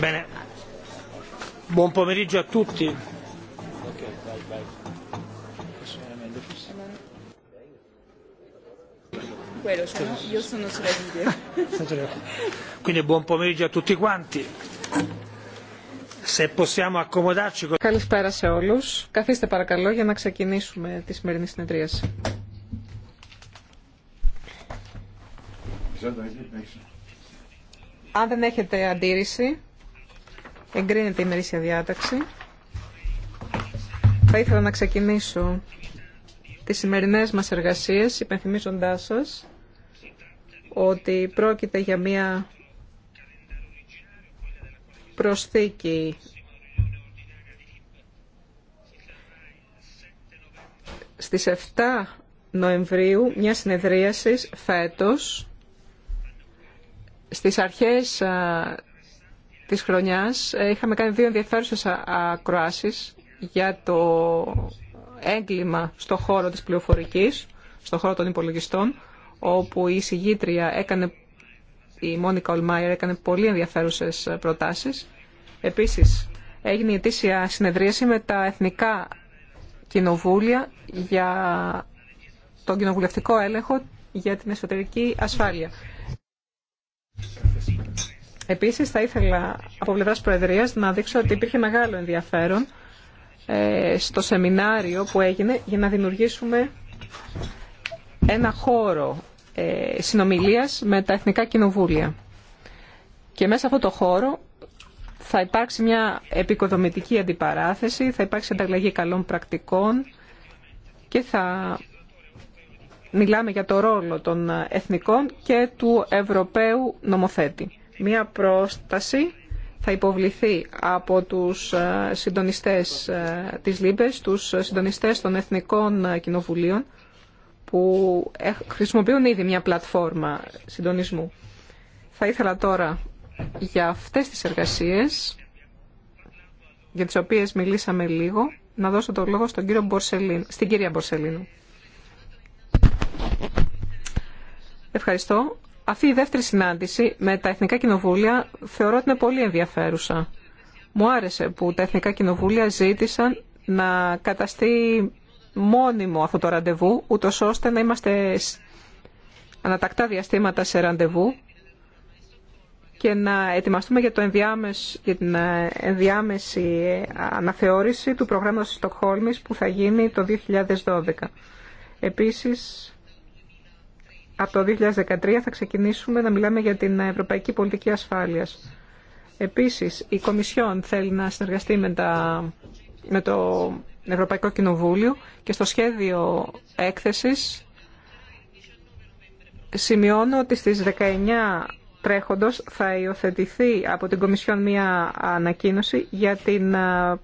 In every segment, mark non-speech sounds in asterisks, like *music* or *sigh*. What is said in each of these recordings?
Bene. Buon pomeriggio a tutti. *laughs* Quindi buon pomeriggio a tutti quanti. Se possiamo accomodarci. Καλησπέρα σε όλους. Καθίστε παρακαλώ για να ξεκινήσουμε τη σημερινή συνεδρίαση. Αν δεν έχετε αντίρρηση, Εγκρίνεται η ημερήσια διάταξη. Θα ήθελα να ξεκινήσω τις σημερινές μας εργασίες υπενθυμίζοντάς σας ότι πρόκειται για μία προσθήκη στις 7 Νοεμβρίου μια συνεδρίαση φέτος στις αρχές της χρονιάς ε, είχαμε κάνει δύο ενδιαφέρουσες ακροάσεις για το έγκλημα στο χώρο της πληροφορικής, στο χώρο των υπολογιστών, όπου η συγγήτρια έκανε, η Μόνικα Ολμάιερ έκανε πολύ ενδιαφέρουσες ε, προτάσεις. Επίσης, έγινε η ετήσια συνεδρίαση με τα εθνικά κοινοβούλια για τον κοινοβουλευτικό έλεγχο για την εσωτερική ασφάλεια. Επίσης, θα ήθελα από πλευράς Προεδρίας να δείξω ότι υπήρχε μεγάλο ενδιαφέρον ε, στο σεμινάριο που έγινε για να δημιουργήσουμε ένα χώρο ε, συνομιλίας με τα Εθνικά Κοινοβούλια. Και μέσα αυτό το χώρο θα υπάρξει μια επικοδομητική αντιπαράθεση, θα υπάρξει ανταλλαγή καλών πρακτικών και θα μιλάμε για το ρόλο των εθνικών και του Ευρωπαίου νομοθέτη. Μία πρόσταση θα υποβληθεί από τους ε, συντονιστές ε, της ΛΥΜΠΕΣ, τους συντονιστές των Εθνικών Κοινοβουλίων, που χρησιμοποιούν ήδη μια πλατφόρμα συντονισμού. Θα ήθελα τώρα για αυτές τις εργασίες, για τις οποίες μιλήσαμε λίγο, να δώσω το λόγο στον κύριο Μπορσελίν, στην κυρία Μπορσελίνου. Ευχαριστώ. Αυτή η δεύτερη συνάντηση με τα Εθνικά Κοινοβούλια θεωρώ ότι είναι πολύ ενδιαφέρουσα. Μου άρεσε που τα Εθνικά Κοινοβούλια ζήτησαν να καταστεί μόνιμο αυτό το ραντεβού, ούτω ώστε να είμαστε ανατακτά διαστήματα σε ραντεβού και να ετοιμαστούμε για, το ενδιάμεση, για την ε, ενδιάμεση ε, αναθεώρηση του προγράμματος της Στοκχόλμης που θα γίνει το 2012. Επίσης, από το 2013 θα ξεκινήσουμε να μιλάμε για την Ευρωπαϊκή Πολιτική Ασφάλειας. Επίσης, η Κομισιόν θέλει να συνεργαστεί με, το Ευρωπαϊκό Κοινοβούλιο και στο σχέδιο έκθεσης σημειώνω ότι στις 19 τρέχοντος θα υιοθετηθεί από την Κομισιόν μία ανακοίνωση για την ε,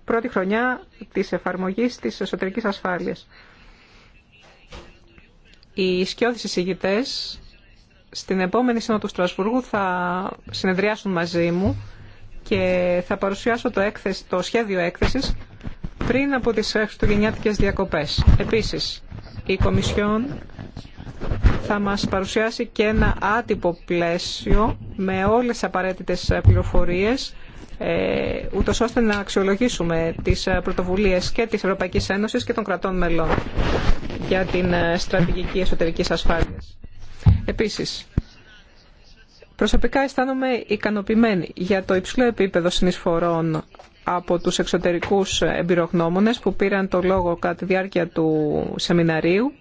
πρώτη χρονιά της εφαρμογής της εσωτερικής ασφάλειας. Οι σκιώδεις εισηγητές στην επόμενη σύνοδο του Στρασβουργού θα συνεδριάσουν μαζί μου και θα παρουσιάσω το, έκθεση, το σχέδιο έκθεσης πριν από τις χριστουγεννιάτικες διακοπές. Επίσης, η Κομισιόν θα μας παρουσιάσει και ένα άτυπο πλαίσιο με όλες τις απαραίτητες πληροφορίες ε, ούτως ώστε να αξιολογήσουμε τις ε, πρωτοβουλίες και της Ευρωπαϊκής Ένωσης και των κρατών μελών για την ε, στρατηγική εσωτερικής ασφάλειας. Επίσης, προσωπικά αισθάνομαι ικανοποιημένη για το υψηλό επίπεδο συνεισφορών από τους εξωτερικούς εμπειρογνώμονες που πήραν το λόγο κατά τη διάρκεια του σεμιναρίου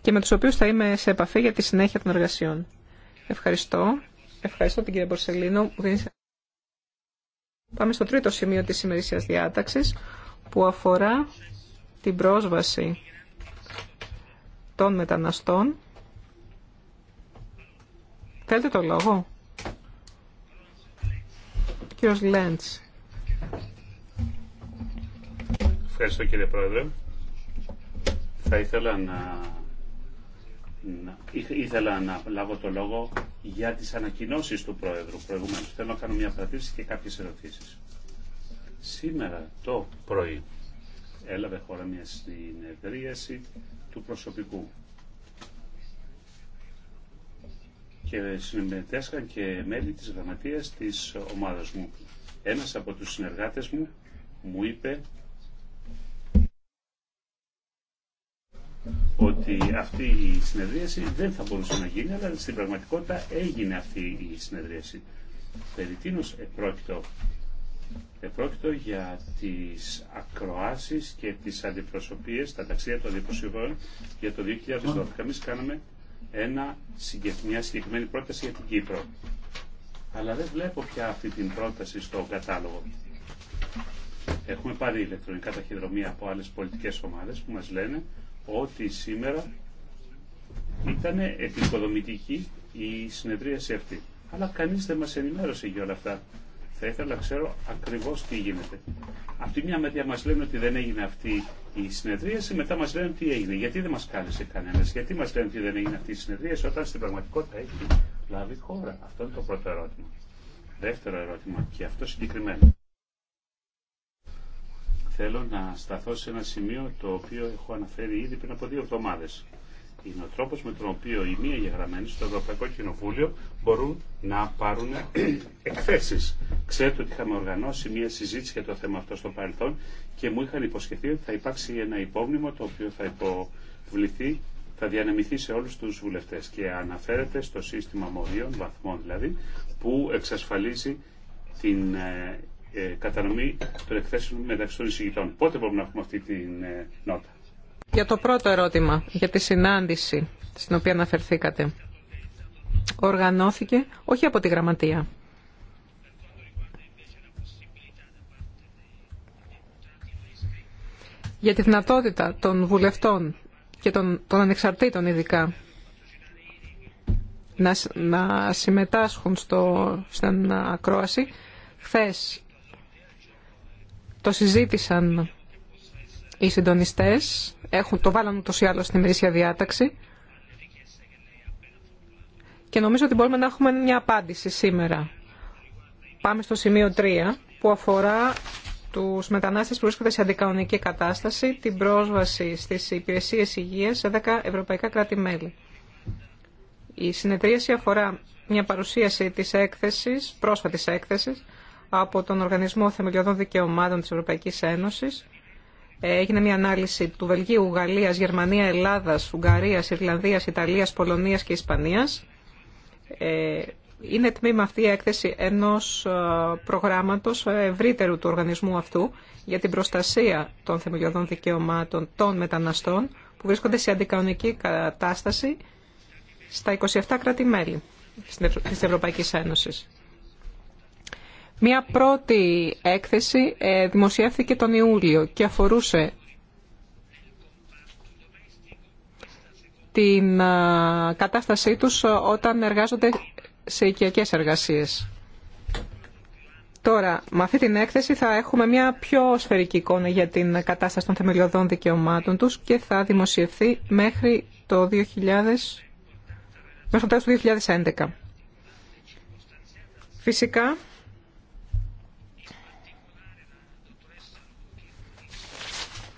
και με τους οποίους θα είμαι σε επαφή για τη συνέχεια των εργασιών. Ευχαριστώ. Ευχαριστώ την κυρία Μπορσελίνο. Πάμε στο τρίτο σημείο της ημερησίας διάταξης που αφορά την πρόσβαση των μεταναστών. Θέλετε το λόγο. Κύριος Λέντς. Ευχαριστώ κύριε Πρόεδρε. Θα ήθελα να ήθελα να λάβω το λόγο για τις ανακοινώσεις του Πρόεδρου προηγουμένω. Θέλω να κάνω μια παρατήρηση και κάποιες ερωτήσεις. Σήμερα το πρωί έλαβε χώρα μια συνεδρίαση του προσωπικού και συμμετέσχαν και μέλη της γραμματείας της ομάδας μου. Ένας από τους συνεργάτες μου μου είπε ότι αυτή η συνεδρίαση δεν θα μπορούσε να γίνει, αλλά στην πραγματικότητα έγινε αυτή η συνεδρίαση. Περί τίνος επρόκειτο. Επρόκειτο για τις ακροάσεις και τις αντιπροσωπίες τα ταξίδια των αντιπροσωπείων για το 2012. Εμείς κάναμε ένα, μια συγκεκριμένη πρόταση για την Κύπρο. Αλλά δεν βλέπω πια αυτή την πρόταση στο κατάλογο. Έχουμε πάρει ηλεκτρονικά ταχυδρομεία από άλλες πολιτικές ομάδες που μας λένε ότι σήμερα ήταν επικοδομητική η συνεδρίαση αυτή. Αλλά κανείς δεν μας ενημέρωσε για όλα αυτά. Θα ήθελα να ξέρω ακριβώς τι γίνεται. Από τη μια μεριά μας λένε ότι δεν έγινε αυτή η συνεδρίαση, μετά μας λένε τι έγινε. Γιατί δεν μας κάλεσε κανένας, γιατί μας λένε ότι δεν έγινε αυτή η συνεδρίαση, όταν στην πραγματικότητα έχει λάβει χώρα. Αυτό είναι το πρώτο ερώτημα. Δεύτερο ερώτημα και αυτό συγκεκριμένο θέλω να σταθώ σε ένα σημείο το οποίο έχω αναφέρει ήδη πριν από δύο εβδομάδε. Είναι ο τρόπος με τον οποίο οι μία γεγραμμένοι στο Ευρωπαϊκό Κοινοβούλιο μπορούν να πάρουν *clears throat* εκθέσει. Ξέρετε ότι είχαμε οργανώσει μία συζήτηση για το θέμα αυτό στο παρελθόν και μου είχαν υποσχεθεί ότι θα υπάρξει ένα υπόμνημα το οποίο θα υποβληθεί θα διανεμηθεί σε όλους τους βουλευτές και αναφέρεται στο σύστημα μορίων, βαθμών δηλαδή, που εξασφαλίζει την ε, ε, κατανομή των εκθέσεων μεταξύ των εισηγητών. Πότε μπορούμε να έχουμε αυτή την ε, νότα. Για το πρώτο ερώτημα, για τη συνάντηση στην οποία αναφερθήκατε, οργανώθηκε όχι από τη Γραμματεία. Για τη δυνατότητα των βουλευτών και των, των ανεξαρτήτων ειδικά να, να συμμετάσχουν στο, στην ακρόαση, χθες το συζήτησαν οι συντονιστές, έχουν, το βάλαν ούτως ή άλλως στην ημερήσια διάταξη και νομίζω ότι μπορούμε να έχουμε μια απάντηση σήμερα. Πάμε στο σημείο 3 που αφορά τους μετανάστες που βρίσκονται σε αντικανονική κατάσταση, την πρόσβαση στις υπηρεσίες υγείας σε 10 ευρωπαϊκά κράτη-μέλη. Η συνεδρίαση αφορά μια παρουσίαση της έκθεσης, πρόσφατης έκθεσης, από τον Οργανισμό Θεμελιωδών Δικαιωμάτων της Ευρωπαϊκής Ένωσης. Ε, έγινε μια ανάλυση του Βελγίου, Γαλλίας, Γερμανία, Ελλάδας, Ουγγαρίας, Ιρλανδίας, Ιταλίας, Πολωνίας και Ισπανίας. Ε, είναι τμήμα αυτή η έκθεση ενός ε, προγράμματος ευρύτερου του οργανισμού αυτού για την προστασία των θεμελιωδών δικαιωμάτων των μεταναστών που βρίσκονται σε αντικανονική κατάσταση στα 27 κράτη-μέλη της Ευρωπαϊκής Ένωσης. Μία πρώτη έκθεση ε, δημοσιεύθηκε τον Ιούλιο και αφορούσε την ε, κατάστασή τους ε, όταν εργάζονται σε οικιακές εργασίες. Τώρα, με αυτή την έκθεση θα έχουμε μια πιο σφαιρική εικόνα για την κατάσταση των θεμελιωδών δικαιωμάτων τους και θα δημοσιευθεί μέχρι το 2000, μέχρι το τέλος του 2011. Φυσικά,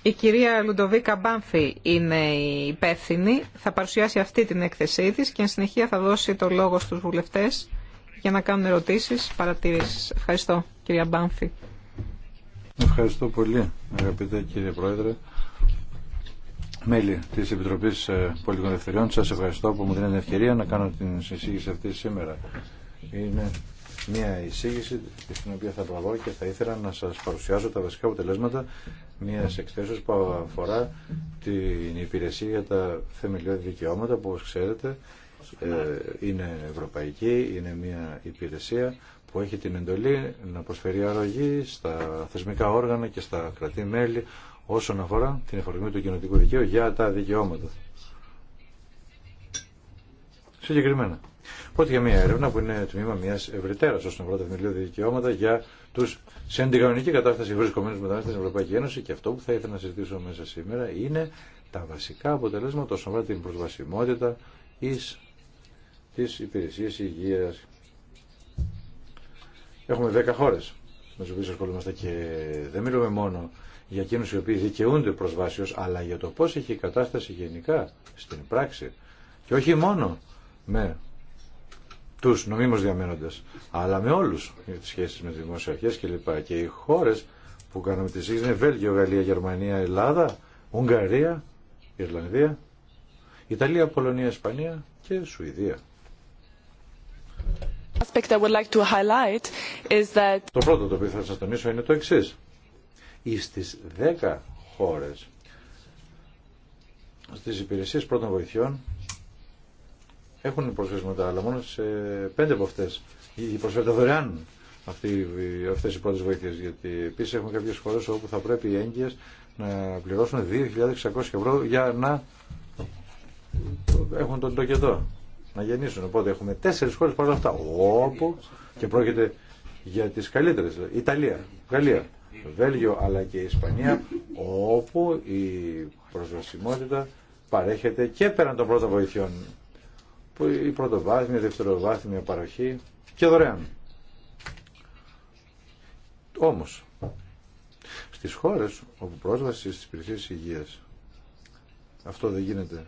Η κυρία Λουντοβίκα Μπάμφη είναι η υπεύθυνη. Θα παρουσιάσει αυτή την έκθεσή της και εν συνεχεία θα δώσει το λόγο στους βουλευτές για να κάνουν ερωτήσεις, παρατηρήσεις. Ευχαριστώ κυρία Μπάμφη. Ευχαριστώ πολύ αγαπητέ κύριε Πρόεδρε. Μέλη της Επιτροπής ε, Πολιτικών Δευτεριών, σα ευχαριστώ που μου δίνετε την ευκαιρία να κάνω την εισήγηση αυτή σήμερα. Είναι μια εισήγηση στην οποία θα προαγώ και θα ήθελα να σας παρουσιάσω τα βασικά αποτελέσματα μία εκθέσεως που αφορά την υπηρεσία για τα θεμελιώδη δικαιώματα που όπως ξέρετε ε, είναι ευρωπαϊκή, είναι μια υπηρεσία που έχει την εντολή να προσφέρει αρρωγή στα θεσμικά όργανα και στα κρατή-μέλη όσον αφορά την εφαρμογή του κοινωτικού δικαίου για τα δικαιώματα. Συγκεκριμένα. Πρώτη για μια έρευνα που είναι τμήμα μιας ευρυτέρα όσον αφορά τα θεμελιώδη δικαιώματα για τους σε αντικανονική κατάσταση βρισκομένους μετανάστες στην Ευρωπαϊκή Ένωση και αυτό που θα ήθελα να συζητήσω μέσα σήμερα είναι τα βασικά αποτελέσματα όσον αφορά την προσβασιμότητα εις της υπηρεσίας υγείας. Έχουμε 10 χώρες με τις οποίες ασχολούμαστε και δεν μιλούμε μόνο για εκείνους οι οποίοι δικαιούνται προσβάσεως, αλλά για το πώς έχει η κατάσταση γενικά στην πράξη. Και όχι μόνο με τους νομίμως διαμένοντες, αλλά με όλους για τις σχέσεις με τις δημοσιαρχές κλπ. Και οι χώρες που κάνουμε τη σχέσεις είναι Βέλγιο, Γαλλία, Γερμανία, Ελλάδα, Ουγγαρία, Ιρλανδία, Ιταλία, Πολωνία, Ισπανία και Σουηδία. Το πρώτο το οποίο θα σας τονίσω είναι το εξής. Στις 10 χώρες στις υπηρεσίες πρώτων βοηθειών έχουν προσφέσματα, αλλά μόνο σε πέντε από αυτέ. οι προσφέρονται δωρεάν αυτέ οι πρώτε βοήθειες γιατί επίση έχουμε κάποιε χώρε όπου θα πρέπει οι έγκυε να πληρώσουν 2.600 ευρώ για να έχουν τον τοκετό να γεννήσουν οπότε έχουμε τέσσερι χώρε παρόλα αυτά όπου και πρόκειται για τι καλύτερε. Ιταλία, Γαλλία, Βέλγιο αλλά και Ισπανία όπου η προσβασιμότητα παρέχεται και πέραν των πρώτων βοηθειών που η πρωτοβάθμια, η δευτεροβάθμια παροχή και δωρεάν. Όμως, στις χώρες όπου πρόσβαση στις υπηρεσίες υγείας αυτό δεν γίνεται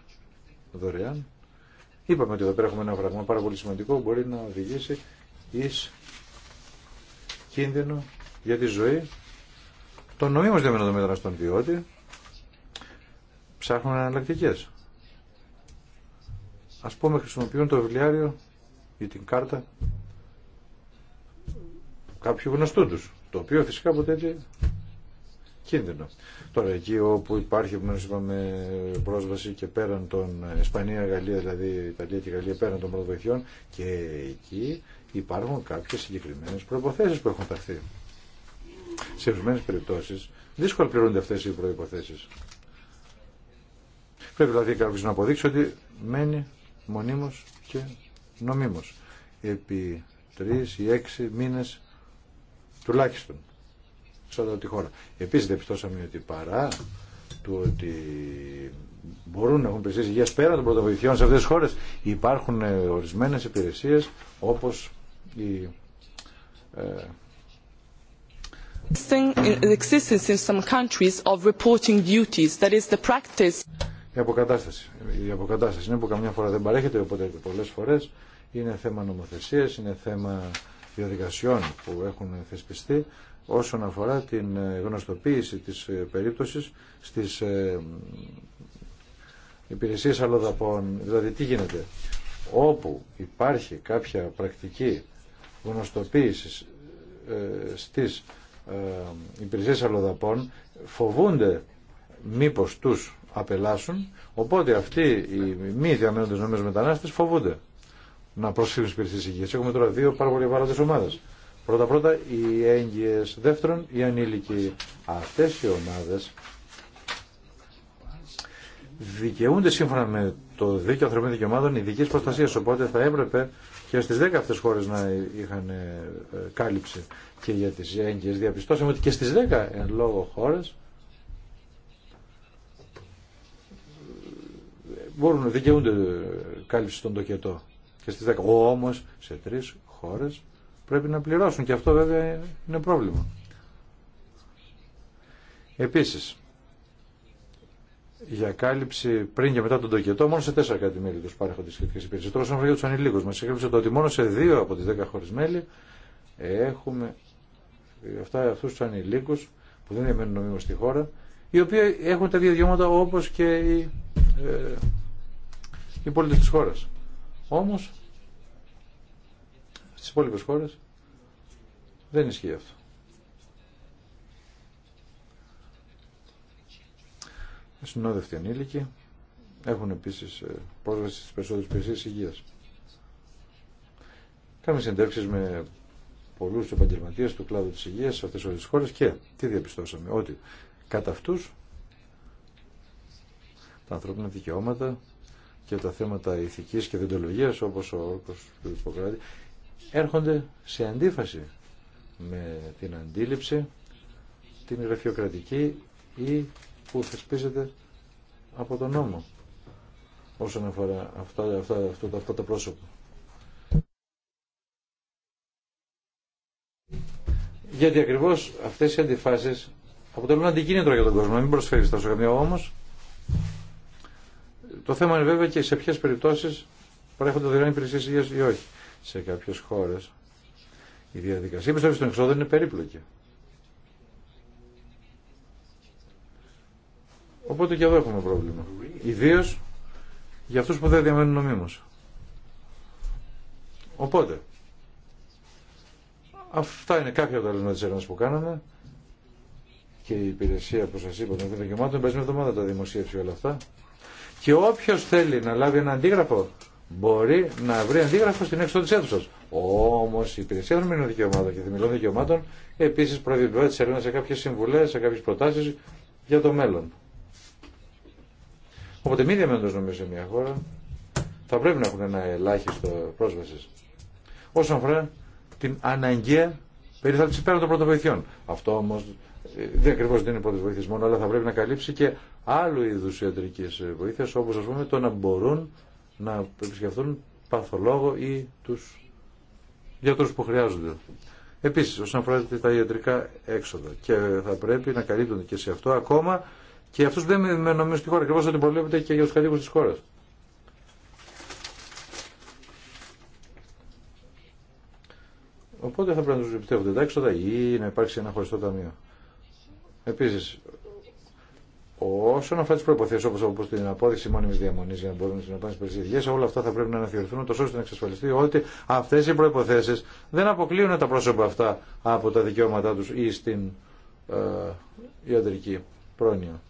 δωρεάν, είπαμε ότι εδώ πέρα έχουμε ένα πράγμα πάρα πολύ σημαντικό που μπορεί να οδηγήσει εις κίνδυνο για τη ζωή των νομίμως διαμένων μεταναστών διότι ψάχνουν εναλλακτικές ας πούμε χρησιμοποιούν το βιβλιάριο ή την κάρτα κάποιου γνωστού τους, το οποίο φυσικά αποτελεί κίνδυνο. Τώρα εκεί όπου υπάρχει, όπως είπαμε, πρόσβαση και πέραν των Ισπανία, Γαλλία, δηλαδή Ιταλία και Γαλλία πέραν των πρωτοβοηθειών και εκεί υπάρχουν κάποιες συγκεκριμένες προϋποθέσεις που έχουν ταχθεί. Σε ορισμένε περιπτώσεις δύσκολα πληρώνται αυτές οι προϋποθέσεις. Πρέπει δηλαδή κάποιο να αποδείξει ότι μένει μονίμως και νομίμως επί τρεις ή έξι μήνες τουλάχιστον σε όλη τη χώρα. Επίσης δεν διαπιστώσαμε ότι παρά του ότι μπορούν να έχουν υπηρεσίες υγείας πέρα των πρωτοβοηθειών σε αυτές τις χώρες υπάρχουν ε, ορισμένες υπηρεσίες όπως η the ε, existence in some countries of reporting duties, that is the practice. Η αποκατάσταση. Η αποκατάσταση είναι που καμιά φορά δεν παρέχεται, οπότε πολλές φορές είναι θέμα νομοθεσία, είναι θέμα διαδικασιών που έχουν θεσπιστεί όσον αφορά την ε, γνωστοποίηση της ε, περίπτωσης στις ε, υπηρεσίες αλλοδαπών. Δηλαδή τι γίνεται. Όπου υπάρχει κάποια πρακτική γνωστοποίηση στις υπηρεσίες αλλοδαπών φοβούνται μήπως τους απελάσουν. Οπότε αυτοί οι μη διαμένοντες νόμιμες μετανάστες φοβούνται να προσφύγουν στις υπηρεσίες υγείας. Έχουμε τώρα δύο πάρα ευάλωτες βαράτες ομάδες. Πρώτα-πρώτα οι έγκυες, δεύτερον οι ανήλικοι. Αυτές οι ομάδες δικαιούνται σύμφωνα με το δίκαιο ανθρωπίνων δικαιωμάτων ειδική προστασία. Οπότε θα έπρεπε και στι 10 αυτέ χώρε να είχαν ε, κάλυψη και για τι έγκυε. Διαπιστώσαμε ότι και στι 10 εν λόγω χώρε. μπορούν να δικαιούνται κάλυψη στον τοκετό και στις 10. Όμως σε τρεις χώρες πρέπει να πληρώσουν και αυτό βέβαια είναι πρόβλημα. Επίσης, για κάλυψη πριν και μετά τον τοκετό, μόνο σε τέσσερα κάτι μέλη του παρέχονται σχετικέ υπηρεσίε. Τώρα, όσον αφορά του ανηλίκου, μα έγραψε το ότι μόνο σε δύο από τι δέκα χώρε μέλη έχουμε αυτού του ανηλίκου που δεν διαμένουν νομίμω στη χώρα, οι οποίοι έχουν τα δύο δικαιώματα όπω και οι ε, οι πολίτες της χώρας. Όμως, στις υπόλοιπες χώρες δεν ισχύει αυτό. Συνόδευτοι ανήλικοι έχουν επίσης ε, πρόσβαση στις περισσότερες υπηρεσίες υγείας. Κάμε συντεύξεις με πολλούς επαγγελματίες του κλάδου της υγείας σε αυτές όλες τις χώρες και τι διαπιστώσαμε, ότι κατά αυτούς τα ανθρώπινα δικαιώματα και τα θέματα ηθικής και διοντολογίας όπως ο όρκος του Ιπποκράτη έρχονται σε αντίφαση με την αντίληψη την γραφειοκρατική ή που θεσπίζεται από τον νόμο όσον αφορά αυτά, αυτά, αυτά, αυτά τα πρόσωπα. Γιατί ακριβώς αυτές οι αντιφάσεις αποτελούν αντικίνητρο για τον κόσμο. Μην προσφέρει τόσο καμία όμως το θέμα είναι βέβαια και σε ποιε περιπτώσει παρέχονται δωρεάν υπηρεσίε υγεία ή όχι. Σε κάποιε χώρε η διαδικασία επιστροφή των εξόδων είναι περίπλοκη. Οπότε και εδώ έχουμε πρόβλημα. Ιδίω για αυτού που δεν διαμένουν νομίμω. Οπότε, αυτά είναι κάποια από τα λεπτά τη έρευνα που κάναμε και η υπηρεσία που σα είπα των δικαιωμάτων. Πες μια εβδομάδα τα δημοσίευσε όλα αυτά. Και όποιος θέλει να λάβει ένα αντίγραφο μπορεί να βρει αντίγραφο στην έξοδο τη αίθουσας. Όμως η υπηρεσία των δικαιωμάτων και θεμελιών δικαιωμάτων επίσης προδιοποιεί τη σε κάποιες συμβουλέ, σε κάποιες προτάσεις για το μέλλον. Οπότε μη διαμένοντας νομίζω σε μια χώρα θα πρέπει να έχουν ένα ελάχιστο πρόσβαση. Όσον αφορά την αναγκαία περιθάλψη πέρα των πρωτοβοηθειών. Αυτό όμως δεν ακριβώ είναι πρώτη βοήθεια μόνο, αλλά θα πρέπει να καλύψει και άλλου είδου ιατρική βοήθεια, όπω α πούμε το να μπορούν να επισκεφθούν παθολόγο ή του γιατρού που χρειάζονται. Επίση, όσον αφορά τα ιατρικά έξοδα, και θα πρέπει να καλύπτονται και σε αυτό ακόμα και αυτού που δεν με νομίζω στη χώρα, ακριβώ όταν προβλέπεται και για του κατοίκου τη χώρα. Οπότε θα πρέπει να του επιτεύχονται τα έξοδα ή να υπάρξει ένα χωριστό ταμείο. Επίση, όσον αφορά τι προποθέσει όπω όπως την απόδειξη μόνιμη διαμονή για να μπορούν να πάνε στι όλα αυτά θα πρέπει να αναθεωρηθούν τόσο ώστε να εξασφαλιστεί ότι αυτέ οι προποθέσει δεν αποκλείουν τα πρόσωπα αυτά από τα δικαιώματά του ή στην ε, ιατρική πρόνοια.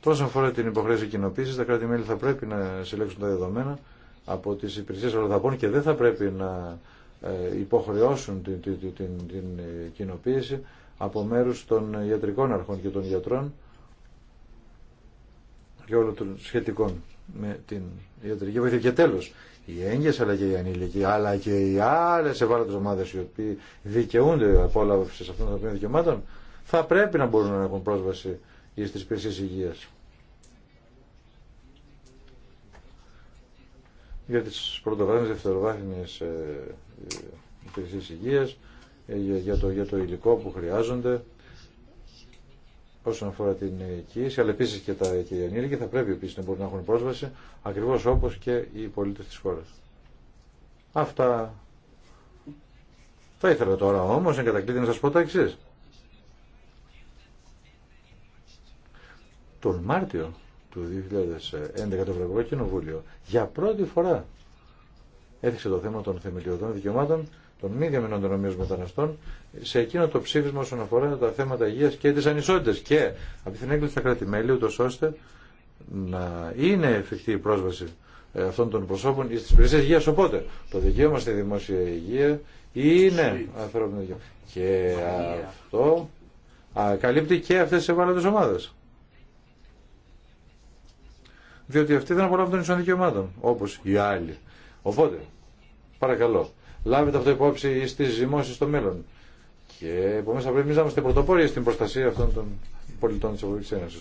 Τόσο αφορά την υποχρέωση κοινοποίηση, τα κράτη-μέλη θα πρέπει να συλλέξουν τα δεδομένα από τι υπηρεσίε Ολοδαπών και δεν θα πρέπει να ε, υποχρεώσουν την, την, την, την ε, κοινοποίηση από μέρους των ιατρικών αρχών και των γιατρών και όλων των σχετικών με την ιατρική βοήθεια. Και τέλος, οι έγκες αλλά και οι ανήλικοι, αλλά και οι άλλες ευάλωτες ομάδες οι οποίοι δικαιούνται από όλα σε αυτών των δικαιωμάτων, θα πρέπει να μπορούν να έχουν πρόσβαση στις υπηρεσίες υγείας. για τις πρωτοβάθμιες δευτεροβάθμιες ε, υπηρεσίες υγείας, ε, για το, για το υλικό που χρειάζονται όσον αφορά την κοίηση, αλλά επίση και, τα, και οι ανήλικοι θα πρέπει επίσης να μπορούν να έχουν πρόσβαση, ακριβώς όπως και οι πολίτες της Χώρα. Αυτά θα ήθελα τώρα όμως, εν κατακλείδη, να σας πω τα εξή. Τον Μάρτιο του 2011 το Ευρωπαϊκό Κοινοβούλιο για πρώτη φορά έθεσε το θέμα των θεμελιωδών δικαιωμάτων των μη διαμενών των μεταναστών σε εκείνο το ψήφισμα όσον αφορά τα θέματα υγεία και τι ανισότητε. Και από την έγκληση στα κράτη-μέλη, ούτω ώστε να είναι εφικτή η πρόσβαση ε, αυτών των προσώπων στι υπηρεσίε υγεία. Οπότε το δικαίωμα στη δημόσια υγεία είναι ανθρώπινο δικαίωμα. Και αυτό καλύπτει και αυτέ τι ευάλωτε ομάδε. Διότι αυτοί δεν απολαύουν των ισών δικαιωμάτων, όπω οι άλλοι. Οπότε, παρακαλώ, λάβετε αυτό υπόψη στι ζυμώσει στο μέλλον. Και επομένω θα πρέπει να είμαστε πρωτοπόροι στην προστασία αυτών των πολιτών τη Ευρωπαϊκή Ένωση.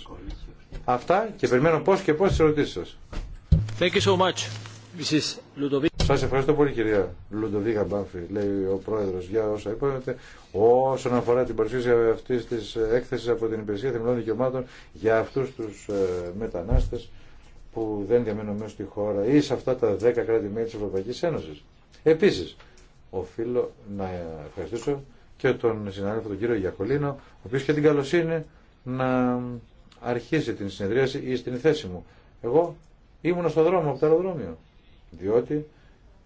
Αυτά και περιμένω πώ και πώ τι ερωτήσει σα. Σα ευχαριστώ πολύ κυρία Λουντοβίγα Μπάμφη, λέει ο πρόεδρο, για όσα είπατε. Όσον αφορά την παρουσίαση αυτή τη έκθεση από την Υπηρεσία Θεμελών Δικαιωμάτων για αυτού του ε, μετανάστε που δεν διαμένουν μέσα στη χώρα ή σε αυτά τα 10 κράτη-μέλη της Ευρωπαϊκής Ένωσης. Επίσης, οφείλω να ευχαριστήσω και τον συνάδελφο τον κύριο Γιακολίνο, ο οποίος και την καλοσύνη να αρχίσει την συνεδρίαση ή στην θέση μου. Εγώ ήμουν στο δρόμο από το αεροδρόμιο, διότι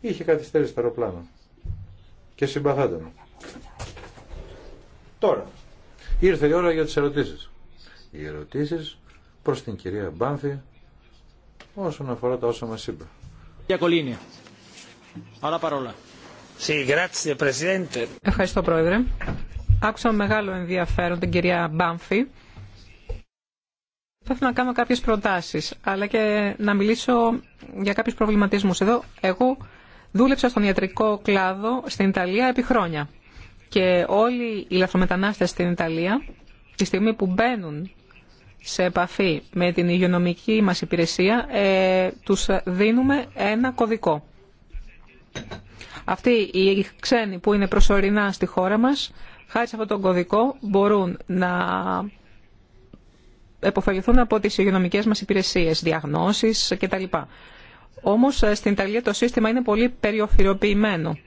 είχε καθυστέρηση το αεροπλάνο και συμπαθάτε μου. Τώρα, ήρθε η ώρα για τις ερωτήσεις. Οι ερωτήσεις προς την κυρία Μπάνθη όσον αφορά τα όσα μας είπε. Ευχαριστώ Πρόεδρε. Άκουσα μεγάλο ενδιαφέρον την κυρία Μπάμφη. Θα ήθελα να κάνω κάποιες προτάσεις, αλλά και να μιλήσω για κάποιους προβληματισμούς. Εδώ εγώ δούλεψα στον ιατρικό κλάδο στην Ιταλία επί χρόνια. Και όλοι οι λαθρομετανάστες στην Ιταλία, τη στιγμή που μπαίνουν σε επαφή με την υγειονομική μας υπηρεσία, ε, τους δίνουμε ένα κωδικό. Αυτοί οι ξένοι που είναι προσωρινά στη χώρα μας, χάρη σε αυτόν τον κωδικό, μπορούν να εποφεληθούν από τις υγειονομικές μας υπηρεσίες, διαγνώσεις κτλ. Όμως ε, στην Ιταλία το σύστημα είναι πολύ περιοφυροποιημένο,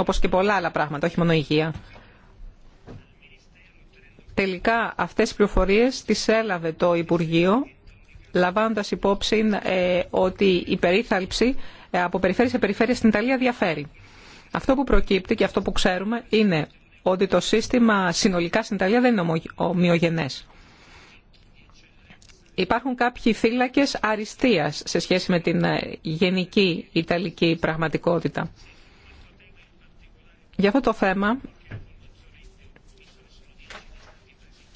όπως και πολλά άλλα πράγματα, όχι μόνο υγεία. Τελικά αυτές οι πληροφορίες τις έλαβε το Υπουργείο, λαμβάνοντας υπόψη ε, ότι η περίθαλψη ε, από περιφέρεια σε περιφέρεια στην Ιταλία διαφέρει. Αυτό που προκύπτει και αυτό που ξέρουμε είναι ότι το σύστημα συνολικά στην Ιταλία δεν είναι ομοιογενές. Υπάρχουν κάποιοι θύλακες αριστείας σε σχέση με την ε, γενική Ιταλική πραγματικότητα. Για αυτό το θέμα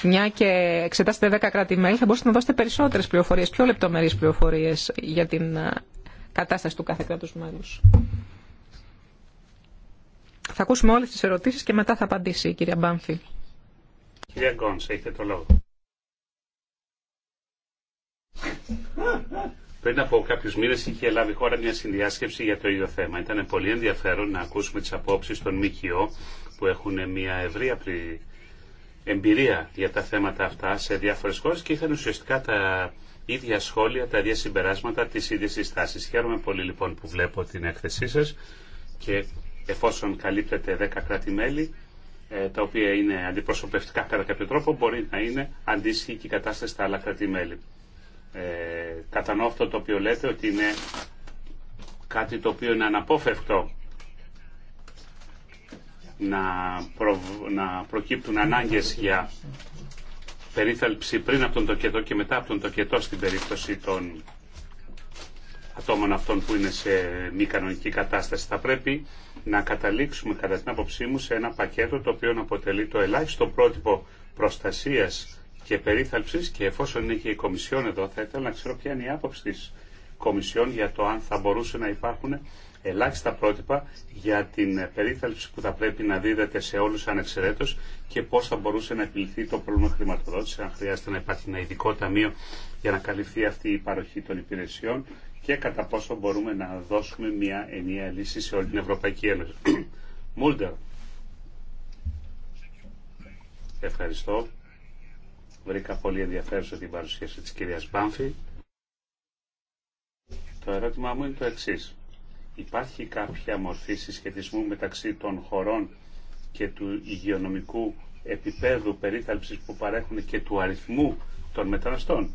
μια και εξετάσετε 10 κράτη-μέλη, θα μπορούσατε να δώσετε περισσότερε πληροφορίε, πιο λεπτομερείς πληροφορίε για την ε, κατάσταση του κάθε κράτου μέλου. Θα ακούσουμε όλε τι ερωτήσει και μετά θα απαντήσει η κυρία Μπάμφη. Κυρία Γκόνς, έχετε το λόγο. Πριν από κάποιου μήνε είχε λάβει χώρα μια συνδιάσκεψη για το ίδιο θέμα. Ήταν πολύ ενδιαφέρον να ακούσουμε τι απόψει των ΜΚΟ που έχουν μια ευρία εμπειρία για τα θέματα αυτά σε διάφορες χώρες και είχαν ουσιαστικά τα ίδια σχόλια, τα ίδια συμπεράσματα, τις ίδιες συστάσεις. Χαίρομαι πολύ λοιπόν που βλέπω την έκθεσή σας και εφόσον καλύπτεται 10 κράτη-μέλη, ε, τα οποία είναι αντιπροσωπευτικά κατά κάποιο τρόπο, μπορεί να είναι αντίστοιχη και η κατάσταση στα άλλα κράτη-μέλη. Ε, κατανοώ αυτό το οποίο λέτε ότι είναι κάτι το οποίο είναι αναπόφευκτο να, να προκύπτουν ανάγκες για περίθαλψη πριν από τον τοκετό και μετά από τον τοκετό στην περίπτωση των ατόμων αυτών που είναι σε μη κανονική κατάσταση. Θα πρέπει να καταλήξουμε κατά την άποψή μου σε ένα πακέτο το οποίο αποτελεί το ελάχιστο πρότυπο προστασίας και περίθαλψης και εφόσον είναι και η Κομισιόν εδώ θα ήθελα να ξέρω ποια είναι η άποψη της Κομισιόν για το αν θα μπορούσε να υπάρχουν ελάχιστα πρότυπα για την περίθαλψη που θα πρέπει να δίδεται σε όλου ανεξαιρέτω και πώ θα μπορούσε να επιληθεί το πρόβλημα χρηματοδότηση, αν χρειάζεται να υπάρχει ένα ειδικό ταμείο για να καλυφθεί αυτή η παροχή των υπηρεσιών και κατά πόσο μπορούμε να δώσουμε μια ενιαία λύση σε όλη την Ευρωπαϊκή Ένωση. *coughs* Μούλτερ. Ευχαριστώ. Βρήκα πολύ ενδιαφέρουσα την παρουσίαση της κυρίας Μπάμφη. Το ερώτημά μου είναι το εξής. Υπάρχει κάποια μορφή συσχετισμού μεταξύ των χωρών και του υγειονομικού επίπεδου περίθαλψης που παρέχουν και του αριθμού των μεταναστών.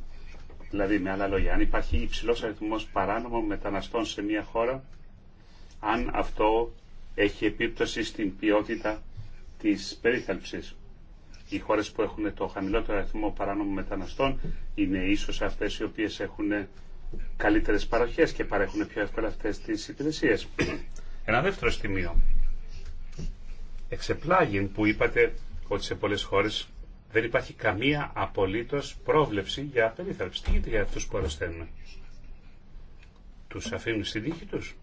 Δηλαδή, με άλλα λόγια, αν υπάρχει υψηλό αριθμό παράνομων μεταναστών σε μια χώρα, αν αυτό έχει επίπτωση στην ποιότητα τη περίθαλψη. Οι χώρε που έχουν το χαμηλότερο αριθμό παράνομων μεταναστών είναι ίσω αυτέ οι οποίε έχουν καλύτερες παροχές και παρέχουν πιο εύκολα αυτές τις υπηρεσίες. Ένα δεύτερο στιγμίο. Εξεπλάγει που είπατε ότι σε πολλές χώρες δεν υπάρχει καμία απολύτως πρόβλεψη για περίθαλψη. Τι γίνεται για αυτούς που αρρωσταίνουν. Τους αφήνουν στην τύχη τους.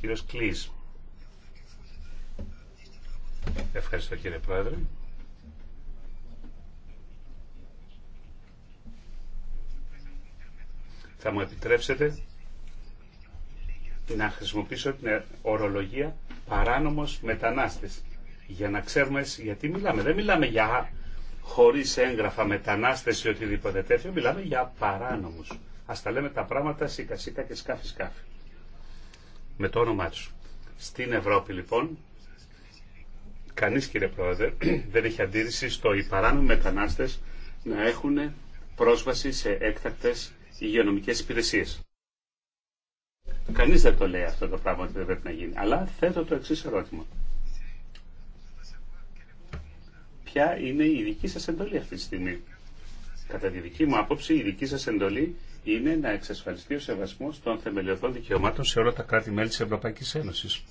Κύριος Κλής. Ευχαριστώ κύριε Πρόεδρε. θα μου επιτρέψετε να χρησιμοποιήσω την ορολογία παράνομος μετανάστης για να ξέρουμε γιατί μιλάμε. Δεν μιλάμε για χωρίς έγγραφα μετανάστες ή οτιδήποτε τέτοιο, μιλάμε για παράνομους. Ας τα λέμε τα πράγματα σίκα σίκα και σκάφη σκάφη. Με το όνομά τους. Στην Ευρώπη λοιπόν, κανείς κύριε Πρόεδρε *clears throat* δεν έχει αντίρρηση στο οι παράνομοι μετανάστες να έχουν πρόσβαση σε έκτακτες υγειονομικέ υπηρεσίε. Κανεί δεν το λέει αυτό το πράγμα ότι δεν πρέπει να γίνει. Αλλά θέτω το εξή ερώτημα. Ποια είναι η δική σα εντολή αυτή τη στιγμή. Κατά τη δική μου άποψη, η δική σα εντολή είναι να εξασφαλιστεί ο σεβασμό των θεμελιωδών δικαιωμάτων σε όλα τα κράτη-μέλη τη Ευρωπαϊκή Ένωση.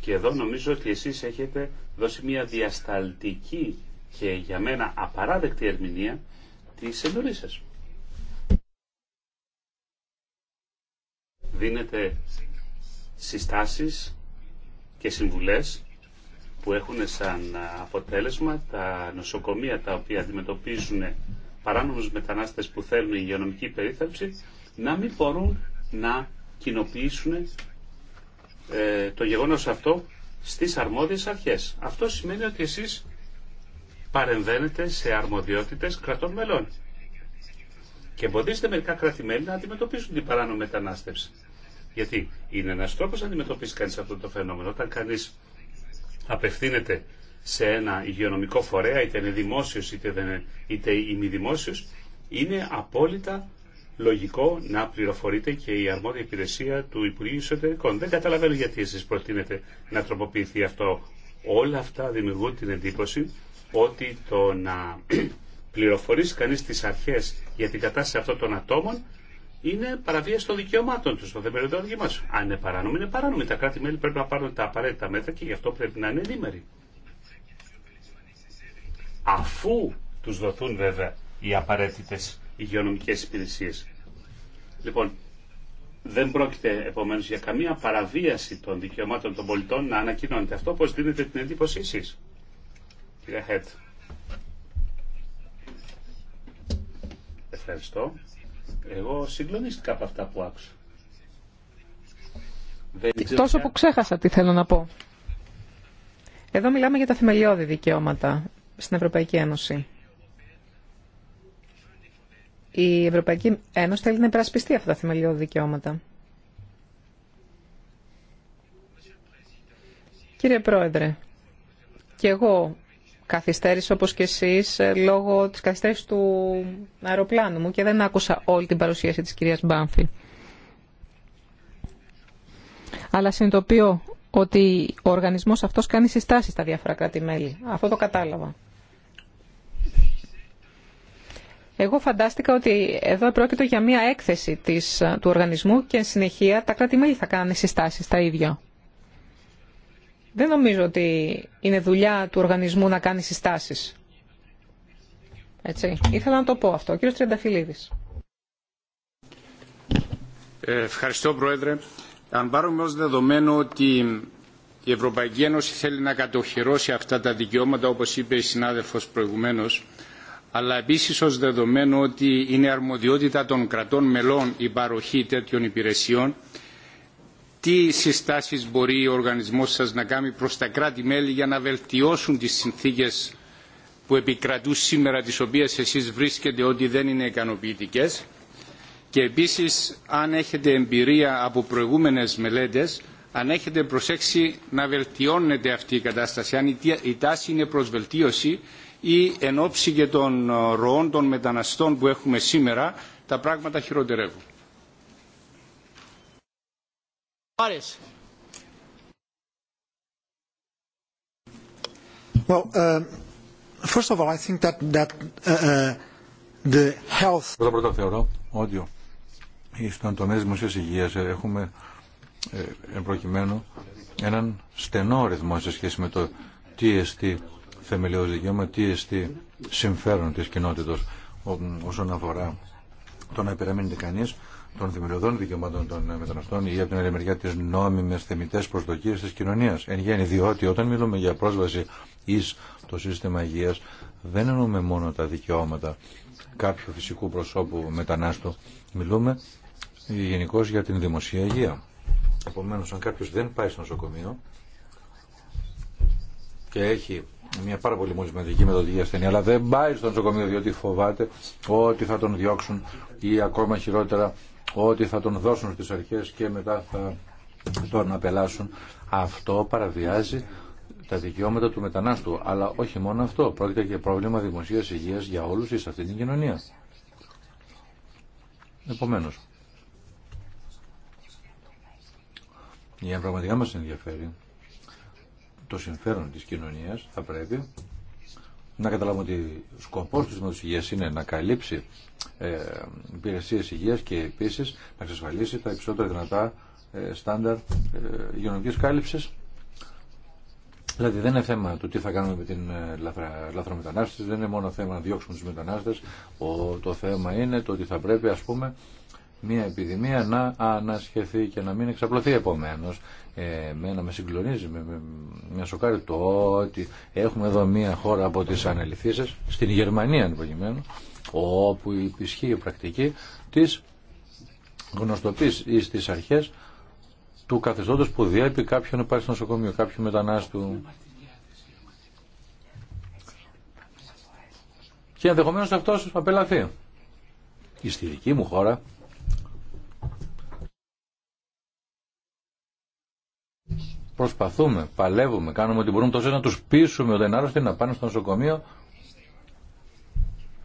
Και εδώ νομίζω ότι εσεί έχετε δώσει μια διασταλτική και για μένα απαράδεκτη ερμηνεία τη εντολή σα. Δίνετε συστάσεις και συμβουλές που έχουν σαν αποτέλεσμα τα νοσοκομεία τα οποία αντιμετωπίζουν παράνομους μετανάστες που θέλουν υγειονομική περίθαλψη να μην μπορούν να κοινοποιήσουν ε, το γεγονός αυτό στις αρμόδιες αρχές. Αυτό σημαίνει ότι εσείς παρεμβαίνετε σε αρμοδιότητες κρατών μελών και εμποδίζετε μερικά κράτη-μέλη να αντιμετωπίσουν την παράνομη μετανάστευση. Γιατί είναι ένας τρόπος να αντιμετωπίσει κανείς αυτό το φαινόμενο. Όταν κανείς απευθύνεται σε ένα υγειονομικό φορέα, είτε είναι δημόσιος είτε, δεν είναι, είτε ημιδημόσιος, είναι απόλυτα λογικό να πληροφορείται και η αρμόδια υπηρεσία του Υπουργείου Ισοτερικών. Δεν καταλαβαίνω γιατί εσείς προτείνετε να τροποποιηθεί αυτό. Όλα αυτά δημιουργούν την εντύπωση ότι το να *clears throat* πληροφορήσει κανείς τις αρχές για την κατάσταση αυτών των ατόμων είναι παραβίαση των δικαιωμάτων του, στο θεμελιωδών μα. Αν είναι παράνομη, είναι παράνομη. Τα κράτη-μέλη πρέπει να πάρουν τα απαραίτητα μέτρα και γι' αυτό πρέπει να είναι ενήμεροι. Αφού του δοθούν βέβαια οι απαραίτητε υγειονομικέ υπηρεσίε. Λοιπόν, δεν πρόκειται επομένω για καμία παραβίαση των δικαιωμάτων των πολιτών να ανακοινώνεται αυτό, όπω δίνετε την εντύπωση εσεί. Κύριε Χέτ. Ευχαριστώ. Εγώ συγκλονίστηκα από αυτά που άκουσα. Τόσο που ξέχασα τι θέλω να πω. Εδώ μιλάμε για τα θεμελιώδη δικαιώματα στην Ευρωπαϊκή Ένωση. Η Ευρωπαϊκή Ένωση θέλει να υπερασπιστεί αυτά τα θεμελιώδη δικαιώματα. Κύριε Πρόεδρε, και εγώ καθυστέρησα όπως και εσείς ε, λόγω της καθυστέρησης του αεροπλάνου μου και δεν άκουσα όλη την παρουσίαση της κυρίας Μπάμφη. Αλλά συνειδητοποιώ ότι ο οργανισμός αυτός κάνει συστάσεις στα διάφορα κράτη-μέλη. Αυτό το κατάλαβα. Εγώ φαντάστηκα ότι εδώ πρόκειται για μία έκθεση της, του οργανισμού και συνεχεία τα κράτη-μέλη θα κάνουν συστάσεις τα ίδια. Δεν νομίζω ότι είναι δουλειά του οργανισμού να κάνει συστάσεις. Έτσι. Ήθελα να το πω αυτό. Ο κύριος Τριανταφυλλίδης. Ε, ευχαριστώ, Πρόεδρε. Αν πάρουμε ως δεδομένο ότι η Ευρωπαϊκή Ένωση θέλει να κατοχυρώσει αυτά τα δικαιώματα, όπως είπε η συνάδελφος προηγουμένως, αλλά επίσης ως δεδομένο ότι είναι αρμοδιότητα των κρατών μελών η παροχή τέτοιων υπηρεσιών, τι συστάσεις μπορεί ο οργανισμός σας να κάνει προς τα κράτη-μέλη για να βελτιώσουν τις συνθήκες που επικρατούν σήμερα, τις οποίες εσείς βρίσκετε ότι δεν είναι ικανοποιητικέ. Και επίσης, αν έχετε εμπειρία από προηγούμενες μελέτες, αν έχετε προσέξει να βελτιώνεται αυτή η κατάσταση, αν η τάση είναι προς βελτίωση ή εν ώψη και των ροών των μεταναστών που έχουμε σήμερα, τα πράγματα χειροτερεύουν. Πρώτα πρώτα θεωρώ ότι στον τομέα της δημοσίας υγείας ε, έχουμε ε, προκειμένου έναν στενό ρυθμό σε σχέση με το τι εστί θεμελιώδη δικαίωμα, τι εστί συμφέρον της κοινότητας όσον αφορά το να υπεραμείνεται κανείς των δημιουργών δικαιωμάτων των μεταναστών ή από την άλλη μεριά τι νόμιμε θεμητέ προσδοκίε τη κοινωνία. Εν γέννη, διότι όταν μιλούμε για πρόσβαση ει το σύστημα υγεία, δεν εννοούμε μόνο τα δικαιώματα κάποιου φυσικού προσώπου μετανάστου. Μιλούμε γενικώ για την δημοσία υγεία. Επομένω, αν κάποιο δεν πάει στο νοσοκομείο και έχει μια πάρα πολύ μολυσματική μεταδοτική ασθενή αλλά δεν πάει στο νοσοκομείο διότι φοβάται ότι θα τον διώξουν ή ακόμα χειρότερα ότι θα τον δώσουν στις αρχές και μετά θα τον απελάσουν. Αυτό παραβιάζει τα δικαιώματα του μετανάστου. Αλλά όχι μόνο αυτό. Πρόκειται και πρόβλημα δημοσίας υγείας για όλους σε αυτή την κοινωνία. Επομένως, για πραγματικά μας ενδιαφέρει το συμφέρον της κοινωνίας θα πρέπει να καταλάβουμε ότι ο σκοπός του Συστήματος είναι να καλύψει ε, υπηρεσίες υγείας και επίσης να εξασφαλίσει τα υψηλότερα δυνατά ε, στάνταρ ε, υγειονομικής κάλυψης. Δηλαδή δεν είναι θέμα του τι θα κάνουμε με την ε, λαθρα, λαθρομετανάστευση, δεν είναι μόνο θέμα να διώξουμε του μετανάστε. το θέμα είναι το ότι θα πρέπει α πούμε μια επιδημία να ανασχεθεί και να μην εξαπλωθεί επομένω εμένα με συγκλονίζει, με, με, με σοκάρει το ότι έχουμε εδώ μια χώρα από τις αναλυθήσεις, στην Γερμανία εν όπου υπησχύει η πρακτική της γνωστοποίησης ή στις αρχές του καθεστώτος που διέπει κάποιον πάρει στο νοσοκομείο, κάποιον μετανάστου. Και ενδεχομένως αυτός απελαθεί. Η στη δική μου χώρα Προσπαθούμε, παλεύουμε, κάνουμε ό,τι μπορούμε τόσο να τους πείσουμε όταν είναι άρρωστοι να πάνε στο νοσοκομείο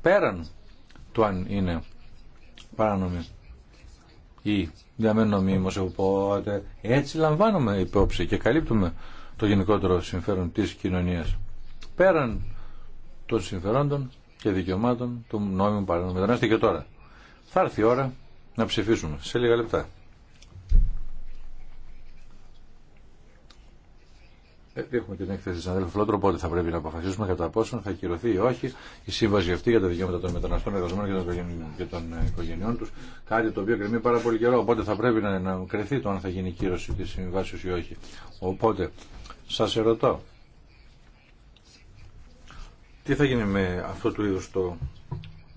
πέραν του αν είναι παράνομοι ή διαμένουν νομίμως. Οπότε έτσι λαμβάνουμε υπόψη και καλύπτουμε το γενικότερο συμφέρον της κοινωνίας. Πέραν των συμφερόντων και δικαιωμάτων του νόμιμου παρανομικού μετανάστη και τώρα. Θα έρθει η διαμενουν νομιμως οποτε ετσι λαμβανουμε υποψη και καλυπτουμε το γενικοτερο συμφερον της κοινωνιας περαν των συμφεροντων και δικαιωματων του νομιμου παρανομου μεταναστε και τωρα θα ερθει η ωρα να ψηφίσουμε σε λίγα λεπτά. Ε, έχουμε και την έκθεση τη αδέλφου Φλότρο, οπότε θα πρέπει να αποφασίσουμε κατά πόσο θα ακυρωθεί ή όχι η σύμβαση αυτή για τα δικαιώματα των μεταναστών εργαζομένων και των οικογενειών ε, του. Κάτι το οποίο κρεμεί πάρα πολύ καιρό. Οπότε θα πρέπει να, να κρεθεί το αν θα γίνει κύρωση τη συμβάσεω ή όχι. Οπότε, σα ερωτώ, τι θα γίνει με αυτό του είδου το,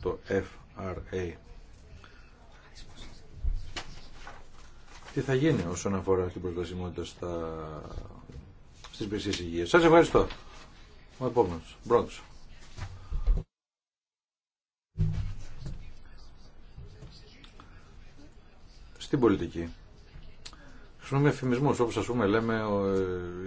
το FRA. Τι θα γίνει όσον αφορά την προσβασιμότητα στα στις υπηρεσίες υγείας. Σας ευχαριστώ. Ο επόμενος. Στην πολιτική. Χρησιμοποιούμε εφημισμού, όπω α πούμε λέμε,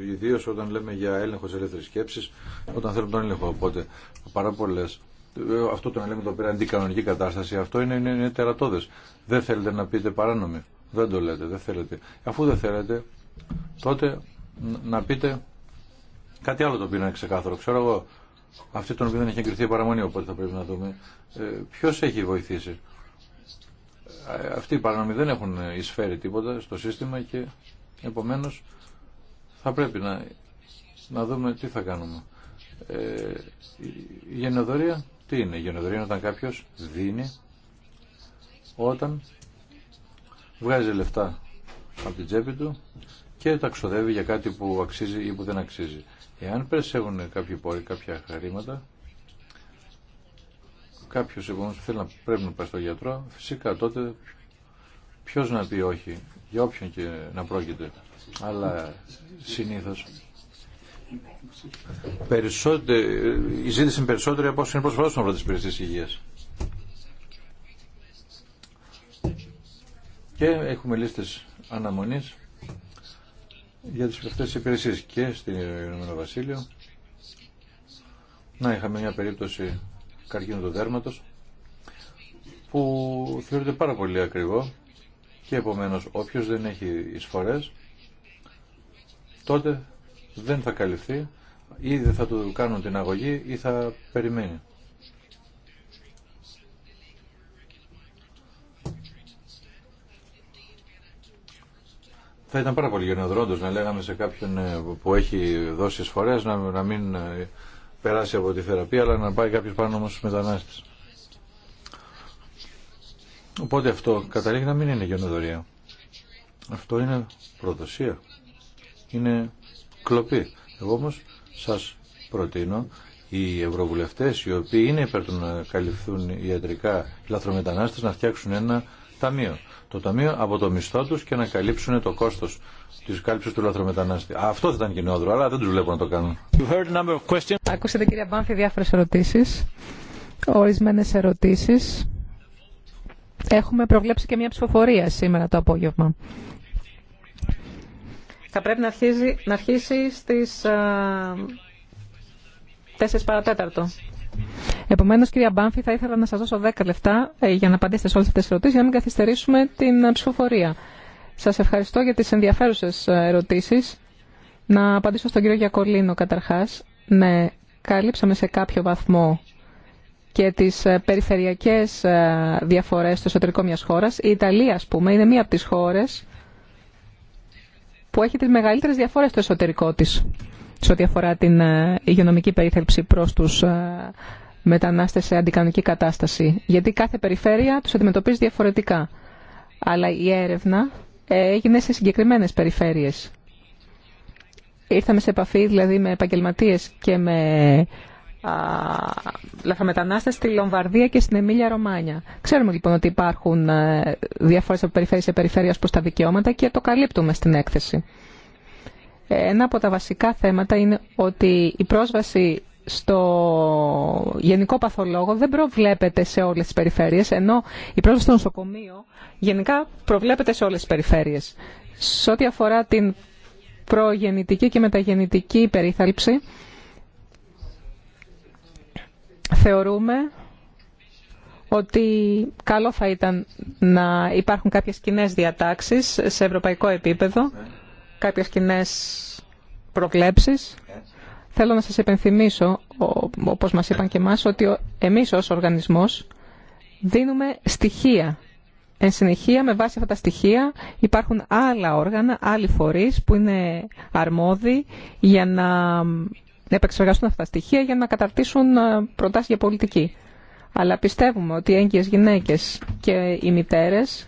ε, ιδίω όταν λέμε για έλεγχο τη ελεύθερη σκέψη, όταν θέλουμε τον έλεγχο. Οπότε, πάρα πολλέ ε, αυτό το να λέμε το πέρα αντικανονική κατάσταση, αυτό είναι, είναι, είναι τερατώδες. Δεν θέλετε να πείτε παράνομη. Δεν το λέτε, δεν θέλετε. Αφού δεν θέλετε, τότε να πείτε κάτι άλλο το οποίο είναι ξεκάθαρο. Ξέρω εγώ, αυτή τον οποίο δεν έχει εγκριθεί η παραμονή, οπότε θα πρέπει να δούμε. Ε, Ποιο έχει βοηθήσει. Ε, αυτοί οι παράνομοι δεν έχουν εισφέρει τίποτα στο σύστημα και επομένω θα πρέπει να, να δούμε τι θα κάνουμε. Ε, η γενοδορία τι είναι. Η γενοδορία όταν κάποιο δίνει όταν βγάζει λεφτά από την τσέπη του και τα ξοδεύει για κάτι που αξίζει ή που δεν αξίζει. Εάν περισσεύουν κάποιοι πόροι, κάποια χρήματα, κάποιος επομένως θέλει να πρέπει να πάει στο γιατρό, φυσικά τότε ποιος να πει όχι, για όποιον και να πρόκειται. Αλλά συνήθως η ζήτηση είναι περισσότερη από όσο είναι προσφορά στον πρώτη υπηρεσία υγεία. Και έχουμε λίστες αναμονής για τις αυτές τις υπηρεσίες και στην Ηνωμένο Βασίλειο. Να είχαμε μια περίπτωση καρκίνου του δέρματος που θεωρείται πάρα πολύ ακριβό και επομένως όποιος δεν έχει εισφορές τότε δεν θα καλυφθεί ή δεν θα του κάνουν την αγωγή ή θα περιμένει. Θα ήταν πάρα πολύ γενναιοδρόντος να λέγαμε σε κάποιον ε, που έχει δώσει φορές να, να μην ε, περάσει από τη θεραπεία αλλά να πάει κάποιος πάνω όμως στους μετανάστες. Οπότε αυτό καταλήγει να μην είναι γενναιοδορία. Αυτό είναι προδοσία. Είναι κλοπή. Εγώ όμως σας προτείνω οι ευρωβουλευτές οι οποίοι είναι υπέρ του να καλυφθούν ιατρικά οι λαθρομετανάστες να φτιάξουν ένα ταμείο. Το ταμείο από το μισθό του και να καλύψουν το κόστο τη κάλυψη του λαθρομετανάστη. Αυτό θα ήταν κοινόδρο, αλλά δεν του βλέπω να το κάνουν. Ακούσατε κυρία Μπάνφη διάφορε ερωτήσει. Ορισμένε ερωτήσει. Έχουμε προβλέψει και μια ψηφοφορία σήμερα το απόγευμα. Θα πρέπει να αρχίσει, να αρχίσει στις 4 ε, παρατέταρτο. Επομένω, κυρία Μπάμφη, θα ήθελα να σα δώσω 10 λεπτά ε, για να απαντήσετε σε όλε αυτέ τι ερωτήσει, για να μην καθυστερήσουμε την ε, ψηφοφορία. Σα ευχαριστώ για τι ενδιαφέρουσε ε, ερωτήσει. Να απαντήσω στον κύριο Γιακολίνο καταρχά. Ναι, κάλυψαμε σε κάποιο βαθμό και τι περιφερειακέ διαφορέ στο εσωτερικό μια χώρα. Η Ιταλία, α πούμε, είναι μία από τι χώρε που έχει τι μεγαλύτερε διαφορέ στο εσωτερικό τη σε ό,τι αφορά την υγειονομική περίθαλψη προς τους μετανάστες σε αντικανονική κατάσταση. Γιατί κάθε περιφέρεια τους αντιμετωπίζει διαφορετικά. Αλλά η έρευνα ε, έγινε σε συγκεκριμένες περιφέρειες. Ήρθαμε σε επαφή δηλαδή με επαγγελματίε και με α, στη Λομβαρδία και στην Εμίλια Ρωμάνια. Ξέρουμε λοιπόν ότι υπάρχουν ε, διάφορε από περιφέρεια σε περιφέρεια προ τα δικαιώματα και το καλύπτουμε στην έκθεση. Ε, ένα από τα βασικά θέματα είναι ότι η πρόσβαση στο γενικό παθολόγο δεν προβλέπεται σε όλες τις περιφέρειες, ενώ η πρόσβαση στο νοσοκομείο γενικά προβλέπεται σε όλες τις περιφέρειες. Σε ό,τι αφορά την προγεννητική και μεταγεννητική υπερίθαλψη, θεωρούμε ότι καλό θα ήταν να υπάρχουν κάποιες κοινέ διατάξεις σε ευρωπαϊκό επίπεδο, κάποιες κοινέ προκλέψεις Θέλω να σας επενθυμίσω, όπως μας είπαν και εμάς, ότι εμείς ως οργανισμός δίνουμε στοιχεία. Εν συνεχεία, με βάση αυτά τα στοιχεία, υπάρχουν άλλα όργανα, άλλοι φορείς που είναι αρμόδιοι για να επεξεργαστούν αυτά τα στοιχεία για να καταρτήσουν ε, προτάσεις για πολιτική. Αλλά πιστεύουμε ότι οι έγκυες γυναίκες και οι μητέρες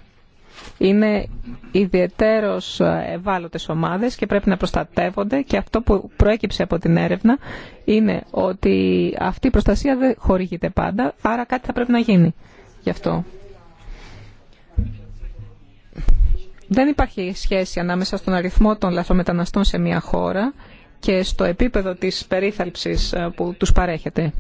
είναι ιδιαιτέρως ευάλωτες ομάδες και πρέπει να προστατεύονται και αυτό που προέκυψε από την έρευνα είναι ότι αυτή η προστασία δεν χορηγείται πάντα, άρα κάτι θα πρέπει να γίνει γι' αυτό. Δεν υπάρχει σχέση ανάμεσα στον αριθμό των λαθομεταναστών σε μια χώρα και στο επίπεδο της περίθαλψης ε, που τους παρέχεται.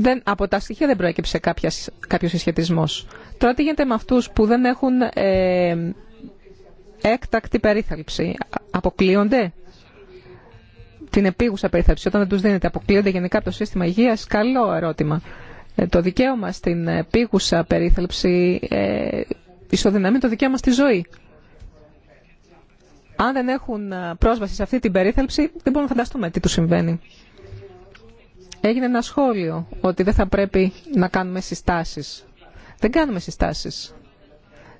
δεν, από τα στοιχεία δεν προέκυψε κάποιο κάποιος συσχετισμός. Τώρα τι γίνεται με αυτούς που δεν έχουν ε, έκτακτη περίθαλψη. Αποκλείονται την επίγουσα περίθαλψη όταν δεν τους δίνεται. Αποκλείονται γενικά από το σύστημα υγείας. Καλό ερώτημα. Ε, το δικαίωμα στην επίγουσα περίθαλψη ε, ισοδυναμεί το δικαίωμα στη ζωή. Αν δεν έχουν ε, πρόσβαση σε αυτή την περίθαλψη δεν μπορούμε να φανταστούμε τι του συμβαίνει. Έγινε ένα σχόλιο ότι δεν θα πρέπει να κάνουμε συστάσεις. Δεν κάνουμε συστάσεις.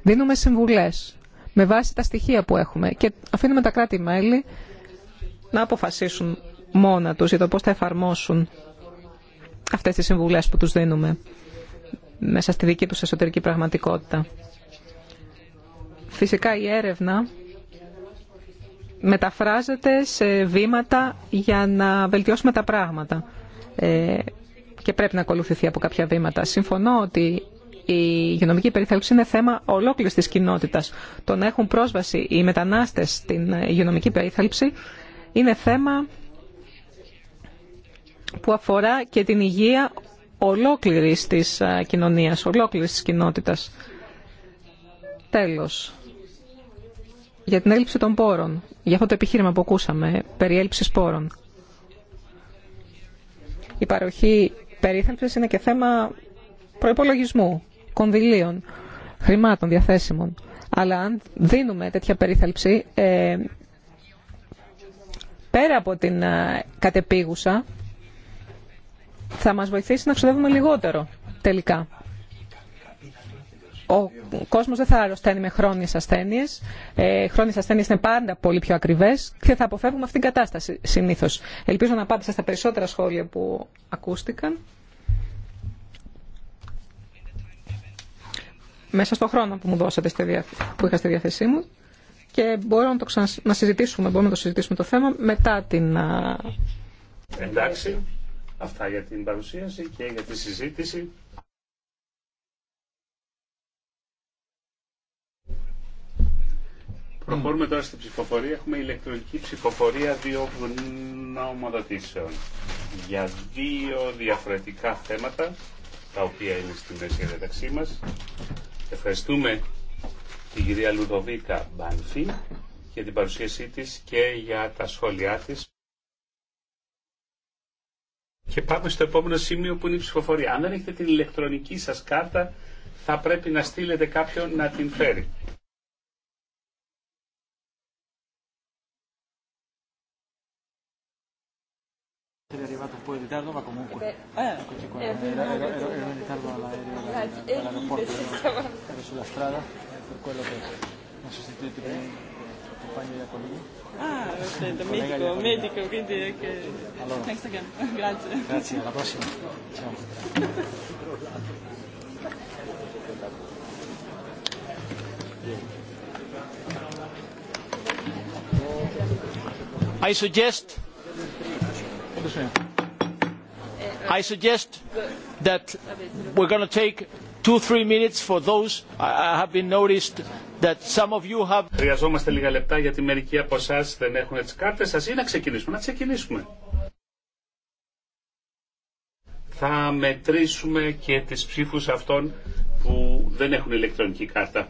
Δίνουμε συμβουλές με βάση τα στοιχεία που έχουμε και αφήνουμε τα κράτη-μέλη να αποφασίσουν μόνα τους για το πώς θα εφαρμόσουν αυτές τις συμβουλές που τους δίνουμε μέσα στη δική τους εσωτερική πραγματικότητα. Φυσικά η έρευνα μεταφράζεται σε βήματα για να βελτιώσουμε τα πράγματα. Ε, και πρέπει να ακολουθηθεί από κάποια βήματα. Συμφωνώ ότι η υγειονομική υπεριθαλψη είναι θέμα ολόκληρης της κοινότητας. Το να έχουν πρόσβαση οι μετανάστες στην υγειονομική υπεριθαλψη είναι θέμα που αφορά και την υγεία ολόκληρης της ε, κοινωνίας, ολόκληρης της κοινότητας. Τέλος, για την έλλειψη των πόρων, για αυτό το επιχείρημα που ακούσαμε, περί πόρων η παροχή περίθαλψης είναι και θέμα προϋπολογισμού, κονδυλίων, χρημάτων διαθέσιμων. Αλλά αν δίνουμε τέτοια περίθαλψη, ε, πέρα από την ε, κατεπίγουσα, θα μας βοηθήσει να ξοδεύουμε λιγότερο τελικά ο κόσμος δεν θα αρρωσταίνει με χρόνιες ασθένειες. Ε, χρόνιες ασθένειες είναι πάντα πολύ πιο ακριβές και θα αποφεύγουμε αυτήν την κατάσταση συνήθως. Ελπίζω να απάντησα στα περισσότερα σχόλια που ακούστηκαν. Μέσα στο χρόνο που μου δώσατε, που είχα στη διάθεσή μου. Και μπορώ να το να συζητήσουμε, μπορούμε να το συζητήσουμε το θέμα μετά την... Εντάξει, αυτά για την παρουσίαση και για τη συζήτηση. Προχωρούμε τώρα στην ψηφοφορία. Έχουμε ηλεκτρονική ψηφοφορία δύο γνωμοδοτήσεων για δύο διαφορετικά θέματα τα οποία είναι στη μέση διαταξή μα. Ευχαριστούμε την κυρία Λουδοβίκα Μπανφή για την παρουσίασή της και για τα σχόλιά της. Και πάμε στο επόμενο σημείο που είναι η ψηφοφορία. Αν δεν έχετε την ηλεκτρονική σας κάρτα, θα πρέπει να στείλετε κάποιον να την φέρει. È arrivato un po' in ritardo, ma comunque. Eccoci qua. Era, era, era in ritardo all'aereo, all'aeroporto, ero sulla strada, per quello che non sostituito con compagni di Iacolini. Ah, senta, medico, medico, quindi è che. Allora. Thanks again. Grazie. Grazie, alla prossima. Ciao. I suggest Χρειαζόμαστε λίγα λεπτά γιατί από εσά δεν έχουν τι κάρτε ξεκινήσουμε. Θα μετρήσουμε και τις ψήφους αυτών που δεν έχουν ηλεκτρονική κάρτα.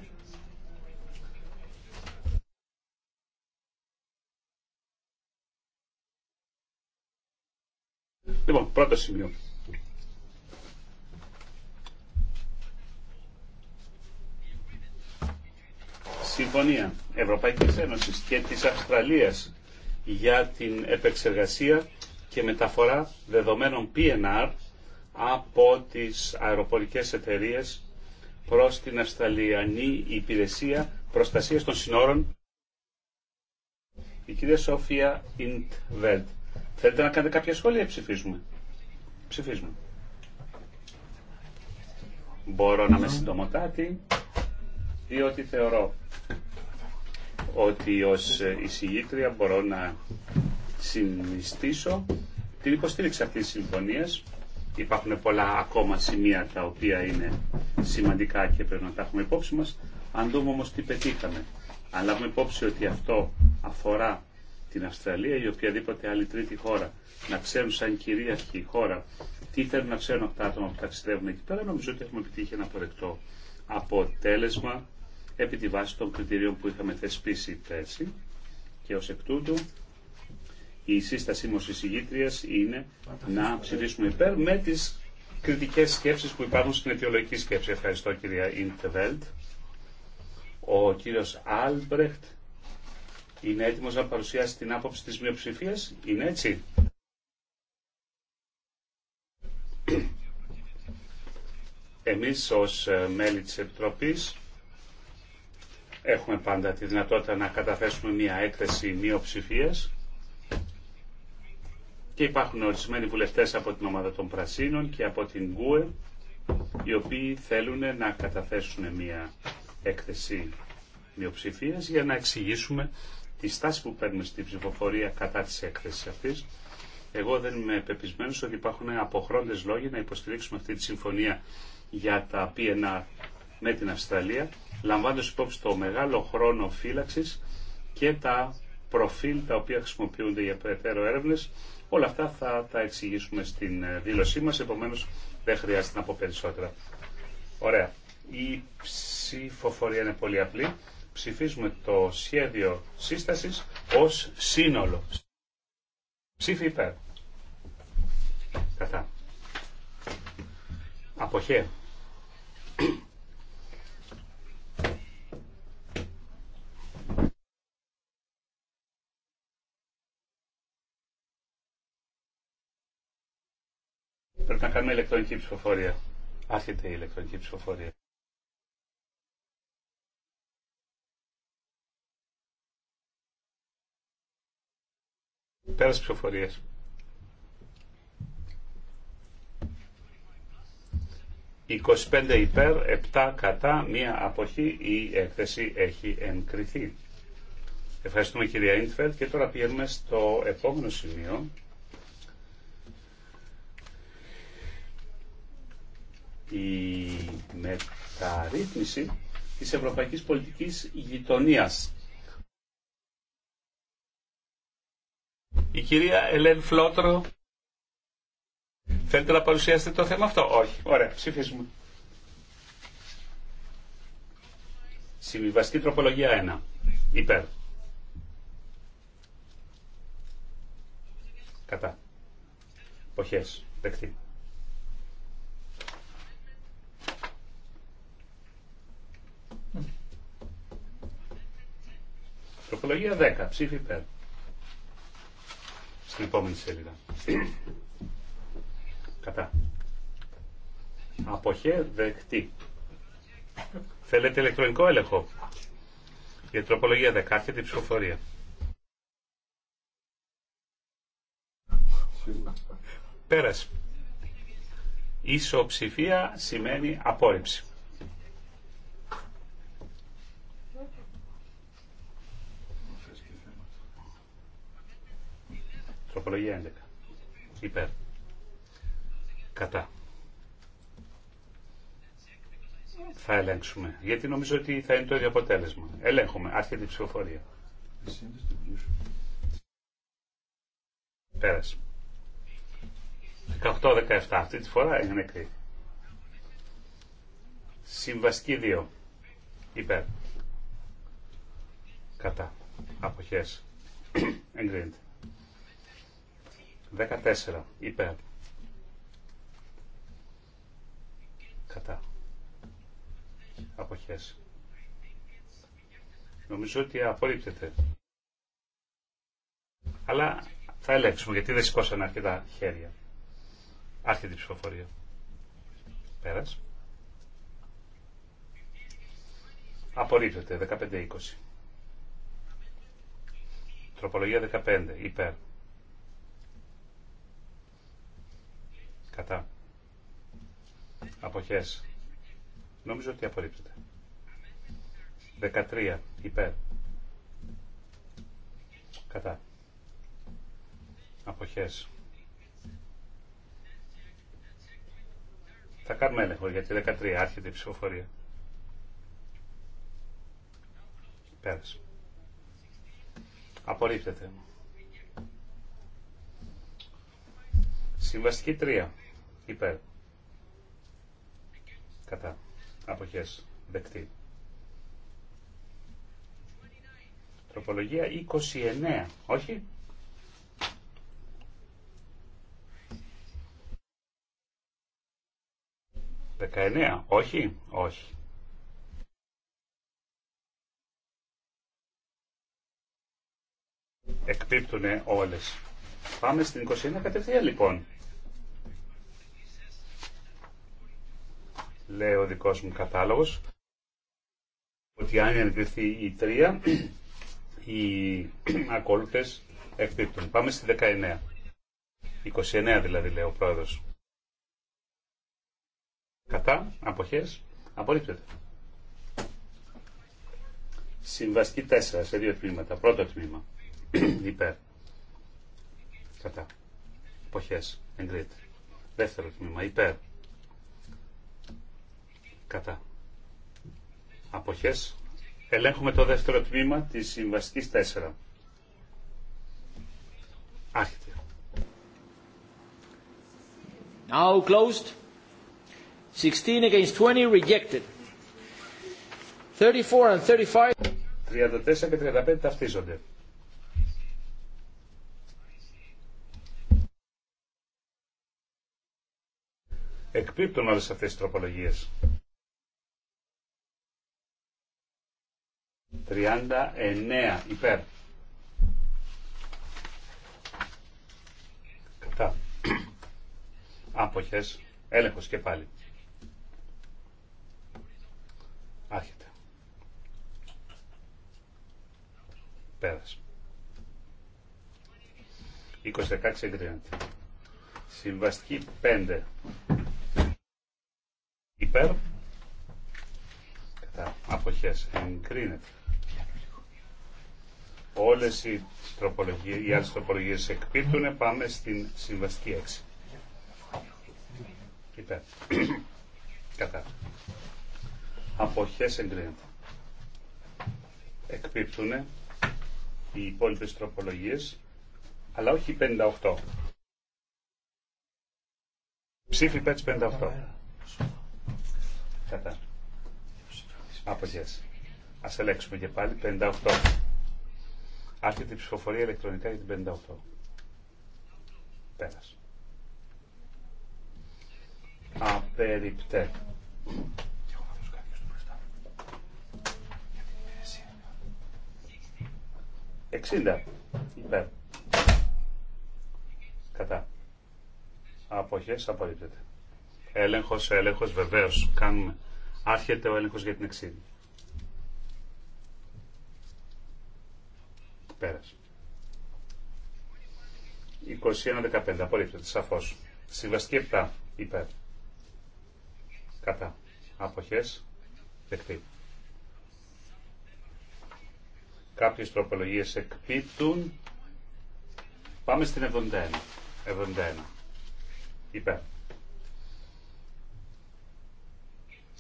Λοιπόν, πρώτο σημείο. Συμφωνία Ευρωπαϊκής Ένωσης και της Αυστραλίας για την επεξεργασία και μεταφορά δεδομένων PNR από τις αεροπορικές εταιρείες προς την Αυστραλιανή Υπηρεσία Προστασίας των Συνόρων η κυρία Σόφια Ιντβέλτ Θέλετε να κάνετε κάποια σχόλια ή ψηφίζουμε. Ψηφίζουμε. Μπορώ να είμαι συντομοτάτη, ότι θεωρώ ότι ως εισηγήτρια μπορώ να συνιστήσω την υποστήριξη αυτής της συμφωνίας. Υπάρχουν πολλά ακόμα σημεία τα οποία είναι σημαντικά και πρέπει να τα έχουμε υπόψη μας. Αν δούμε όμως τι πετύχαμε, αν λάβουμε υπόψη ότι αυτό αφορά την Αυστραλία ή οποιαδήποτε άλλη τρίτη χώρα να ξέρουν σαν κυρίαρχη χώρα τι θέλουν να ξέρουν από τα άτομα που ταξιδεύουν εκεί πέρα, νομίζω ότι έχουμε επιτύχει ένα αποδεκτό αποτέλεσμα επί τη βάση των κριτηρίων που είχαμε θεσπίσει πέρσι και ως εκ τούτου η σύστασή ω εισηγήτριας είναι να ψηφίσουμε υπέρ με τις κριτικές σκέψεις που υπάρχουν στην αιτιολογική σκέψη. Ευχαριστώ κυρία Ιντεβέλτ. Ο κύριος Άλμπρεχτ είναι έτοιμος να παρουσιάσει την άποψη της μειοψηφίας. Είναι έτσι. Εμείς ως ε, μέλη της Επιτροπής έχουμε πάντα τη δυνατότητα να καταθέσουμε μια έκθεση μειοψηφίας και υπάρχουν ορισμένοι βουλευτές από την ομάδα των Πρασίνων και από την ΚΟΕ οι οποίοι θέλουν να καταθέσουν μια έκθεση μειοψηφίας για να εξηγήσουμε τη στάση που παίρνουμε στην ψηφοφορία κατά τη εκθέση αυτή. Εγώ δεν είμαι πεπισμένο ότι υπάρχουν αποχρόντες λόγοι να υποστηρίξουμε αυτή τη συμφωνία για τα PNR με την Αυστραλία, λαμβάνοντα υπόψη το μεγάλο χρόνο φύλαξη και τα προφίλ τα οποία χρησιμοποιούνται για περαιτέρω έρευνε. Όλα αυτά θα τα εξηγήσουμε στην ε, δήλωσή μα. Επομένω δεν χρειάζεται να πω περισσότερα. Ωραία. Η ψηφοφορία είναι πολύ απλή ψηφίζουμε το σχέδιο σύστασης ως σύνολο. Ψήφι υπέρ. Κατά. Αποχέ. Πρέπει να κάνουμε ηλεκτρονική ψηφοφορία. Άρχεται η ηλεκτρονική ψηφοφορία. Πέρα ψηφοφορίας. 25 υπέρ, 7 κατά, μία αποχή. Η έκθεση έχει εγκριθεί. Ευχαριστούμε κυρία Ίντφελτ και τώρα πηγαίνουμε στο επόμενο σημείο. Η μεταρρύθμιση της Ευρωπαϊκής Πολιτικής Γειτονίας. Η κυρία Ελέν Φλότρο. Θέλετε να παρουσιάσετε το θέμα αυτό. Όχι. Ωραία. Ψηφίσουμε. Συμβιβαστική τροπολογία 1. Υπέρ. Κατά. Εποχές. Δεκτή. Τροπολογία 10. Ψήφι υπέρ. Στην επόμενη σελίδα. Κατά. Αποχέ δεκτή. Θέλετε ηλεκτρονικό έλεγχο. Για τροπολογία 10. την ψηφοφορία. Πέρασε. Ισοψηφία σημαίνει απόρριψη. Τροπολογία 11. Υπέρ. Κατά. Θα ελέγξουμε. Γιατί νομίζω ότι θα είναι το ίδιο αποτέλεσμα. Ελέγχουμε. Άρχεται την ψηφοφορία. Πέρασε. 18-17. Αυτή τη φορά είναι νεκρή. Συμβαστική 2. Υπέρ. Κατά. Αποχές. Εγκρίνεται. 14 υπέρ κατά αποχές. Νομίζω ότι απορρίπτεται. Αλλά θα ελέγξουμε γιατί δεν σηκώσανε αρκετά χέρια. Άρχεται η ψηφοφορία. Πέρα απολύτω, 15-20. Τροπολογία 15 υπέρ. Κατά. Αποχές. Νομίζω ότι απορρίπτεται. 13. Υπέρ. Κατά. Αποχές. Θα κάνουμε έλεγχο για 13. Άρχεται η ψηφοφορία. Πέρασε. Απορρίπτεται. Συμβαστική 3. Υπέρ. Κατά. Αποχές. Δεκτή. Τροπολογία 29. Όχι. Δεκαεννέα. Όχι. Όχι. Εκπίπτουνε όλες. Πάμε στην 21 κατευθείαν λοιπόν. λέει ο δικός μου κατάλογος, ότι αν εγκριθεί η 3, οι ακόλουθες εκπίπτουν. Πάμε στη 19. 29 δηλαδή λέει ο πρόεδρος. Κατά, αποχές, απορρίπτεται. Συμβαστική 4 σε δύο τμήματα. Πρώτο τμήμα, υπέρ. Κατά. Αποχές, εγκριτ. Δεύτερο τμήμα, υπέρ Κατά. Αποχές. Ελέγχουμε το δεύτερο τμήμα της συμβαστικής 4. Άρχεται. Now closed. 16 against 20 rejected. 34 and 35. 34 και 35 ταυτίζονται. Εκπίπτουν όλες αυτές τις τροπολογίες. 39 υπέρ. Κατά. Άποχες. Έλεγχος και πάλι. Άρχεται. Πέρας. 20-16 εγκρίνεται. Συμβαστική 5. Υπέρ. Κατά. Αποχές. Εγκρίνεται. Όλες οι, τροπολογίες, οι άλλες τροπολογίες εκπίπτουν. Πάμε στην συμβαστική 6. Υπέρ. Κατά. Αποχές εγκρίνεται. Εκπίπτουν οι υπόλοιπε τροπολογίε αλλά όχι 58. Ψήφι πέτσι 58. Κατά. Αποχές. Ας ελέγξουμε και πάλι 58. Άρχεται η ψηφοφορία ηλεκτρονικά για την 58. Πέρασε. Απεριπτέ. Εξήντα. Υπέρ. Κατά. Αποχές απορρίπτεται. Έλεγχος, έλεγχος βεβαίως. Κάνουμε. Άρχεται ο έλεγχος για την εξήντα. περασε 21 21-15. Απορρίπτεται. Σαφώς. Συμβαστική 7. Υπέρ. Κατά. Αποχές. Δεκτή. Κάποιες τροπολογίες εκπίπτουν. Πάμε στην 71. 71. Υπέρ.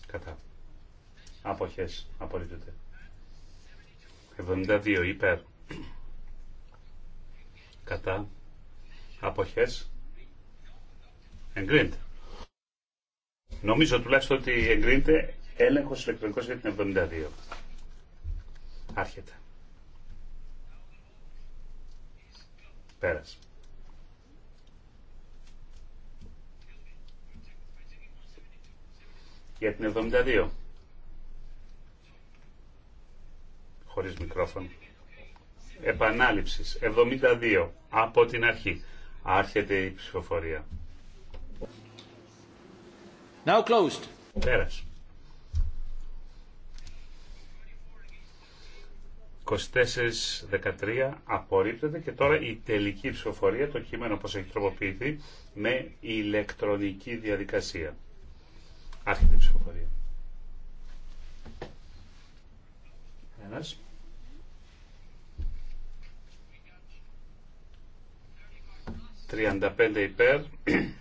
Κατά. Αποχές. Απορρίπτεται. 72. Υπέρ κατά αποχές εγκρίνεται. Νομίζω τουλάχιστον ότι εγκρίνεται έλεγχος ηλεκτρονικός για την 72. Άρχεται. Πέρασε. Για την 72. Χωρίς μικρόφωνο επανάληψης 72 από την αρχή. Άρχεται η ψηφοφορία. Now closed. Πέρας. 24-13 απορρίπτεται και τώρα η τελική ψηφοφορία, το κείμενο όπως έχει τροποποιηθεί, με ηλεκτρονική διαδικασία. Άρχεται η ψηφοφορία. Ένας. 35 υπέρ,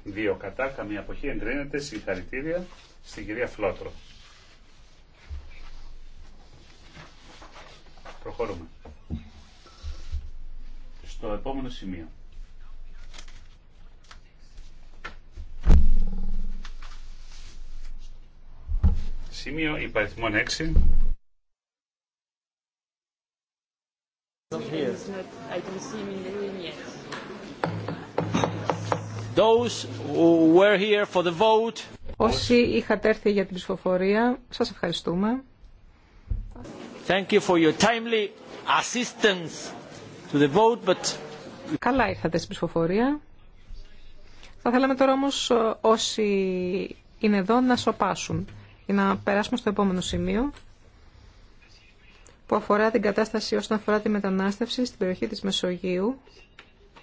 2 *clears throat* κατά, καμία αποχή εγκρίνεται. Συγχαρητήρια στην κυρία Φλότρο. Προχωρούμε. Στο επόμενο σημείο. Σημείο υπαριθμών 6. I don't see him in the room yet. Όσοι είχατε έρθει για την ψηφοφορία, σας ευχαριστούμε. Καλά ήρθατε στην ψηφοφορία. Θα θέλαμε τώρα όμως ε, όσοι είναι εδώ να σοπάσουν για να περάσουμε στο επόμενο σημείο που αφορά την κατάσταση όσον αφορά τη μετανάστευση στην περιοχή της Μεσογείου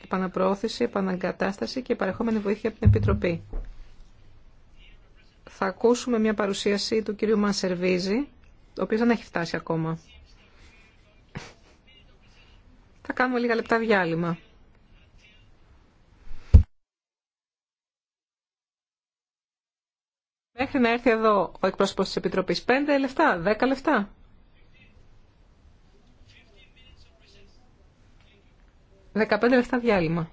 επαναπροώθηση, επαναγκατάσταση και παρεχόμενη βοήθεια από την Επιτροπή. Θα ακούσουμε μια παρουσίαση του κυρίου Μανσερβίζη, ο οποίος δεν έχει φτάσει ακόμα. Θα κάνουμε λίγα λεπτά διάλειμμα. Μέχρι να έρθει εδώ ο εκπρόσωπος της Επιτροπής 5 λεφτά, 10 λεφτά. 15 λεπτά διάλειμμα.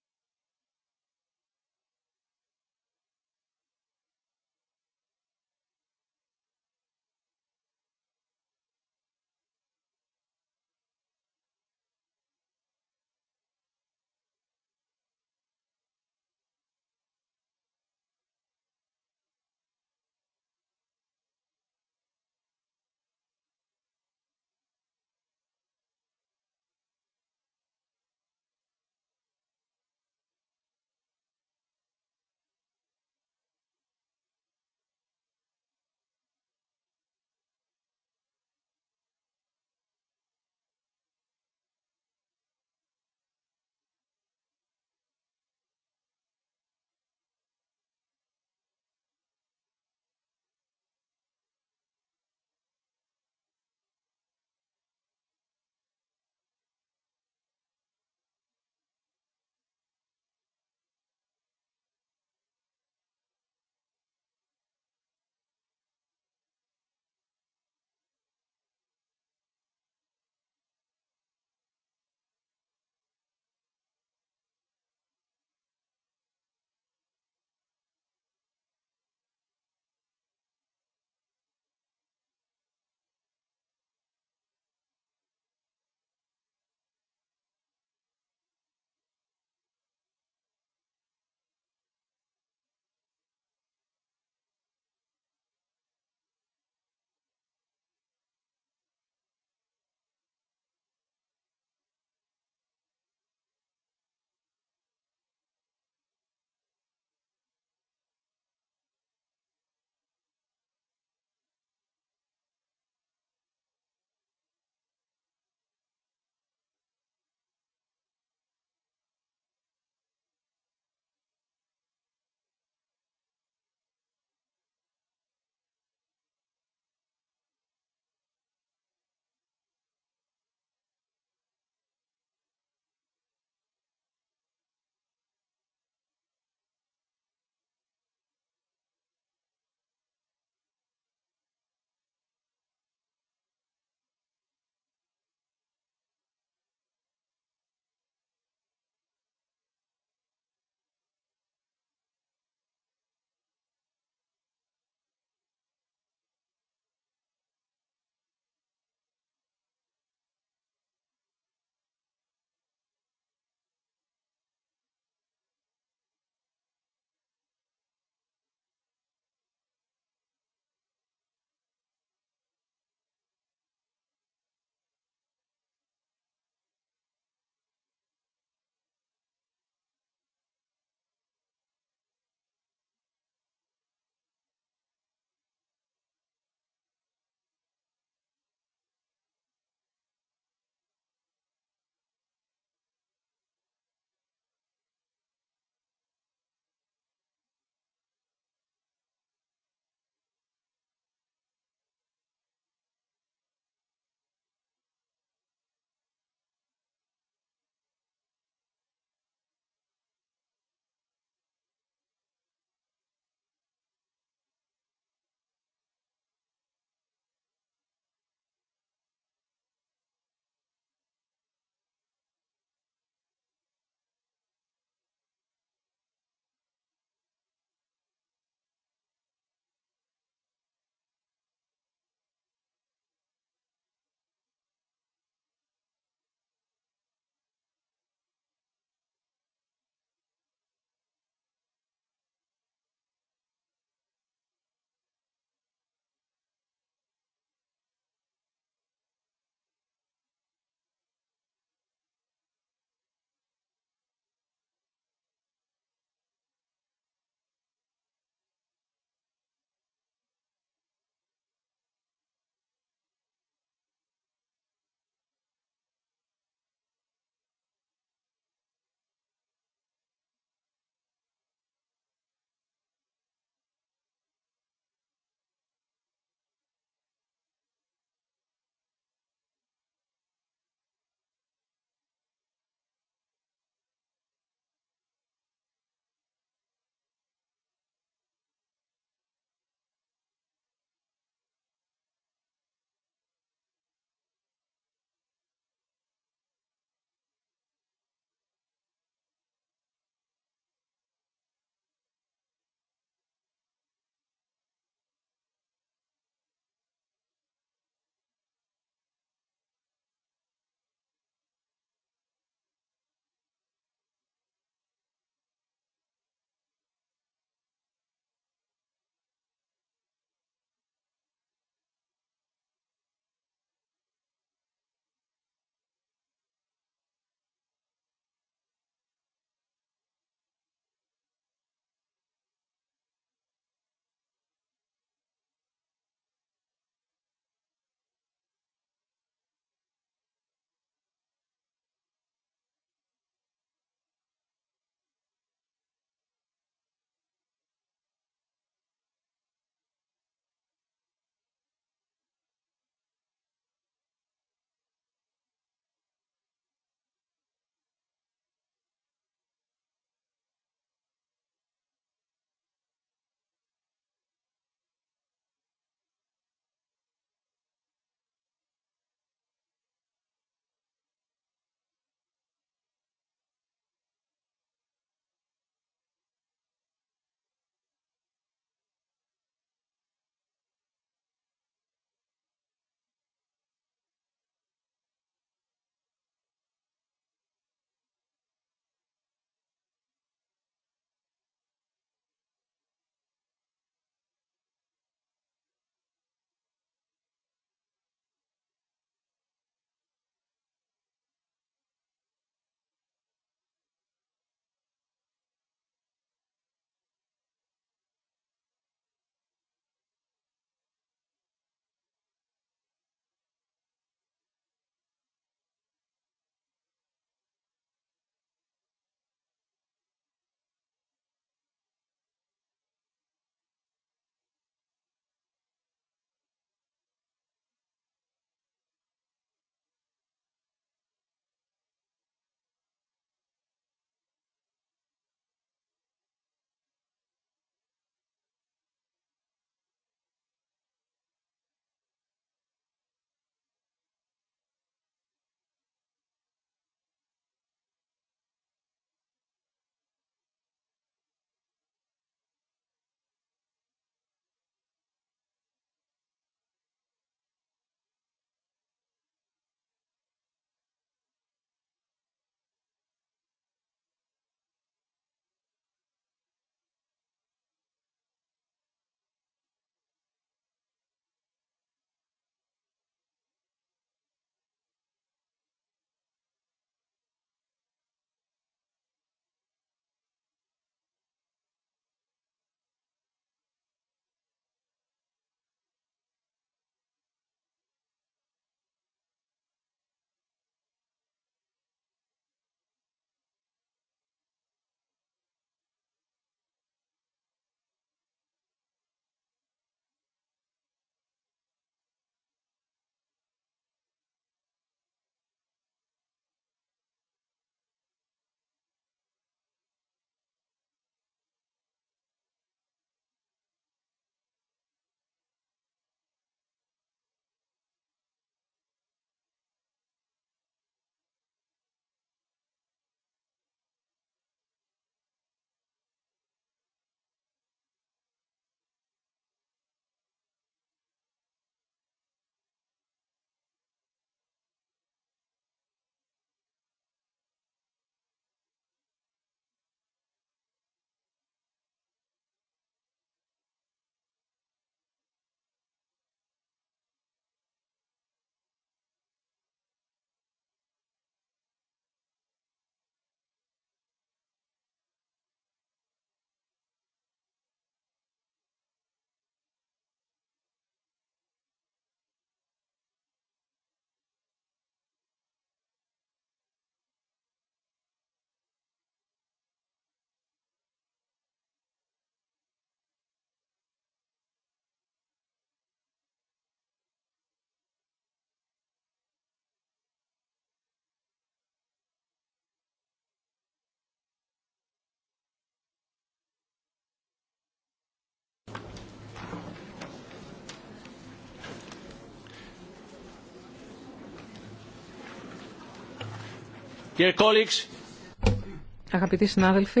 Αγαπητοί συνάδελφοι,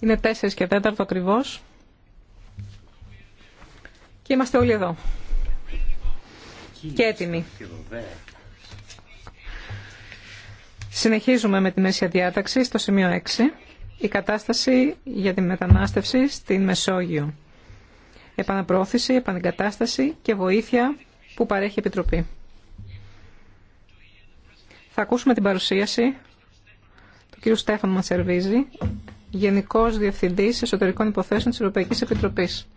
είναι 4 και 4 ακριβώ και είμαστε όλοι εδώ και έτοιμοι. Συνεχίζουμε με τη μέση διάταξη στο σημείο 6, η κατάσταση για τη μετανάστευση στην Μεσόγειο. Επαναπρόθεση, επανεγκατάσταση και βοήθεια που παρέχει η Επιτροπή. Θα ακούσουμε την παρουσίαση του κ. Στέφαν Ματσερβίζη, Γενικός Διευθυντής Εσωτερικών Υποθέσεων της Ευρωπαϊκής Επιτροπής.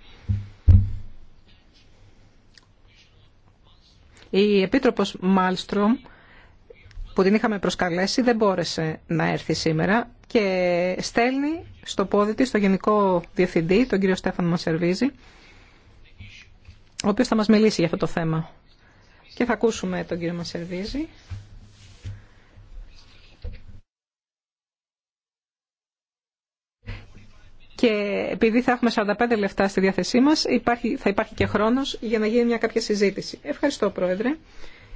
Η Επίτροπος Μάλστρομ, που την είχαμε προσκαλέσει, δεν μπόρεσε να έρθει σήμερα και στέλνει στο πόδι της το Γενικό Διευθυντή, τον κύριο Στέφανο Μασερβίζη, ο οποίος θα μας μιλήσει για αυτό το θέμα. Και θα ακούσουμε τον κύριο Μασερβίζη και επειδή θα έχουμε 45 λεφτά στη διάθεσή μας, θα υπάρχει και χρόνος για να γίνει μια κάποια συζήτηση. Ευχαριστώ, Πρόεδρε,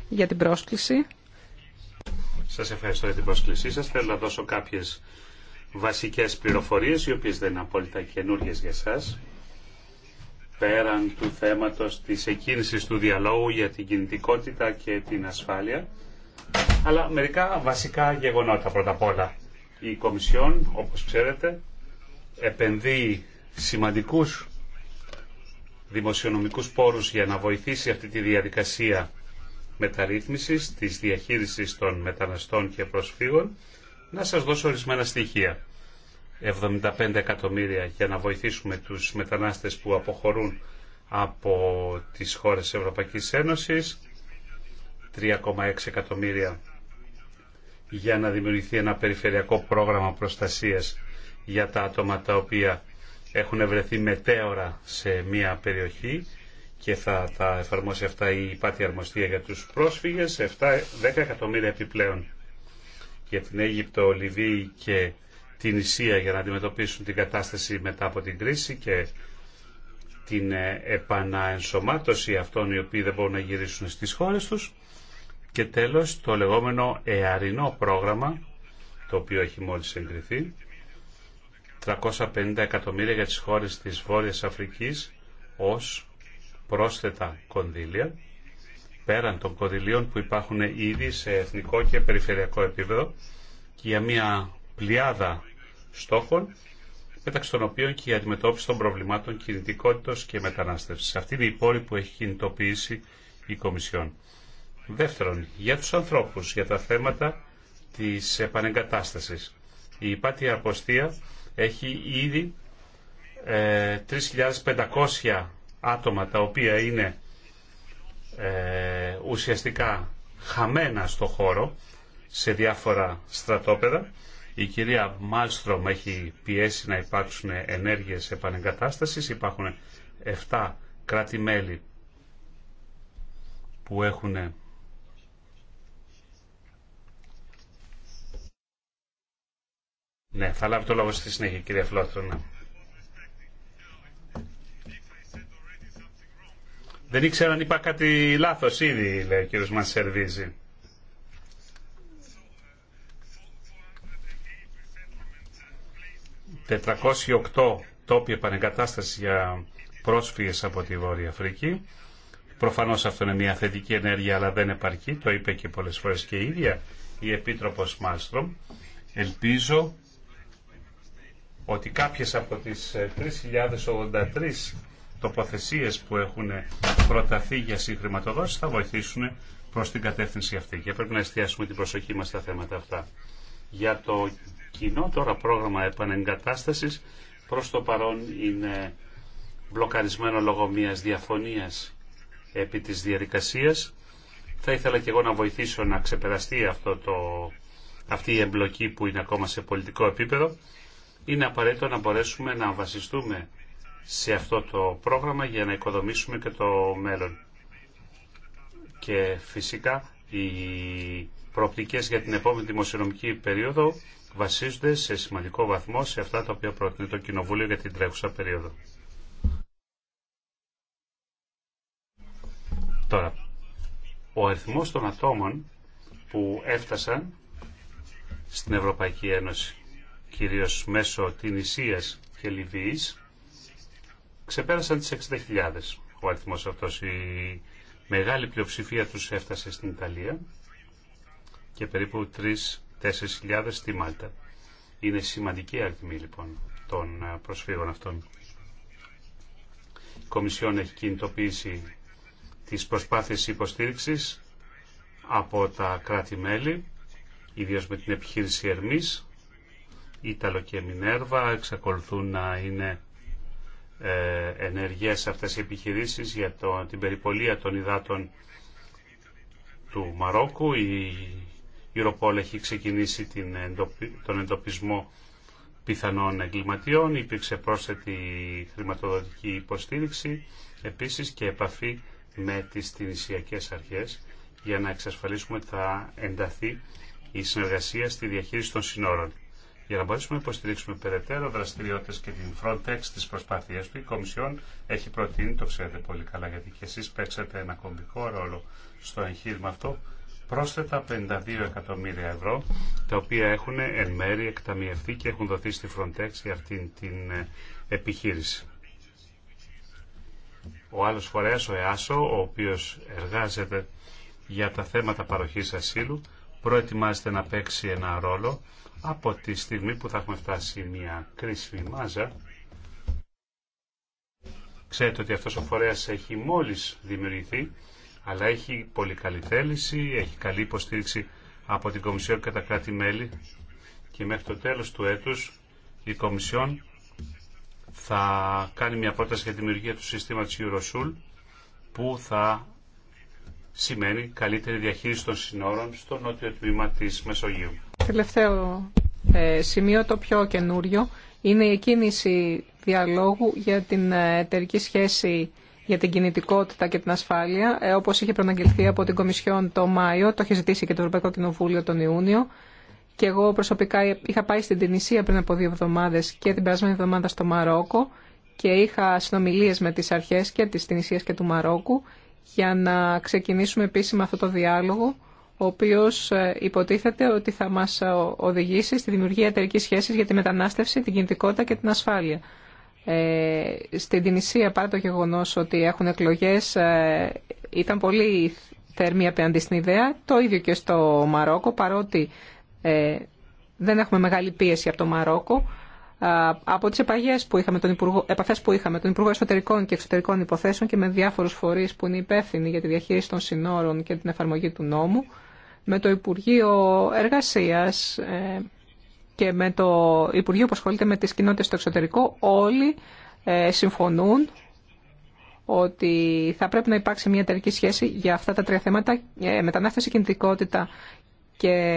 για την πρόσκληση. Σας ευχαριστώ για την πρόσκλησή σας. Θέλω να δώσω κάποιες βασικές πληροφορίες, οι οποίες δεν είναι απόλυτα καινούριε για σας. Πέραν του θέματος της εκκίνησης του διαλόγου για την κινητικότητα και την ασφάλεια, αλλά μερικά βασικά γεγονότα πρώτα απ' όλα. Η Κομισιόν, όπως ξέρετε, επενδύει σημαντικούς δημοσιονομικούς πόρους για να βοηθήσει αυτή τη διαδικασία μεταρρύθμισης της διαχείρισης των μεταναστών και προσφύγων, να σας δώσω ορισμένα στοιχεία. 75 εκατομμύρια για να βοηθήσουμε τους μετανάστες που αποχωρούν από τις χώρες Ευρωπαϊκής Ένωσης, 3,6 εκατομμύρια για να δημιουργηθεί ένα περιφερειακό πρόγραμμα προστασίας για τα άτομα τα οποία έχουν βρεθεί μετέωρα σε μια περιοχή και θα τα εφαρμόσει αυτά η Πάτη Αρμοστία για τους πρόσφυγες, 7, 10 εκατομμύρια επιπλέον για την Αίγυπτο, Λιβύη και την Ισία για να αντιμετωπίσουν την κατάσταση μετά από την κρίση και την ε, επαναενσωμάτωση αυτών οι οποίοι δεν μπορούν να γυρίσουν στις χώρες τους και τέλος το λεγόμενο εαρινό πρόγραμμα το οποίο έχει μόλις εγκριθεί 350 εκατομμύρια για τις χώρες της Βόρειας Αφρικής ως πρόσθετα κονδύλια πέραν των κονδυλίων που υπάρχουν ήδη σε εθνικό και περιφερειακό επίπεδο και για μια πλειάδα στόχων μεταξύ των οποίων και η αντιμετώπιση των προβλημάτων κινητικότητα και μετανάστευσης. Αυτή είναι η πόλη που έχει κινητοποιήσει η Κομισιόν. Δεύτερον, για τους ανθρώπους, για τα θέματα της επανεγκατάστασης. Η υπάτια αποστία έχει ήδη 3.500 ε, άτομα τα οποία είναι ε, ουσιαστικά χαμένα στο χώρο σε διάφορα στρατόπεδα. Η κυρία Μάλστρομ έχει πιέσει να υπάρξουν ενέργειες επανεγκατάστασης. Υπάρχουν 7 κράτη-μέλη που έχουν Ναι, θα λάβει το λόγο στη συνέχεια, κυρία Ναι. Δεν ήξερα αν είπα κάτι λάθος ήδη, λέει ο κύριος Μανσερβίζη. ...408 τόποι επανεγκατάσταση για πρόσφυγες από τη Βόρεια Αφρική. Προφανώς αυτό είναι μια θετική ενέργεια, αλλά δεν επαρκεί. Το είπε και πολλές φορές και η ίδια η Επίτροπος Μάστρομ. Ελπίζω ότι κάποιες από τις 3.083 ε, τοποθεσίες που έχουν προταθεί για συγχρηματοδότηση θα βοηθήσουν προς την κατεύθυνση αυτή και πρέπει να εστιάσουμε την προσοχή μας στα θέματα αυτά. Για το κοινό τώρα πρόγραμμα επανεγκατάστασης προς το παρόν είναι μπλοκαρισμένο λόγω μιας διαφωνίας επί της διαδικασίας. Θα ήθελα και εγώ να βοηθήσω να ξεπεραστεί αυτό το, αυτή η εμπλοκή που είναι ακόμα σε πολιτικό επίπεδο είναι απαραίτητο να μπορέσουμε να βασιστούμε σε αυτό το πρόγραμμα για να οικοδομήσουμε και το μέλλον. Και φυσικά οι προοπτικές για την επόμενη δημοσιονομική περίοδο βασίζονται σε σημαντικό βαθμό σε αυτά τα οποία προτείνει το Κοινοβούλιο για την τρέχουσα περίοδο. Τώρα, ο αριθμός των ατόμων που έφτασαν στην Ευρωπαϊκή Ένωση κυρίως μέσω Ισίας και Λιβύης, ξεπέρασαν τις 60.000. Ο αριθμός αυτός η μεγάλη πλειοψηφία τους έφτασε στην Ιταλία και περίπου 3-4.000 στη Μάλτα. Είναι σημαντική αριθμή λοιπόν των ε, προσφύγων αυτών. Η Κομισιόν έχει κινητοποιήσει τις προσπάθειες υποστήριξης από τα κράτη-μέλη, ιδίως με την επιχείρηση Ερμής, Ήταλο και Μινέρβα εξακολουθούν να είναι ε, ενεργές αυτές οι επιχειρήσεις για την περιπολία των υδάτων του Μαρόκου. Η Europol έχει ξεκινήσει τον εντοπισμό πιθανών εγκληματιών. Υπήρξε πρόσθετη χρηματοδοτική υποστήριξη, επίσης και επαφή με τις τυνησιακές αρχές για να εξασφαλίσουμε ότι θα ενταθεί η συνεργασία στη διαχείριση των συνόρων. Για να μπορέσουμε να υποστηρίξουμε περαιτέρω δραστηριότητε και την Frontex τη προσπάθεια του, η Κομισιόν έχει προτείνει, το ξέρετε πολύ καλά, γιατί και εσεί παίξατε ένα κομβικό ρόλο στο εγχείρημα αυτό, πρόσθετα 52 εκατομμύρια ευρώ, τα οποία έχουν εν μέρη εκταμιευθεί και έχουν δοθεί στη Frontex για αυτήν την ε, επιχείρηση. Ο άλλο φορέα, ο ΕΑΣΟ, ο οποίο εργάζεται για τα θέματα παροχή ασύλου, προετοιμάζεται να παίξει ένα ρόλο από τη στιγμή που θα έχουμε φτάσει μια κρίσιμη μάζα, ξέρετε ότι αυτός ο φορέας έχει μόλις δημιουργηθεί, αλλά έχει πολύ καλή θέληση, έχει καλή υποστήριξη από την Κομισιόν και τα κράτη-μέλη και μέχρι το τέλος του έτους η Κομισιόν θα κάνει μια πρόταση για τη δημιουργία του συστήματος Eurosul που θα σημαίνει καλύτερη διαχείριση των συνόρων στο νότιο τμήμα της Μεσογείου. Τελευταίο ε, σημείο, το πιο καινούριο, είναι η κίνηση διαλόγου για την ε, εταιρική σχέση για την κινητικότητα και την ασφάλεια, ε, όπως είχε προναγγελθεί από την Κομισιόν το Μάιο, το είχε ζητήσει και το Ευρωπαϊκό Κοινοβούλιο τον Ιούνιο. Και εγώ προσωπικά είχα πάει στην Τινησία πριν από δύο εβδομάδες και την περασμένη εβδομάδα στο Μαρόκο και είχα συνομιλίες με τις αρχές και της Τινησίας και του Μαρόκου για να ξεκινήσουμε επίσημα αυτό το διάλογο ο οποίος ε, υποτίθεται ότι θα μας ε, οδηγήσει στη δημιουργία εταιρικής σχέσης για τη μετανάστευση, την κινητικότητα και την ασφάλεια. Ε, στην Τινησία, παρά το γεγονός ότι έχουν εκλογές, ε, ήταν πολύ θερμή απέναντι στην ιδέα. Το ίδιο και στο Μαρόκο, παρότι ε, δεν έχουμε μεγάλη πίεση από το Μαρόκο. Από τις επαγές που είχαμε, τον Υπουργό, που είχαμε τον Υπουργό Εσωτερικών και Εξωτερικών Υποθέσεων και με διάφορους φορείς που είναι υπεύθυνοι για τη διαχείριση των συνόρων και την εφαρμογή του νόμου, με το Υπουργείο Εργασίας ε, και με το Υπουργείο που ασχολείται με τις κοινότητες στο εξωτερικό όλοι ε, συμφωνούν ότι θα πρέπει να υπάρξει μια εταιρική σχέση για αυτά τα τρία θέματα ε, μετανάστευση, κινητικότητα και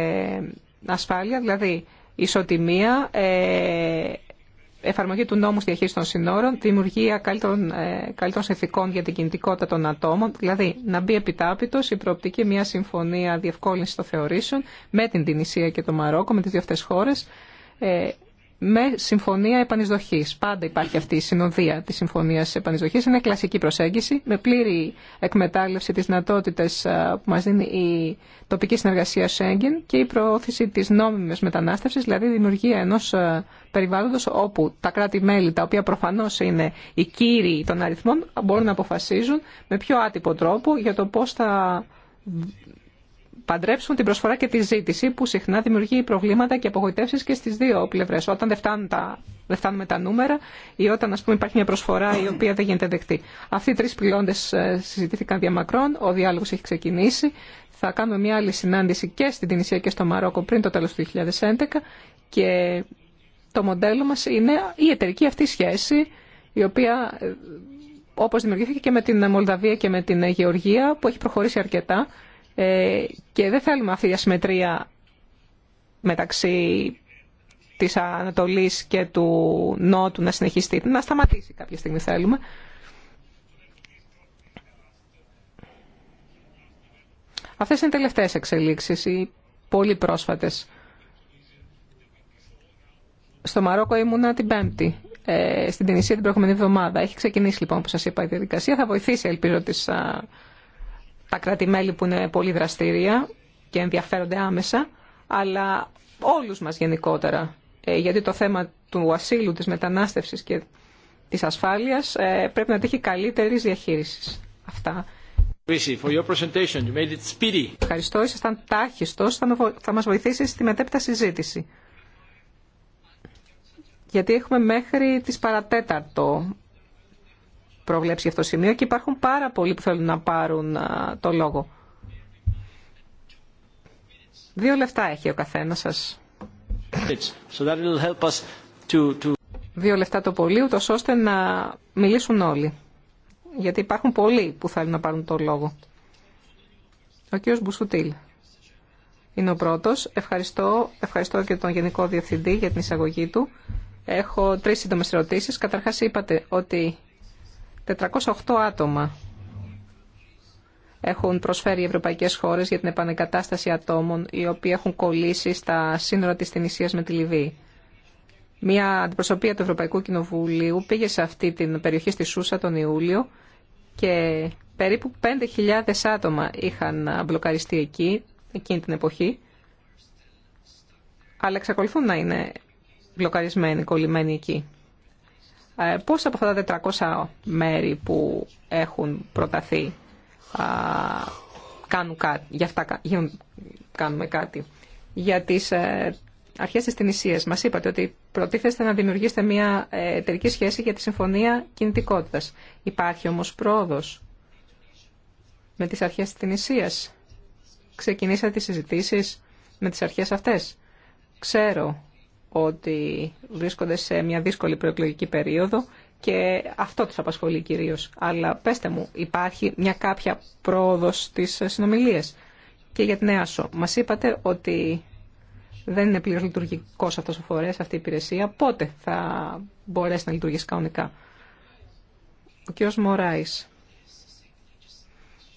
ασφάλεια, δηλαδή ισοτιμία, εφαρμογή του νόμου στη διαχείριση των συνόρων, δημιουργία καλύτερων, ε, καλύτερων συνθηκών για την κινητικότητα των ατόμων, δηλαδή να μπει επιτάπητο η προοπτική μια συμφωνία διευκόλυνση των θεωρήσεων με την Τινησία και το Μαρόκο, με τι δύο αυτέ χώρε, ε, με συμφωνία επανεισδοχή. Πάντα υπάρχει αυτή η συνοδεία τη συμφωνία επανεισδοχή. Είναι κλασική προσέγγιση με πλήρη εκμετάλλευση τη δυνατότητα που μα δίνει η τοπική συνεργασία Σέγγεν και η προώθηση τη νόμιμη μετανάστευση, δηλαδή δημιουργία ενό περιβάλλοντο όπου τα κράτη-μέλη, τα οποία προφανώ είναι οι κύριοι των αριθμών, μπορούν να αποφασίζουν με πιο άτυπο τρόπο για το πώ θα παντρέψουν την προσφορά και τη ζήτηση που συχνά δημιουργεί προβλήματα και απογοητεύσει και στι δύο πλευρέ. Όταν δεν, φτάνουν τα, φτάνουμε τα νούμερα ή όταν ας πούμε, υπάρχει μια προσφορά η οποία δεν γίνεται δεκτή. Αυτοί οι τρει πυλώντε ε, συζητήθηκαν διαμακρών, ο διάλογο έχει ξεκινήσει. Θα κάνουμε μια άλλη συνάντηση και στην Τινησία και στο Μαρόκο πριν το τέλο του 2011 και το μοντέλο μα είναι η εταιρική αυτή σχέση η οποία ε, όπως δημιουργήθηκε και με την Μολδαβία και με την Γεωργία που έχει προχωρήσει αρκετά ε, και δεν θέλουμε αυτή η ασυμμετρία μεταξύ της Ανατολής και του Νότου να συνεχιστεί, να σταματήσει κάποια στιγμή θέλουμε. Αυτές είναι οι τελευταίες εξελίξεις, οι πολύ πρόσφατες. Στο Μαρόκο ήμουνα την Πέμπτη, ε, στην Τινησία την προηγούμενη εβδομάδα. Έχει ξεκινήσει λοιπόν, όπως σας είπα, η διαδικασία. Θα βοηθήσει, ελπίζω, τις τα κράτη-μέλη που είναι πολύ δραστήρια και ενδιαφέρονται άμεσα, αλλά όλους μας γενικότερα. Ε, γιατί το θέμα του ασύλου, της μετανάστευσης και της ασφάλειας ε, πρέπει να τύχει καλύτερη διαχείριση Αυτά. For your presentation. You made it speedy. Ευχαριστώ, ήσασταν τάχιστος, θα μας βοηθήσει στη μετέπειτα συζήτηση. Γιατί έχουμε μέχρι τις παρατέταρτο προβλέψει αυτό το σημείο και υπάρχουν πάρα πολλοί που θέλουν να πάρουν το λόγο. Δύο λεφτά έχει ο καθένα to... Δύο λεφτά το πολύ, ούτως ώστε να μιλήσουν όλοι. Γιατί υπάρχουν πολλοί που θέλουν να πάρουν το λόγο. Ο κ. Μπουσουτήλ είναι ο πρώτο. Ευχαριστώ, ευχαριστώ και τον Γενικό Διευθυντή για την εισαγωγή του. Έχω τρει σύντομε ερωτήσει. Καταρχά είπατε ότι 408 άτομα έχουν προσφέρει οι ευρωπαϊκές χώρες για την επανεκατάσταση ατόμων οι οποίοι έχουν κολλήσει στα σύνορα της Τινησίας με τη Λιβύη. Μία αντιπροσωπεία του Ευρωπαϊκού Κοινοβουλίου πήγε σε αυτή την περιοχή στη Σούσα τον Ιούλιο και περίπου 5.000 άτομα είχαν μπλοκαριστεί εκεί εκείνη την εποχή αλλά εξακολουθούν να είναι μπλοκαρισμένοι, κολλημένοι εκεί. Ε, πώς από αυτά τα 400 μέρη που έχουν προταθεί κάνουν κάτι, για αυτά κάνουμε κάτι. Για τις ε, αρχές της Τινησίας μας είπατε ότι προτίθεστε να δημιουργήσετε μια ε, εταιρική σχέση για τη Συμφωνία Κινητικότητας. Υπάρχει όμως πρόοδος με τις αρχές της Τινησίας. Ξεκινήσατε τις συζητήσεις με τις αρχές αυτές. Ξέρω ότι βρίσκονται σε μια δύσκολη προεκλογική περίοδο και αυτό τους απασχολεί κυρίως. Αλλά πέστε μου, υπάρχει μια κάποια πρόοδος στις συνομιλίες. Και για την ΕΑΣΟ, μας είπατε ότι δεν είναι πλήρως λειτουργικός αυτός ο φορέας, αυτή η υπηρεσία. Πότε θα μπορέσει να λειτουργήσει κανονικά. Ο κ. Μωράης.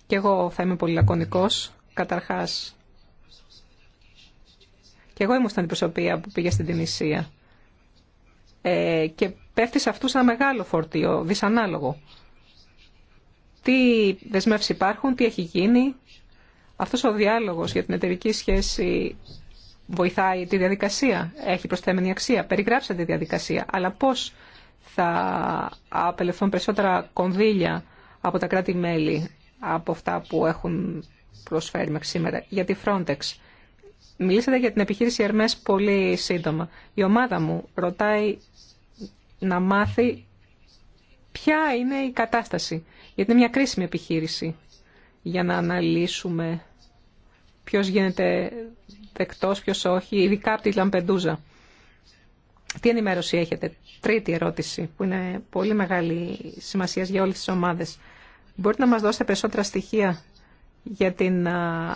Και εγώ θα είμαι πολύ λακωνικός. Καταρχάς, και εγώ ήμουν στην αντιπροσωπεία που πήγε στην Τινησία. Ε, και πέφτει σε αυτούς ένα μεγάλο φορτίο, δυσανάλογο. Τι δεσμεύσει υπάρχουν, τι έχει γίνει. Αυτό ο διάλογο για την εταιρική σχέση βοηθάει τη διαδικασία, έχει προσθέμενη αξία. Περιγράψατε τη διαδικασία, αλλά πώ θα απελευθούν περισσότερα κονδύλια από τα κράτη-μέλη, από αυτά που έχουν προσφέρει μέχρι σήμερα, για τη Frontex. Μιλήσατε για την επιχείρηση Ερμές πολύ σύντομα. Η ομάδα μου ρωτάει να μάθει ποια είναι η κατάσταση. Γιατί είναι μια κρίσιμη επιχείρηση για να αναλύσουμε ποιος γίνεται δεκτός, ποιος όχι, ειδικά από τη Λαμπεντούζα. Τι ενημέρωση έχετε. Τρίτη ερώτηση, που είναι πολύ μεγάλη σημασία για όλες τις ομάδες. Μπορείτε να μας δώσετε περισσότερα στοιχεία για την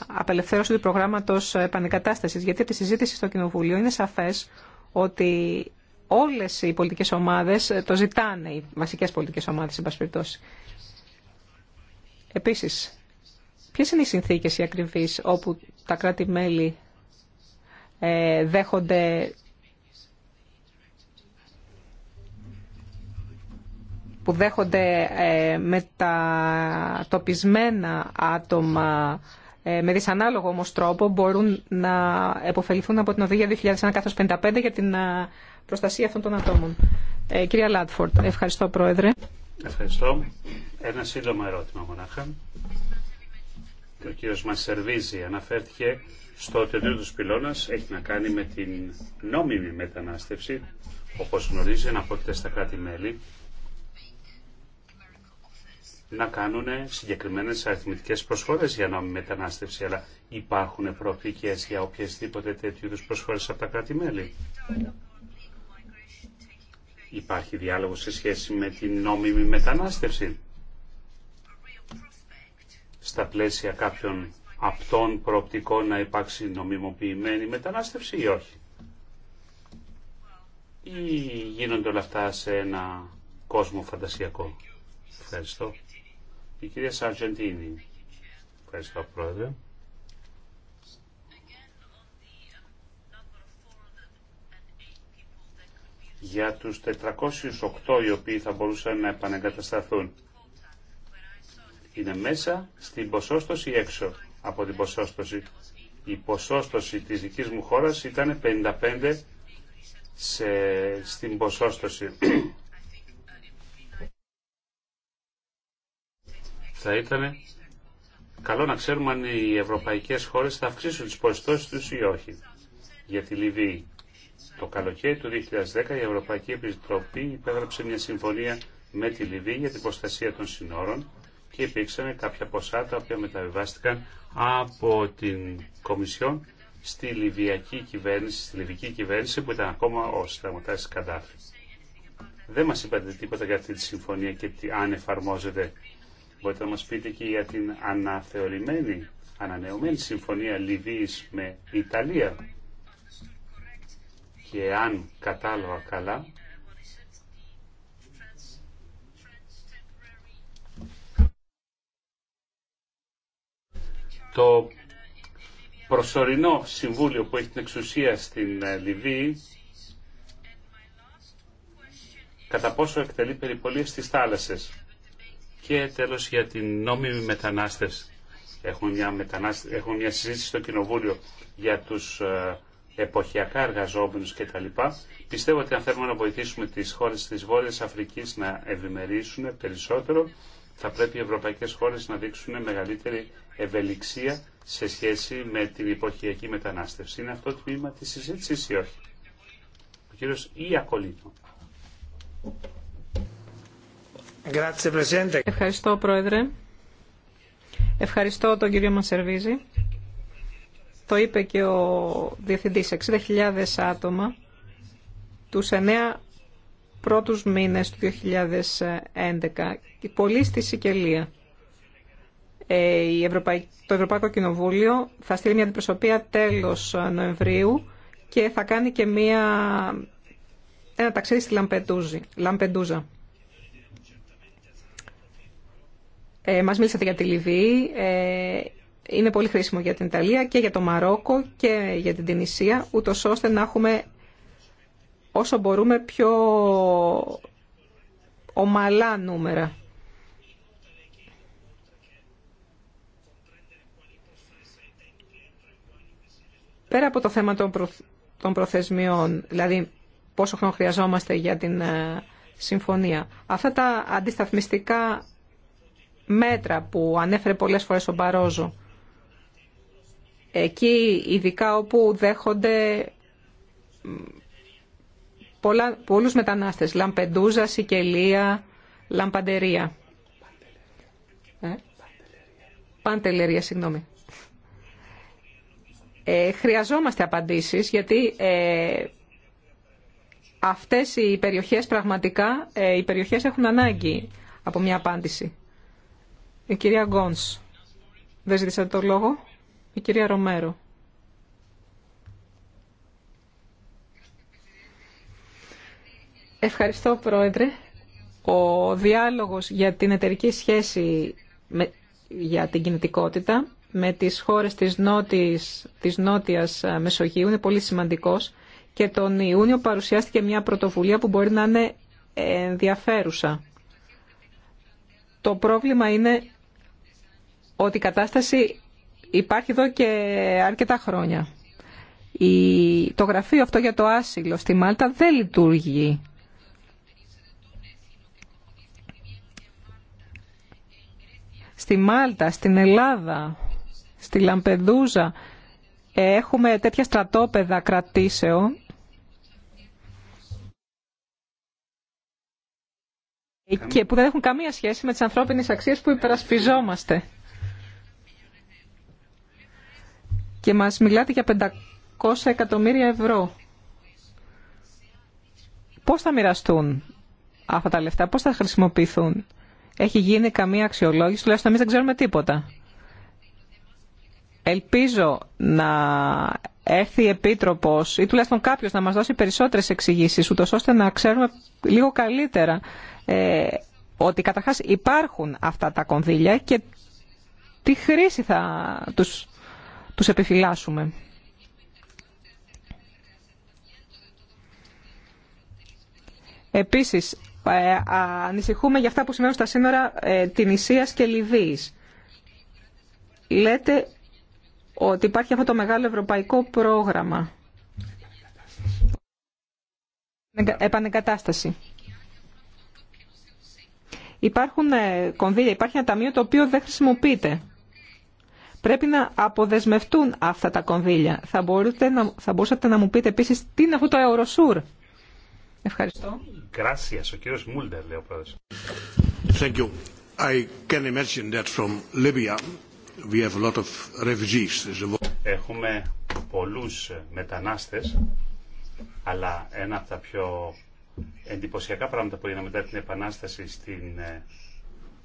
απελευθέρωση του προγράμματος επανεκατάστασης, γιατί από τη συζήτηση στο Κοινοβούλιο είναι σαφές ότι όλες οι πολιτικές ομάδες ε, το ζητάνε, οι βασικές πολιτικές ομάδες, εν πάση περιπτώσει. Επίσης, ποιες είναι οι συνθήκες οι ακριβείς όπου τα κράτη-μέλη ε, δέχονται που δέχονται ε, με τα τοπισμένα άτομα ε, με δυσανάλογο όμως τρόπο μπορούν να επωφεληθούν από την οδηγία για την ε, προστασία αυτών των ατόμων. Ε, κυρία Λάτφορντ, ευχαριστώ Πρόεδρε. Ευχαριστώ. Ένα σύντομο ερώτημα μονάχα. Ο κύριος Μασερβίζη αναφέρθηκε στο ότι ο του πυλώνας έχει να κάνει με την νόμιμη μετανάστευση. Όπως γνωρίζει, να στα κράτη-μέλη να κάνουν συγκεκριμένε αριθμητικέ προσφορές για νόμιμη μετανάστευση, αλλά υπάρχουν προοπτικές για οποιασδήποτε τέτοιου είδου προσφορές από τα κράτη-μέλη. Υπάρχει διάλογο σε σχέση με την νόμιμη μετανάστευση στα πλαίσια κάποιων απτών προοπτικών να υπάρξει νομιμοποιημένη μετανάστευση ή όχι. Ή γίνονται όλα αυτά σε ένα κόσμο φαντασιακό. Ευχαριστώ. Η κυρία Σαρτζεντίνη. Ευχαριστώ, Πρόεδρε. για τους 408 οι οποίοι θα μπορούσαν να επανεγκατασταθούν. Είναι μέσα στην ποσόστοση ή έξω από την ποσόστοση. ποσόστοση της δικής μου χώρας ήταν 55 σε, στην ποσόστοση Θα ήταν καλό να ξέρουμε αν οι ευρωπαϊκές χώρες θα αυξήσουν τις ποσοστώσεις τους ή όχι. Για τη Λιβύη. Το καλοκαίρι του 2010 η Ευρωπαϊκή Επιτροπή υπέγραψε μια συμφωνία με τη Λιβύη για την προστασία των συνόρων και υπήρξαν κάποια ποσά τα οποία μεταβιβάστηκαν από την Κομισιόν στη Λιβιακή κυβέρνηση, στη Λιβική κυβέρνηση που ήταν ακόμα ο συνταγματάς Καντάφη. Δεν μας είπατε τίποτα για αυτή τη συμφωνία και τι, αν εφαρμόζεται Μπορείτε να μας πείτε και για την αναθεωρημένη, ανανεωμένη συμφωνία Λιβύης με Ιταλία. Και αν κατάλαβα καλά, το προσωρινό συμβούλιο που έχει την εξουσία στην ε, Λιβύη κατά πόσο εκτελεί περιπολίες στις θάλασσες. Και τέλος για την νόμιμη μετανάστευση. Έχουμε μια, μετανάστε... Έχουμε μια συζήτηση στο Κοινοβούλιο για τους ε, εποχιακά εργαζόμενους κτλ. Πιστεύω ότι αν θέλουμε να βοηθήσουμε τις χώρες της Βόρειας Αφρικής να ευημερίσουν περισσότερο, θα πρέπει οι ευρωπαϊκές χώρες να δείξουν μεγαλύτερη ευελιξία σε σχέση με την εποχιακή μετανάστευση. Είναι αυτό το τμήμα της συζήτησης ή όχι. Ο κύριος Ιακολίνο. Ευχαριστώ, Πρόεδρε. Ευχαριστώ τον κύριο Μανσερβίζη. Το είπε και ο Διευθυντής. 60.000 άτομα τους εννέα πρώτους μήνες του 2011. Πολύ πολύ στη Σικελία. Ε, το Ευρωπαϊκό Κοινοβούλιο θα στείλει μια αντιπροσωπεία τέλος Νοεμβρίου και θα κάνει και μια, ένα ταξίδι στη Λαμπεντούζα. Ε, μας μίλησατε για τη Λιβύη, ε, είναι πολύ χρήσιμο για την Ιταλία και για το Μαρόκο και για την Τινησία, ούτω ώστε να έχουμε όσο μπορούμε πιο ομαλά νούμερα. Πέρα από το θέμα των προθεσμιών, δηλαδή πόσο χρόνο χρειαζόμαστε για την ε, συμφωνία, αυτά τα αντισταθμιστικά μέτρα που ανέφερε πολλές φορές ο Μπαρόζο, εκεί ειδικά όπου δέχονται πολλά, πολλούς μετανάστες, Λαμπεντούζα, Σικελία, Λαμπαντερία. Ε? Παντελερία, συγγνώμη. Ε, χρειαζόμαστε απαντήσεις γιατί ε, αυτές οι περιοχές πραγματικά, ε, οι περιοχές έχουν ανάγκη από μια απάντηση. Η κυρία Γκόνς. Δεν ζήτησατε το λόγο. Η κυρία Ρομέρο. Ευχαριστώ, Πρόεδρε. Ο διάλογος για την εταιρική σχέση για την κινητικότητα με τις χώρες της, νότης, της Νότιας Μεσογείου είναι πολύ σημαντικός και τον Ιούνιο παρουσιάστηκε μια πρωτοβουλία που μπορεί να είναι ενδιαφέρουσα. Το πρόβλημα είναι ότι η κατάσταση υπάρχει εδώ και αρκετά χρόνια. Η... Το γραφείο αυτό για το άσυλο στη Μάλτα δεν λειτουργεί. Στη Μάλτα, στην Ελλάδα, στη Λαμπεδούζα έχουμε τέτοια στρατόπεδα κρατήσεων. και που δεν έχουν καμία σχέση με τις ανθρώπινες αξίες που υπερασπιζόμαστε. και μας μιλάτε για 500 εκατομμύρια ευρώ. Πώς θα μοιραστούν αυτά τα λεφτά, πώς θα χρησιμοποιηθούν. Έχει γίνει καμία αξιολόγηση, τουλάχιστον εμείς δεν ξέρουμε τίποτα. Ελπίζω να έρθει η Επίτροπος ή τουλάχιστον κάποιος να μας δώσει περισσότερες εξηγήσεις, ούτως ώστε να ξέρουμε λίγο καλύτερα ε, ότι καταρχάς υπάρχουν αυτά τα κονδύλια και τι χρήση θα τους τους επιφυλάσσουμε. Επίσης, ε, ανησυχούμε για αυτά που σημαίνουν στα σύνορα ε, την Ισίας και Λιβύης. Λέτε ότι υπάρχει αυτό το μεγάλο ευρωπαϊκό πρόγραμμα. Επανεκατάσταση. Υπάρχουν ε, κονδύλια, υπάρχει ένα ταμείο το οποίο δεν χρησιμοποιείται πρέπει να αποδεσμευτούν αυτά τα κονδύλια. Θα, μπορείτε να, θα μπορούσατε να μου πείτε επίση τι είναι αυτό το Ευρωσούρ. Ευχαριστώ. ο Μούλτερ, λέει Thank you. I can imagine that from Libya we have a lot of refugees. Έχουμε πολλού μετανάστε, αλλά ένα από τα πιο εντυπωσιακά πράγματα που έγιναν μετά την Επανάσταση στην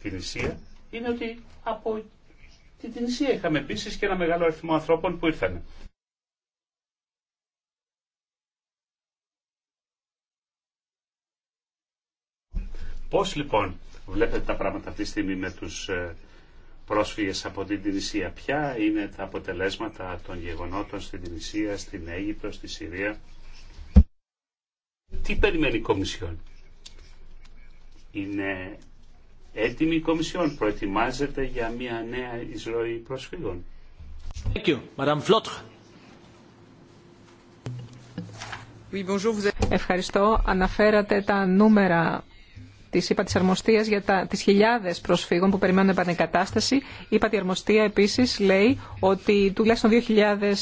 ε, Ισία είναι ότι από την Τινησία είχαμε επίση και ένα μεγάλο αριθμό ανθρώπων που ήρθαν. Πώς λοιπόν βλέπετε τα πράγματα αυτή τη στιγμή με τους ε, πρόσφυγες από την Τινησία. Ποια είναι τα αποτελέσματα των γεγονότων στην Τινησία, στην Αίγυπτο, στη Συρία. Τι περιμένει η Κομισιόν. Είναι έτοιμη η Κομισιόν, προετοιμάζεται για μια νέα εισρωή προσφύγων. Ευχαριστώ. Αναφέρατε τα νούμερα της ΥΠΑ της Αρμοστίας για τα, τις χιλιάδες προσφύγων που περιμένουν επανεκατάσταση. Η ΥΠΑ της Αρμοστία επίσης λέει ότι τουλάχιστον 2.000 ε,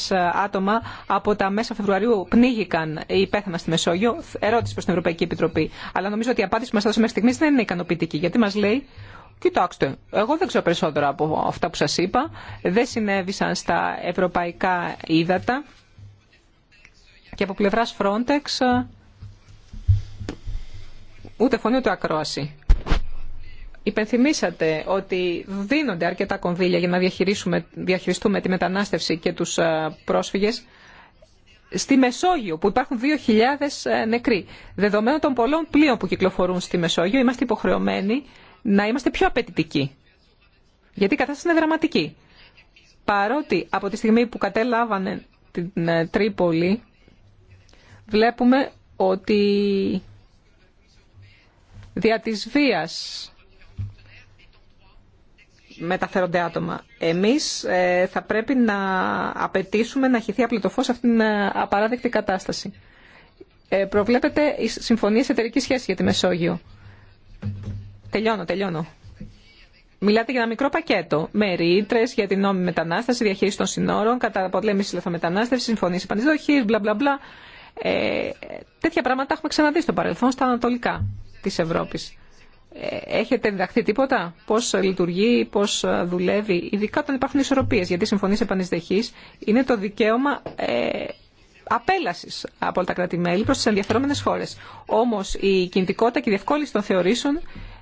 άτομα από τα μέσα Φεβρουαρίου πνίγηκαν ή πέθαναν στη Μεσόγειο. Ερώτηση προς την Ευρωπαϊκή Επιτροπή. Αλλά νομίζω ότι η απάντηση που μας έδωσε μέχρι στιγμής δεν είναι ικανοποιητική γιατί μας λέει Κοιτάξτε, εγώ δεν ξέρω περισσότερα από αυτά που σας είπα. Δεν συνέβησαν στα ευρωπαϊκά ύδατα. Και από πλευράς Frontex ούτε φωνή ούτε ακρόαση. Υπενθυμίσατε ότι δίνονται αρκετά κονδύλια για να διαχειριστούμε τη μετανάστευση και τους πρόσφυγες στη Μεσόγειο που υπάρχουν 2.000 νεκροί. Δεδομένου των πολλών πλοίων που κυκλοφορούν στη Μεσόγειο είμαστε υποχρεωμένοι να είμαστε πιο απαιτητικοί. Γιατί η κατάσταση είναι δραματική. Παρότι από τη στιγμή που κατέλαβαν την ε, Τρίπολη βλέπουμε ότι δια της βίας μεταφέρονται άτομα. Εμείς ε, θα πρέπει να απαιτήσουμε να χυθεί απλωτοφώς σε αυτήν την ε, απαράδεκτη κατάσταση. Ε, προβλέπεται η συμφωνία σε εταιρική σχέση για τη Μεσόγειο. Τελειώνω, τελειώνω. Μιλάτε για ένα μικρό πακέτο με ρήτρε για την νόμιμη μετανάσταση, διαχείριση των συνόρων, κατά αποτλέμιση συμφωνίες συμφωνίε επανεισδοχή, μπλα μπλα μπλα. Ε, τέτοια πράγματα έχουμε ξαναδεί στο παρελθόν στα ανατολικά της Ευρώπης. Ε, έχετε διδαχθεί τίποτα, πώς λειτουργεί, πώς δουλεύει, ειδικά όταν υπάρχουν ισορροπίες, γιατί η Συμφωνία επανεισδεχής είναι το δικαίωμα ε, απέλασης από όλα τα κράτη-μέλη προς τις ενδιαφερόμενες χώρες. Όμως η κινητικότητα και η διευκόλυνση των θεωρήσεων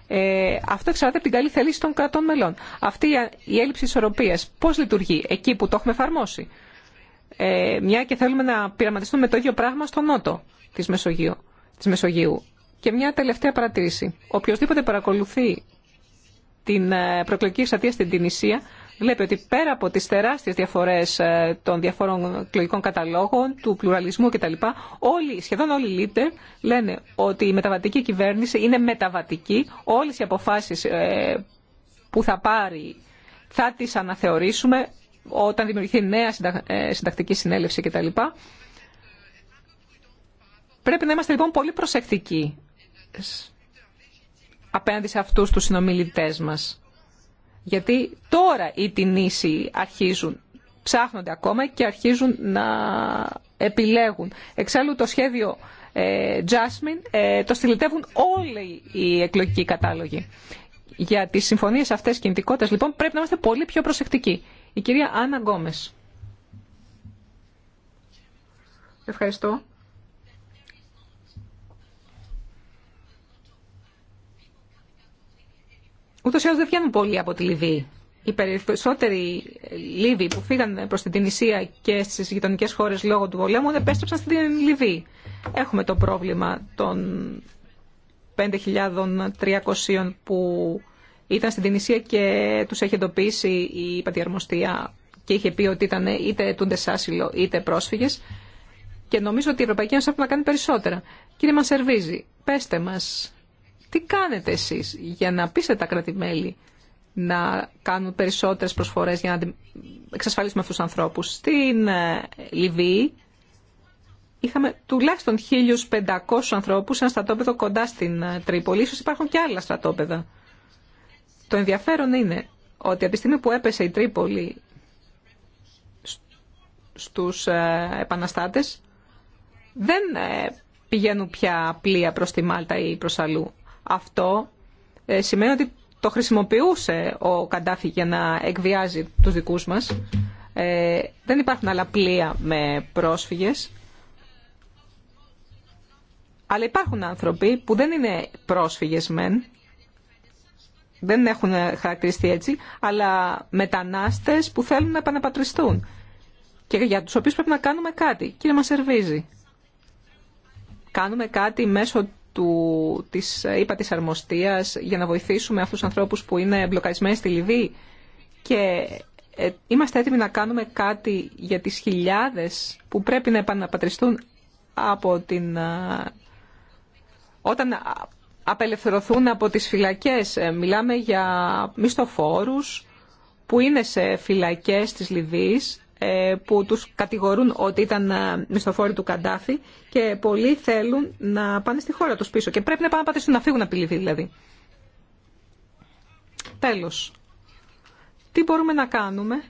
ε, αυτό εξαρτάται από την καλή θέληση των κρατών μελών. Αυτή η έλλειψη ισορροπίας πώς λειτουργεί εκεί που το έχουμε εφαρμόσει. Ε, μια και θέλουμε να πειραματιστούμε με το ίδιο πράγμα στο νότο της Μεσογείου. Της Μεσογείου. Και μια τελευταία παρατήρηση. Οποιοδήποτε παρακολουθεί την ε, προεκλογική εξατία στην Τινησία βλέπει ότι πέρα από τις τεράστιες διαφορές ε, των διαφόρων εκλογικών καταλόγων, του πλουραλισμού κτλ, όλοι, σχεδόν όλοι οι λένε ότι η μεταβατική κυβέρνηση είναι μεταβατική, όλες οι αποφάσεις ε, που θα πάρει θα τις αναθεωρήσουμε όταν δημιουργηθεί νέα συντακτική συνέλευση κτλ. Πρέπει να είμαστε λοιπόν πολύ προσεκτικοί απέναντι σε αυτούς τους συνομιλητές μας. Γιατί τώρα οι τινήσοι αρχίζουν, ψάχνονται ακόμα και αρχίζουν να επιλέγουν. Εξάλλου το σχέδιο ε, Jasmine ε, το στυλιτεύουν όλοι οι εκλογικοί κατάλογοι. Για τις συμφωνίες αυτές κινητικότητας λοιπόν πρέπει να είμαστε πολύ πιο προσεκτικοί. Η κυρία Άννα Γκόμες. Ευχαριστώ. Ούτω ή άλλω δεν βγαίνουν πολλοί από τη Λιβύη. Οι περισσότεροι Λίβοι που φύγαν προ την Τινησία και στι γειτονικέ χώρε λόγω του πολέμου δεν επέστρεψαν στην Λιβύη. Έχουμε το πρόβλημα των 5.300 που ήταν στην Τινησία και του έχει εντοπίσει η Πατιαρμοστία και είχε πει ότι ήταν είτε τούντες άσυλο είτε πρόσφυγες. Και νομίζω ότι η Ευρωπαϊκή Ένωση πρέπει να κάνει περισσότερα. Κύριε Μανσερβίζη, πέστε μας τι κάνετε εσείς για να πείσετε τα κρατημέλη να κάνουν περισσότερες προσφορές για να εξασφαλίσουμε αυτούς τους ανθρώπους. Στην ε, Λιβύη είχαμε τουλάχιστον 1.500 ανθρώπους σε ένα στρατόπεδο κοντά στην ε, Τρίπολη. Ίσως υπάρχουν και άλλα στρατόπεδα. Το ενδιαφέρον είναι ότι από τη στιγμή που έπεσε η Τρίπολη στους ε, επαναστάτες δεν πηγαίνουν πια πλοία προς τη Μάλτα ή προς αλλού. Αυτό ε, σημαίνει ότι το χρησιμοποιούσε ο Καντάφη για να εκβιάζει τους δικούς μας. Ε, δεν υπάρχουν άλλα πλοία με πρόσφυγες. Αλλά υπάρχουν άνθρωποι που δεν είναι πρόσφυγες μεν, δεν έχουν χαρακτηριστεί έτσι, αλλά μετανάστες που θέλουν να επαναπατριστούν και για τους οποίους πρέπει να κάνουμε κάτι. Κύριε Μασερβίζη, κάνουμε κάτι μέσω του, της είπα της αρμοστίας για να βοηθήσουμε αυτούς τους ανθρώπους που είναι μπλοκαρισμένοι στη Λιβύη και ε, είμαστε έτοιμοι να κάνουμε κάτι για τις χιλιάδες που πρέπει να επαναπατριστούν από την, ε, όταν απελευθερωθούν από τις φυλακές. Ε, μιλάμε για μισθοφόρους που είναι σε φυλακές της Λιβύης ε, που τους κατηγορούν ότι ήταν ε, μισθοφόροι του Καντάφη και πολλοί θέλουν να πάνε στη χώρα τους πίσω και πρέπει να πάνε να πατήσουν να φύγουν από δηλαδή. Τέλος, τι μπορούμε να κάνουμε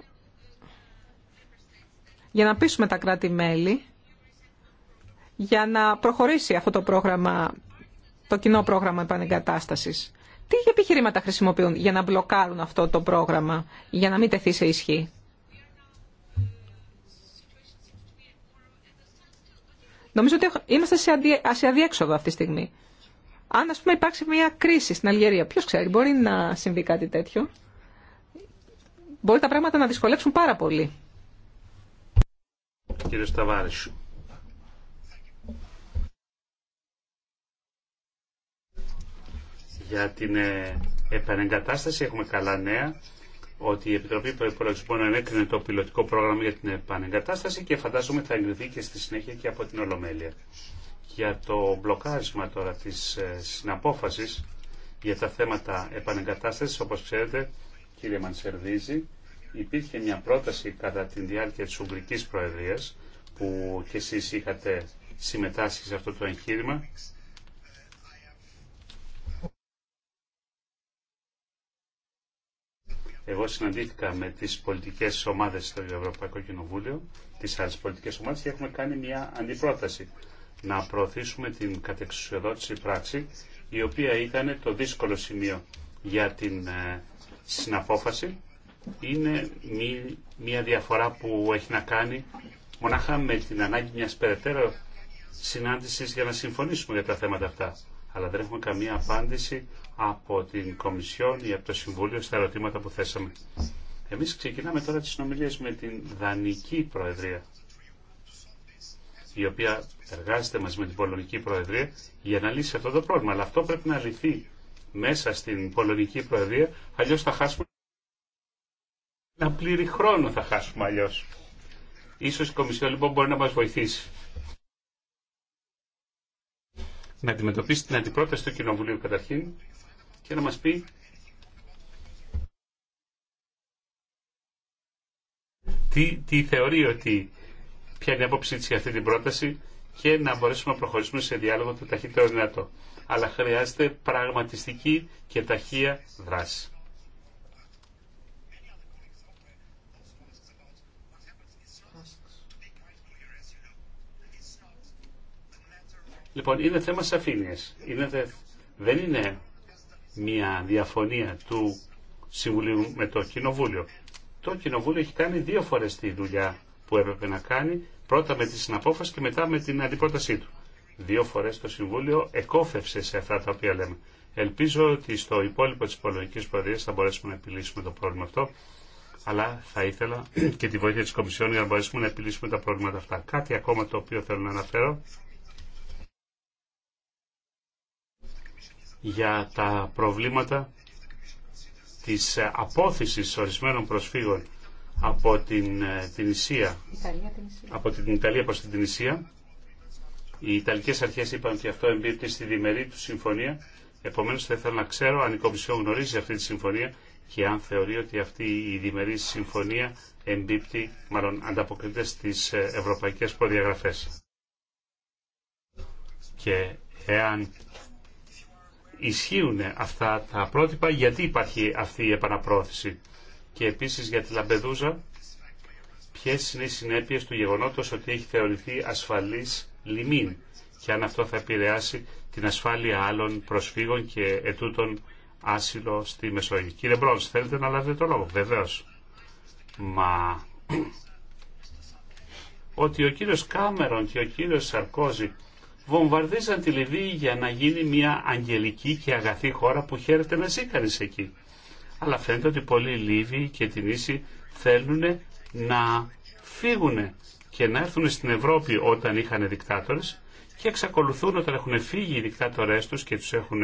για να πείσουμε τα κράτη-μέλη για να προχωρήσει αυτό το πρόγραμμα, το κοινό πρόγραμμα επανεγκατάστασης. Τι επιχειρήματα χρησιμοποιούν για να μπλοκάρουν αυτό το πρόγραμμα, για να μην τεθεί σε ισχύ. Νομίζω ότι είμαστε σε αδιέξοδο αυτή τη στιγμή. Αν, α πούμε, υπάρξει μια κρίση στην Αλγερία, Ποιο ξέρει, μπορεί να συμβεί κάτι τέτοιο. Μπορεί τα πράγματα να δυσκολέψουν πάρα πολύ. Κύριε Σταβάρη. Για την ε, επανεγκατάσταση έχουμε καλά νέα ότι η Επιτροπή να ανέκρινε το πιλωτικό πρόγραμμα για την επανεγκατάσταση και φαντάζομαι θα εγκριθεί και στη συνέχεια και από την Ολομέλεια. Για το μπλοκάρισμα τώρα της ε, συναπόφασης για τα θέματα επανεγκατάστασης, όπως ξέρετε, κύριε Μανσερδίζη, υπήρχε μια πρόταση κατά τη διάρκεια της Ουγγρικής Προεδρίας που κι εσείς είχατε συμμετάσχει σε αυτό το εγχείρημα Εγώ συναντήθηκα με τις πολιτικές ομάδες στο Ευρωπαϊκό Κοινοβούλιο, τις άλλες πολιτικές ομάδες και έχουμε κάνει μια αντιπρόταση να προωθήσουμε την κατεξουσιοδότηση πράξη η οποία ήταν το δύσκολο σημείο για την ε, συναπόφαση είναι μια διαφορά που έχει να κάνει μονάχα με την ανάγκη μιας περαιτέρω συνάντησης για να συμφωνήσουμε για τα θέματα αυτά αλλά δεν έχουμε καμία απάντηση από την Κομισιόν ή από το Συμβούλιο στα ερωτήματα που θέσαμε. Εμείς ξεκινάμε τώρα τις συνομιλίες με την Δανική Προεδρία, η οποία εργάζεται μαζί με την Πολωνική Προεδρία για να λύσει αυτό το πρόβλημα. Αλλά αυτό πρέπει να λυθεί μέσα στην Πολωνική Προεδρία, αλλιώς θα χάσουμε ένα πλήρη χρόνο θα χάσουμε αλλιώς. Ίσως η Κομισιόν λοιπόν μπορεί να μας βοηθήσει να αντιμετωπίσει την αντιπρόταση του Κοινοβουλίου καταρχήν και να μας πει τι, τι θεωρεί ότι ποια είναι η απόψη της για αυτή την πρόταση και να μπορέσουμε να προχωρήσουμε σε διάλογο το ταχύτερο δυνατό. Αλλά χρειάζεται πραγματιστική και ταχεία δράση. Λοιπόν, είναι θέμα σαφήνειας. Είναι Δεν είναι μια διαφωνία του Συμβουλίου με το Κοινοβούλιο. Το Κοινοβούλιο έχει κάνει δύο φορές τη δουλειά που έπρεπε να κάνει, πρώτα με τη συναπόφαση και μετά με την αντιπρότασή του. Δύο φορές το Συμβούλιο εκόφευσε σε αυτά τα οποία λέμε. Ελπίζω ότι στο υπόλοιπο της πολιτικής Προεδρίας θα μπορέσουμε να επιλύσουμε το πρόβλημα αυτό, αλλά θα ήθελα και τη βοήθεια της Κομισιόν για να μπορέσουμε να επιλύσουμε τα προβλήματα αυτά. Κάτι ακόμα το οποίο θέλω να αναφέρω για τα προβλήματα της ε, απόθεσης ορισμένων προσφύγων από την, ε, την, Ισία, από την Ιταλία προς την Ισία Οι Ιταλικές αρχές είπαν ότι αυτό εμπίπτει στη διμερή του συμφωνία. Επομένως θα ήθελα να ξέρω αν η Κομισιόν γνωρίζει αυτή τη συμφωνία και αν θεωρεί ότι αυτή η διμερή συμφωνία εμπίπτει, μάλλον ανταποκρίνεται στις ε, ευρωπαϊκές προδιαγραφές. Και εάν ισχύουν αυτά τα πρότυπα, γιατί υπάρχει αυτή η επαναπρόθεση. Και επίσης για τη Λαμπεδούζα, ποιες είναι οι συνέπειες του γεγονότος ότι έχει θεωρηθεί ασφαλής λιμήν και αν αυτό θα επηρεάσει την ασφάλεια άλλων προσφύγων και ετούτων άσυλο στη Μεσόγειο. Κύριε Μπρόνς, θέλετε να λάβετε το λόγο. Βεβαίως. Μα *clears throat* ότι ο κύριος Κάμερον και ο κύριος Σαρκόζη βομβαρδίζαν τη Λιβύη για να γίνει μια αγγελική και αγαθή χώρα που χαίρεται να ζει κανείς εκεί. Αλλά φαίνεται ότι πολλοί Λίβοι και την Ίση θέλουν να φύγουν και να έρθουν στην Ευρώπη όταν είχαν δικτάτορες και εξακολουθούν όταν έχουν φύγει οι δικτάτορές τους και τους έχουν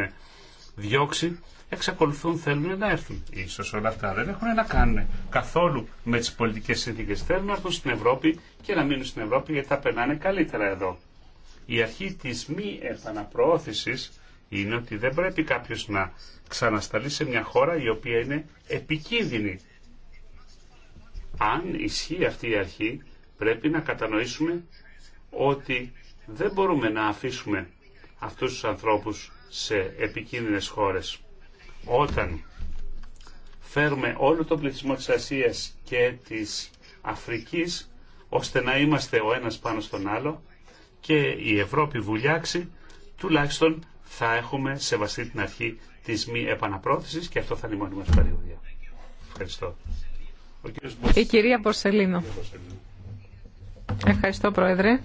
διώξει, εξακολουθούν θέλουν να έρθουν. Ίσως όλα αυτά δεν έχουν να κάνουν καθόλου με τις πολιτικές συνθήκες. Θέλουν να έρθουν στην Ευρώπη και να μείνουν στην Ευρώπη γιατί θα περνάνε καλύτερα εδώ. Η αρχή της μη επαναπροώθησης είναι ότι δεν πρέπει κάποιος να ξανασταλεί σε μια χώρα η οποία είναι επικίνδυνη. Αν ισχύει αυτή η αρχή, πρέπει να κατανοήσουμε ότι δεν μπορούμε να αφήσουμε αυτούς τους ανθρώπους σε επικίνδυνες χώρες. Όταν φέρουμε όλο τον πληθυσμό της Ασίας και της Αφρικής, ώστε να είμαστε ο ένας πάνω στον άλλο, και η Ευρώπη βουλιάξει, τουλάχιστον θα έχουμε σεβαστεί την αρχή της μη επαναπρόθεσης και αυτό θα είναι η μόνη μας παρηγορία. Ευχαριστώ. Η κυρία Μπορσελίνο. Ευχαριστώ Πρόεδρε.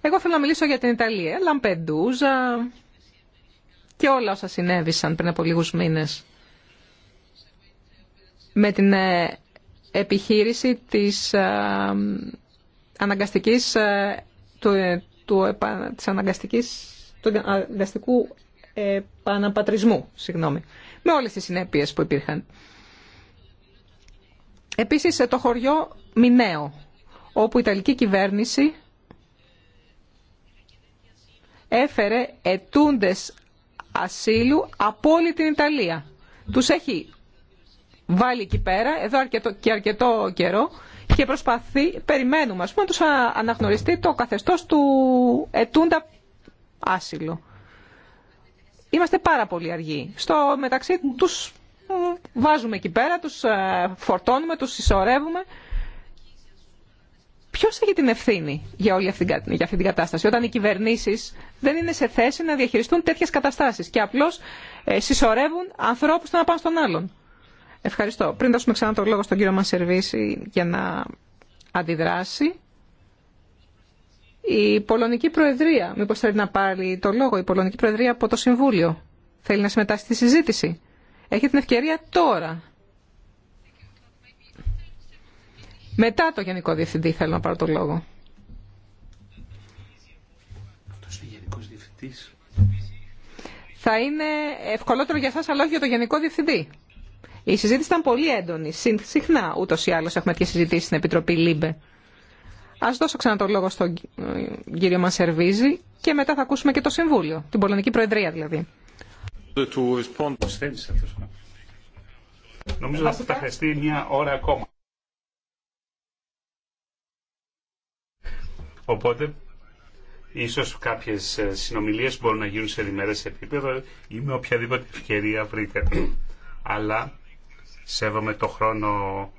Εγώ θέλω να μιλήσω για την Ιταλία, Λαμπεντούζα και όλα όσα συνέβησαν πριν από λίγους μήνες με την ε, επιχείρηση της ε, αναγκαστικής, ε, του, ε, του, αναγκαστικής, του αναγκαστικού επαναπατρισμού, συγγνώμη, με όλες τις συνέπειες που υπήρχαν. Επίσης το χωριό Μινέο, όπου η Ιταλική κυβέρνηση έφερε ετούντες ασύλου από όλη την Ιταλία. Τους έχει βάλει εκεί πέρα, εδώ αρκετό, και αρκετό καιρό και προσπαθεί, περιμένουμε ας πούμε, να τους αναγνωριστεί το καθεστώς του ετούντα άσυλο. Είμαστε πάρα πολύ αργοί. Στο μεταξύ τους βάζουμε εκεί πέρα, τους ε, φορτώνουμε, τους συσσωρεύουμε. Ποιο έχει την ευθύνη για όλη αυτή, για αυτή την κατάσταση, όταν οι κυβερνήσει δεν είναι σε θέση να διαχειριστούν τέτοιε καταστάσει και απλώ ε, συσσωρεύουν ανθρώπου τον να πάνε στον άλλον. Ευχαριστώ. Πριν δώσουμε ξανά το λόγο στον κύριο Μανσερβίση για να αντιδράσει, η Πολωνική Προεδρία, μήπως θέλει να πάρει το λόγο, η Πολωνική Προεδρία από το Συμβούλιο. Θέλει να συμμετάσχει στη συζήτηση. Έχει την ευκαιρία τώρα. Μετά το Γενικό Διευθυντή θέλω να πάρω το λόγο. Θα είναι ευκολότερο για σας, αλλά όχι για το Γενικό Διευθυντή. Η συζήτηση ήταν πολύ έντονη. Συχνά ούτω ή άλλω έχουμε τέτοιε συζητήσει στην Επιτροπή ΛΥΜΠΕ. Α δώσω ξανά τον λόγο στον ε, κύριο Μανσερβίζη και μετά θα ακούσουμε και το Συμβούλιο, την Πολωνική Προεδρία δηλαδή. Νομίζω ότι θα χρειαστεί μια ώρα ακόμα. Οπότε, ίσως κάποιες ε, συνομιλίες μπορούν να γίνουν σε διμερές επίπεδο ή με οποιαδήποτε ευκαιρία βρείτε. Αλλά Σέβομαι το χρόνο,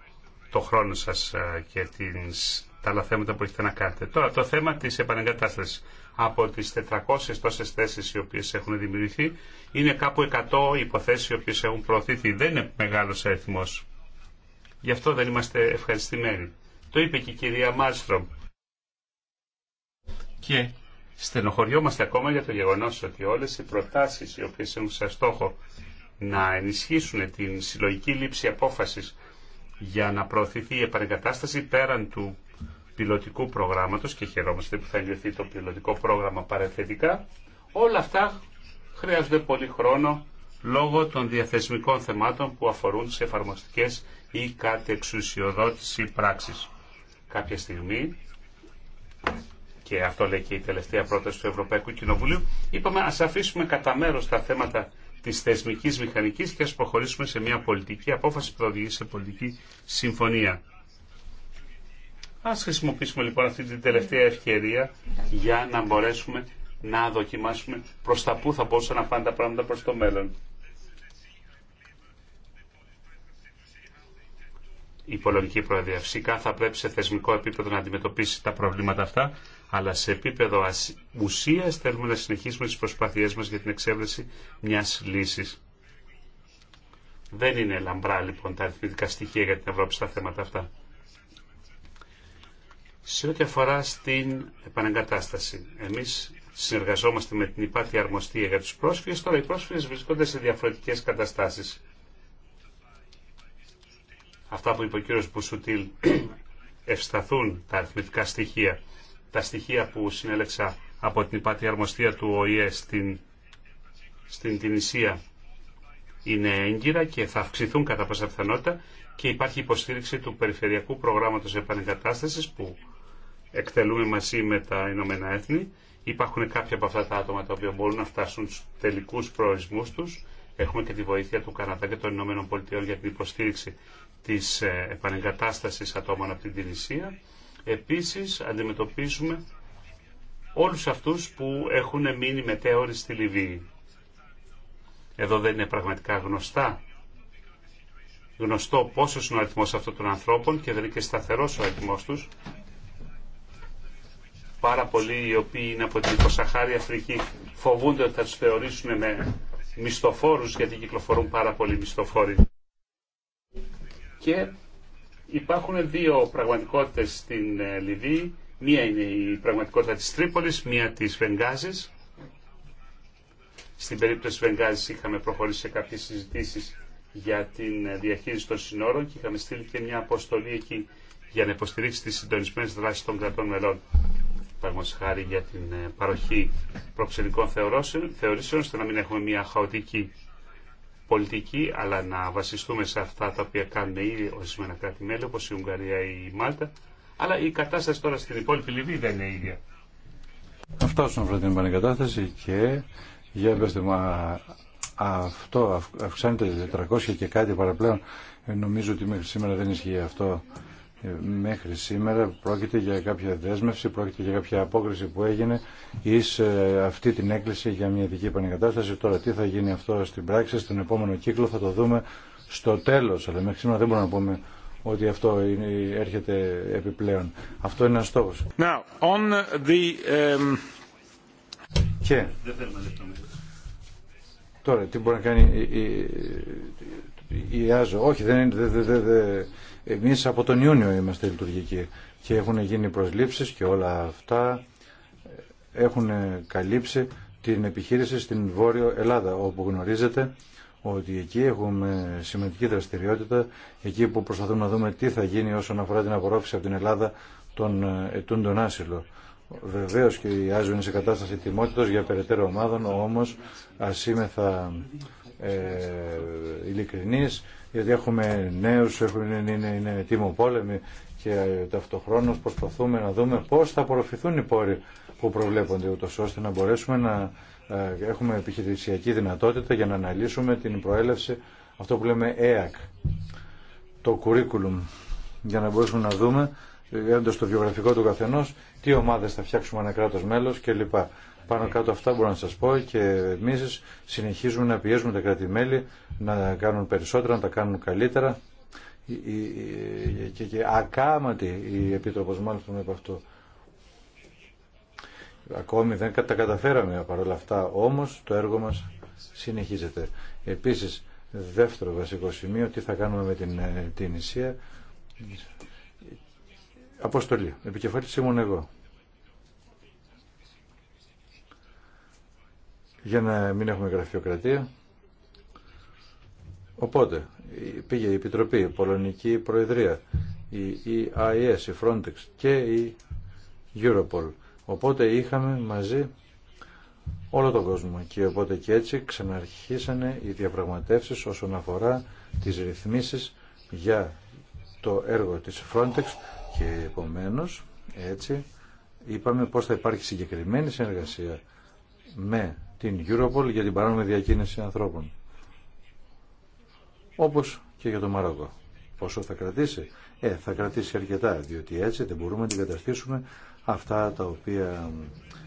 το χρόνο σας ε, και τις, τα άλλα θέματα που έχετε να κάνετε. Τώρα το θέμα της επανεγκατάστασης. Από τις 400 τόσες θέσεις οι οποίες έχουν δημιουργηθεί, είναι κάπου 100 υποθέσεις οι οποίες έχουν προωθήθει. Δεν είναι μεγάλος αριθμός. Γι' αυτό δεν είμαστε ευχαριστημένοι. Το είπε και η κυρία Μάλστρομ. Και στενοχωριόμαστε ακόμα για το γεγονός ότι όλες οι προτάσεις οι οποίες έχουν σε στόχο να ενισχύσουν την συλλογική λήψη απόφασης για να προωθηθεί η επανεγκατάσταση πέραν του πιλωτικού προγράμματος και χαιρόμαστε που θα λυθεί το πιλωτικό πρόγραμμα παρεθετικά. Όλα αυτά χρειάζονται πολύ χρόνο λόγω των διαθεσμικών θεμάτων που αφορούν σε εφαρμοστικές ή κάτι εξουσιοδότηση πράξης. Κάποια στιγμή, και αυτό λέει και η τελευταία πρόταση του Ευρωπαϊκού Κοινοβουλίου, είπαμε ας αφήσουμε κατά μέρο τα θέματα Τη θεσμική μηχανική και α προχωρήσουμε σε μια πολιτική απόφαση που θα οδηγήσει σε πολιτική συμφωνία. Α χρησιμοποιήσουμε λοιπόν αυτή την τελευταία ευκαιρία για να μπορέσουμε να δοκιμάσουμε προ τα πού θα μπορούσαν να πάνε τα πράγματα προς το μέλλον. η Πολωνική Προεδρία. Φυσικά θα πρέπει σε θεσμικό επίπεδο να αντιμετωπίσει τα προβλήματα αυτά, αλλά σε επίπεδο ουσία θέλουμε να συνεχίσουμε τι προσπάθειέ μα για την εξέβρεση μια λύση. Δεν είναι λαμπρά λοιπόν τα αριθμητικά στοιχεία για την Ευρώπη στα θέματα αυτά. Σε ό,τι αφορά στην επαναγκατάσταση Εμεί συνεργαζόμαστε με την υπάθεια αρμοστία για του πρόσφυγες, τώρα οι πρόσφυγε βρίσκονται σε διαφορετικέ καταστάσει αυτά που είπε ο κύριος Μπουσουτήλ *clears throat* ευσταθούν τα αριθμητικά στοιχεία. Τα στοιχεία που συνέλεξα από την υπάτη αρμοστία του ΟΗΕ στην, στην είναι έγκυρα και θα αυξηθούν κατά πάσα πιθανότητα και υπάρχει υποστήριξη του Περιφερειακού Προγράμματος Επανεγκατάστασης που εκτελούμε μαζί με τα Ηνωμένα Έθνη. Υπάρχουν κάποια από αυτά τα άτομα τα οποία μπορούν να φτάσουν στους τελικούς προορισμούς τους. Έχουμε και τη βοήθεια του Καναδά και των Ηνωμένων Πολιτειών για την υποστήριξη της ε, επανεγκατάστασης ατόμων από την Τινησία. Επίσης αντιμετωπίζουμε όλους αυτούς που έχουν μείνει μετέωροι στη Λιβύη. Εδώ δεν είναι πραγματικά γνωστά. Γνωστό πόσο είναι ο αριθμός αυτών των ανθρώπων και δεν είναι και σταθερός ο αριθμός τους. Πάρα πολλοί οι οποίοι είναι από την Ποσαχάρη Αφρική φοβούνται ότι θα τους θεωρήσουν με μισθοφόρους γιατί κυκλοφορούν πάρα πολλοί μισθοφόροι. Και υπάρχουν δύο πραγματικότητες στην ε, Λιβύη. Μία είναι η πραγματικότητα της Τρίπολης, μία της Βενγκάζης. Στην περίπτωση της Βενγάζης είχαμε προχωρήσει σε κάποιες συζητήσεις για την ε, διαχείριση των συνόρων και είχαμε στείλει και μια αποστολή εκεί για να υποστηρίξει τις συντονισμένες δράσεις των κρατών μελών. Παραγωγή χάρη για την ε, παροχή προξενικών θεωρήσεων, ώστε να μην έχουμε μια χαοτική πολιτική, αλλά να βασιστούμε σε αυτά τα οποία κάνουν ήδη ορισμένα κράτη-μέλη, όπως η Ουγγαρία ή η Μάλτα. Αλλά η κατάσταση τώρα στην υπόλοιπη Λιβύη δεν είναι ίδια. αυτα όσον αφορά την επανεκατάσταση και για πέστε μου, αυτό αυξάνεται 400 και κάτι παραπλέον. Ε, νομίζω ότι μέχρι σήμερα δεν ισχύει αυτό μέχρι σήμερα πρόκειται για κάποια δέσμευση, πρόκειται για κάποια απόκριση που έγινε σε αυτή την έκκληση για μια ειδική επανεγκατάσταση. Τώρα τι θα γίνει αυτό στην πράξη, στον επόμενο κύκλο θα το δούμε στο τέλος, αλλά μέχρι σήμερα δεν μπορούμε να πούμε ότι αυτό είναι, έρχεται επιπλέον. Αυτό είναι ένα στόχος. Now, on the, Και... Τώρα, τι μπορεί να κάνει η, Άζο. Όχι, δεν, είναι, εμείς από τον Ιούνιο είμαστε λειτουργικοί και έχουν γίνει προσλήψεις και όλα αυτά έχουν καλύψει την επιχείρηση στην Βόρειο Ελλάδα όπου γνωρίζετε ότι εκεί έχουμε σημαντική δραστηριότητα, εκεί που προσπαθούμε να δούμε τι θα γίνει όσον αφορά την απορρόφηση από την Ελλάδα των ετούντων άσυλο. Βεβαίω και η Άζο είναι σε κατάσταση τιμότητα για περαιτέρω ομάδων, όμω α είμαι θα ε, γιατί έχουμε νέους, είναι, είναι τίμο πόλεμοι και ταυτοχρόνως προσπαθούμε να δούμε πώς θα απορροφηθούν οι πόροι που προβλέπονται ούτως ώστε να μπορέσουμε να ε, έχουμε επιχειρησιακή δυνατότητα για να αναλύσουμε την προέλευση, αυτό που λέμε ΕΑΚ, το curriculum, για να μπορέσουμε να δούμε, ε, έντος το βιογραφικό του καθενός, τι ομάδες θα φτιάξουμε ένα κράτος μέλος κλπ. Πάνω κάτω αυτά μπορώ να σας πω και εμείς συνεχίζουμε να πιέζουμε τα κρατη να κάνουν περισσότερα, να τα κάνουν καλύτερα και, και οι η Επίτροπος με από αυτό. Ακόμη δεν τα καταφέραμε παρόλα αυτά, όμως το έργο μας συνεχίζεται. Επίσης, δεύτερο βασικό σημείο, τι θα κάνουμε με την, ε, την Ισία. Αποστολή. Επικεφαλής ήμουν εγώ. για να μην έχουμε γραφειοκρατία. Οπότε, πήγε η Επιτροπή, η Πολωνική Προεδρία, η EIS, η Frontex και η Europol. Οπότε είχαμε μαζί όλο τον κόσμο και οπότε και έτσι ξαναρχίσανε οι διαπραγματεύσεις όσον αφορά τις ρυθμίσεις για το έργο της Frontex και επομένως έτσι είπαμε πως θα υπάρχει συγκεκριμένη συνεργασία με την Europol για την παράνομη διακίνηση ανθρώπων. Όπω και για το Μαρόκο. Πόσο θα κρατήσει. Ε, θα κρατήσει αρκετά, διότι έτσι δεν μπορούμε να αντικαταστήσουμε αυτά τα οποία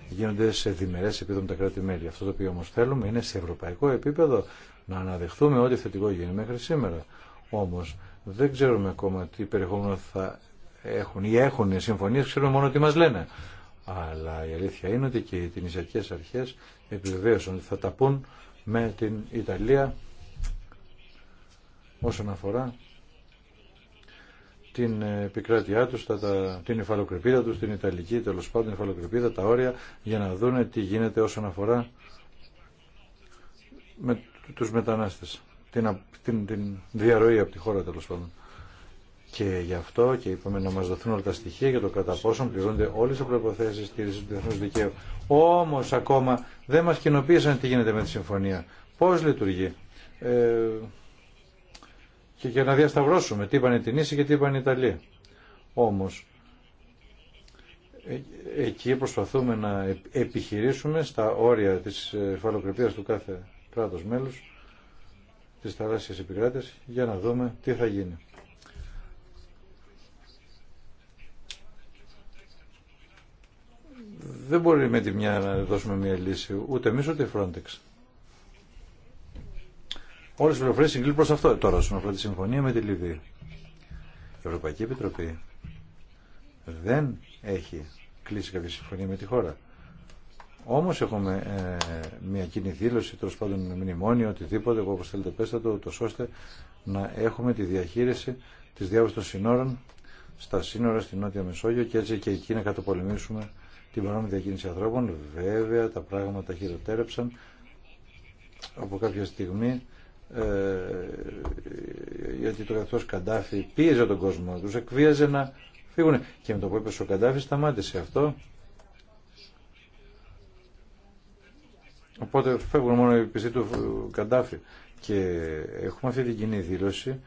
γίνονται σε διμερές επίπεδο με τα κράτη-μέλη. Αυτό το οποίο όμω θέλουμε είναι σε ευρωπαϊκό επίπεδο να αναδεχθούμε ό,τι θετικό γίνει μέχρι σήμερα. Όμω, δεν ξέρουμε ακόμα τι περιεχόμενο θα έχουν ή έχουν οι συμφωνίες, ξέρουμε μόνο τι μας λένε. Αλλά η αλήθεια είναι ότι και οι τινησιακές αρχές επιβεβαίωσαν ότι θα τα πούν με την Ιταλία όσον αφορά την επικράτειά τους, την υφαλοκρηπίδα τους, την Ιταλική τέλο πάντων υφαλοκρηπίδα, τα όρια για να δούνε τι γίνεται όσον αφορά με τους μετανάστες, την, την, την διαρροή από τη χώρα τέλο πάντων. Και γι' αυτό και είπαμε να μα δοθούν όλα τα στοιχεία για το κατά πόσο πληρούνται όλε οι προποθέσει στήριξη του διεθνού δικαίου. Όμω ακόμα δεν μα κοινοποίησαν τι γίνεται με τη συμφωνία. Πώ λειτουργεί. Ε, και για να διασταυρώσουμε τι είπαν οι Τινήσοι και τι είπαν οι Ιταλοί. Όμω ε, εκεί προσπαθούμε να επιχειρήσουμε στα όρια τη φαλοκρηπία του κάθε κράτο μέλου τη θαλάσσιας επικράτησης για να δούμε τι θα γίνει. δεν μπορεί με τη μια να δώσουμε μια λύση ούτε εμει ούτε η Frontex. Όλε οι πληροφορίε συγκλίνουν προ αυτό τώρα όσον αφορά τη συμφωνία με τη Λιβύη. Η Ευρωπαϊκή Επιτροπή δεν έχει κλείσει κάποια συμφωνία με τη χώρα. Όμω έχουμε ε, μια κοινή δήλωση, τέλο πάντων μνημόνιο, οτιδήποτε, όπω θέλετε πέστε το, ούτω ώστε να έχουμε τη διαχείριση τη διάβαση των συνόρων στα σύνορα στην Νότια Μεσόγειο και έτσι και εκεί να καταπολεμήσουμε την παρόμοια διακίνηση ανθρώπων. Βέβαια τα πράγματα χειροτέρεψαν από κάποια στιγμή ε, γιατί το καθώς Καντάφη πίεζε τον κόσμο, του εκβίαζε να φύγουν. Και με το που έπεσε ο Καντάφη σταμάτησε αυτό. Οπότε φεύγουν μόνο οι πιστοί του Καντάφη. Και έχουμε αυτή την κοινή δήλωση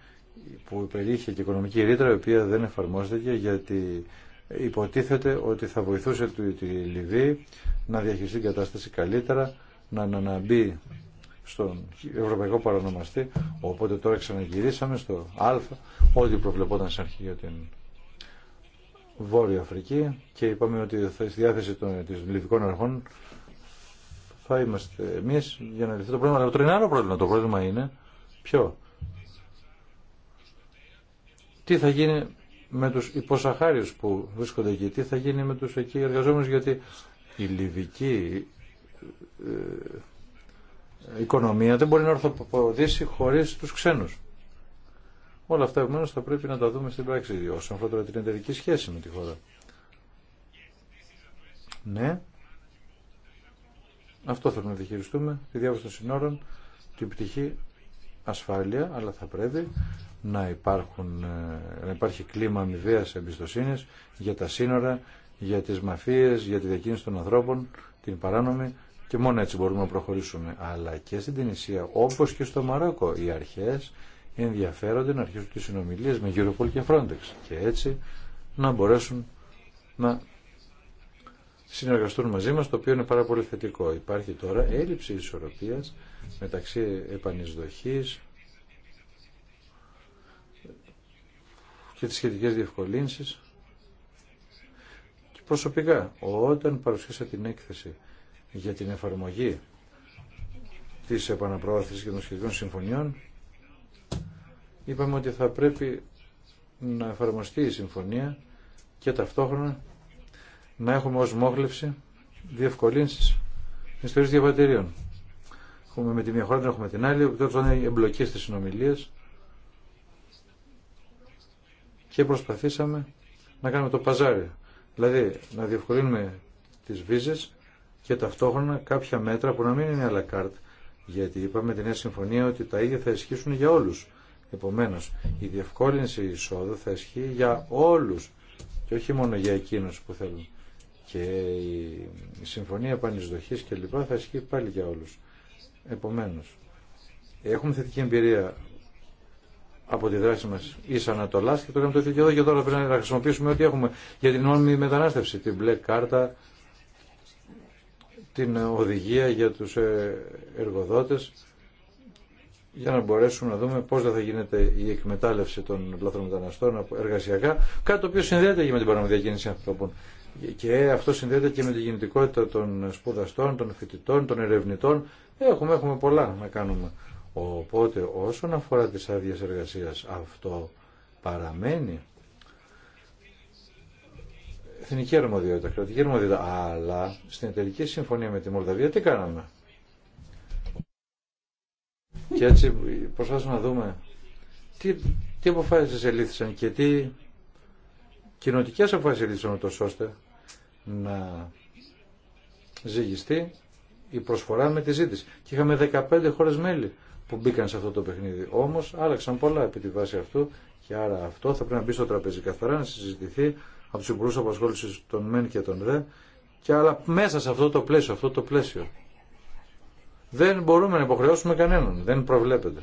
που υπερήχε και οικονομική ρήτρα, η οποία δεν εφαρμόστηκε γιατί υποτίθεται ότι θα βοηθούσε τη Λιβύη να διαχειριστεί την κατάσταση καλύτερα, να αναμπεί στον Ευρωπαϊκό Παρανομαστή. Οπότε τώρα ξαναγυρίσαμε στο Α, ό,τι προβλεπόταν σε αρχή για την Βόρεια Αφρική και είπαμε ότι στη διάθεση των της λιβικών αρχών θα είμαστε εμείς για να λυθεί το πρόβλημα. Αλλά το είναι πρόβλημα. Το πρόβλημα είναι ποιο. Τι θα γίνει με τους υποσαχάριους που βρίσκονται εκεί, τι θα γίνει με τους εκεί εργαζόμενους, γιατί η λιβική ε, οικονομία δεν μπορεί να ορθοποδήσει χωρίς τους ξένους. Όλα αυτά επομένω θα πρέπει να τα δούμε στην πράξη όσον αφορά την εταιρική σχέση με τη χώρα. Ναι, αυτό θέλουμε να διχειριστούμε, τη διάβαση των συνόρων, την πτυχή ασφάλεια, αλλά θα πρέπει να, υπάρχουν, ε, να υπάρχει κλίμα αμοιβαίας εμπιστοσύνης για τα σύνορα, για τις μαφίες, για τη διακίνηση των ανθρώπων, την παράνομη και μόνο έτσι μπορούμε να προχωρήσουμε. Αλλά και στην Τινησία, όπως και στο Μαρόκο, οι αρχές ενδιαφέρονται να αρχίσουν τις συνομιλίες με Europol και Frontex και έτσι να μπορέσουν να συνεργαστούν μαζί μας, το οποίο είναι πάρα πολύ θετικό. Υπάρχει τώρα έλλειψη ισορροπίας μεταξύ επανεισδοχής, και τις σχετικές διευκολύνσεις. Και προσωπικά, όταν παρουσίασα την έκθεση για την εφαρμογή της επαναπροώθησης και των σχετικών συμφωνιών, είπαμε ότι θα πρέπει να εφαρμοστεί η συμφωνία και ταυτόχρονα να έχουμε ως μόχλευση διευκολύνσεις ιστορίες διαβατηρίων. Έχουμε με τη μία χώρα, έχουμε την άλλη, οπότε όταν εμπλοκή στις συνομιλίες και προσπαθήσαμε να κάνουμε το παζάρι. Δηλαδή να διευκολύνουμε τις βίζες και ταυτόχρονα κάποια μέτρα που να μην είναι à Γιατί είπαμε την νέα συμφωνία ότι τα ίδια θα ισχύσουν για όλους. Επομένως, η διευκόλυνση εισόδου θα ισχύει για όλους και όχι μόνο για εκείνου. που θέλουν. Και η συμφωνία επανεισδοχής και λοιπά θα ισχύει πάλι για όλους. Επομένως, έχουμε θετική εμπειρία από τη δράση μας εις Ανατολάς και το κάνουμε το ίδιο και εδώ και τώρα πρέπει να χρησιμοποιήσουμε ό,τι έχουμε για την νόμιμη μετανάστευση, την μπλε κάρτα, την οδηγία για του ε, εργοδότε, για να μπορέσουμε να δούμε πώς θα γίνεται η εκμετάλλευση των λαθρομεταναστών εργασιακά, κάτι το οποίο συνδέεται και με την παραμοδιακίνηση ανθρώπων. Και αυτό συνδέεται και με την γεννητικότητα των σπουδαστών, των φοιτητών, των ερευνητών. Έχουμε, έχουμε πολλά να κάνουμε. Οπότε όσον αφορά τις άδειε εργασία αυτό παραμένει εθνική αρμοδιότητα, κρατική αρμοδιότητα. Αλλά στην εταιρική συμφωνία με τη Μολδαβία τι κάναμε. Και έτσι προσπάθησαμε να δούμε τι, τι αποφάσεις ελήφθησαν και τι κοινωτικές αποφάσεις ελήφθησαν ούτως ώστε να ζυγιστεί η προσφορά με τη ζήτηση. Και είχαμε 15 χώρες μέλη που μπήκαν σε αυτό το παιχνίδι. Όμως άλλαξαν πολλά επί τη βάση αυτού και άρα αυτό θα πρέπει να μπει στο τραπέζι καθαρά να συζητηθεί από του υπουργούς απασχόληση των ΜΕΝ και των ΔΕ και αλλά μέσα σε αυτό το πλαίσιο, αυτό το πλαίσιο. Δεν μπορούμε να υποχρεώσουμε κανέναν, δεν προβλέπεται.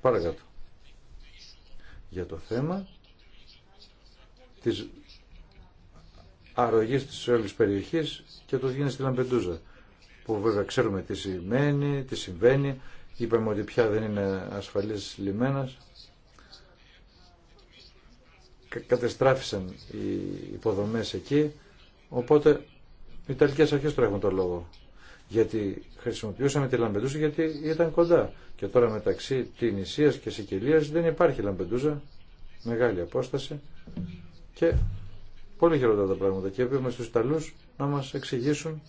Παρακάτω. Για το θέμα της αρρωγής της όλης περιοχής και το γίνεται στη Λαμπεντούζα που βέβαια ξέρουμε τι σημαίνει, τι συμβαίνει. Είπαμε ότι πια δεν είναι ασφαλής λιμένας. Κατεστράφησαν οι υποδομές εκεί, οπότε οι Ιταλικές αρχές τώρα έχουν το λόγο. Γιατί χρησιμοποιούσαμε τη Λαμπεντούσα γιατί ήταν κοντά. Και τώρα μεταξύ νησίας και Σικελίας δεν υπάρχει Λαμπεντούζα, μεγάλη απόσταση. Και πολύ χειρότερα τα πράγματα. Και είπαμε στους Ιταλούς να μας εξηγήσουν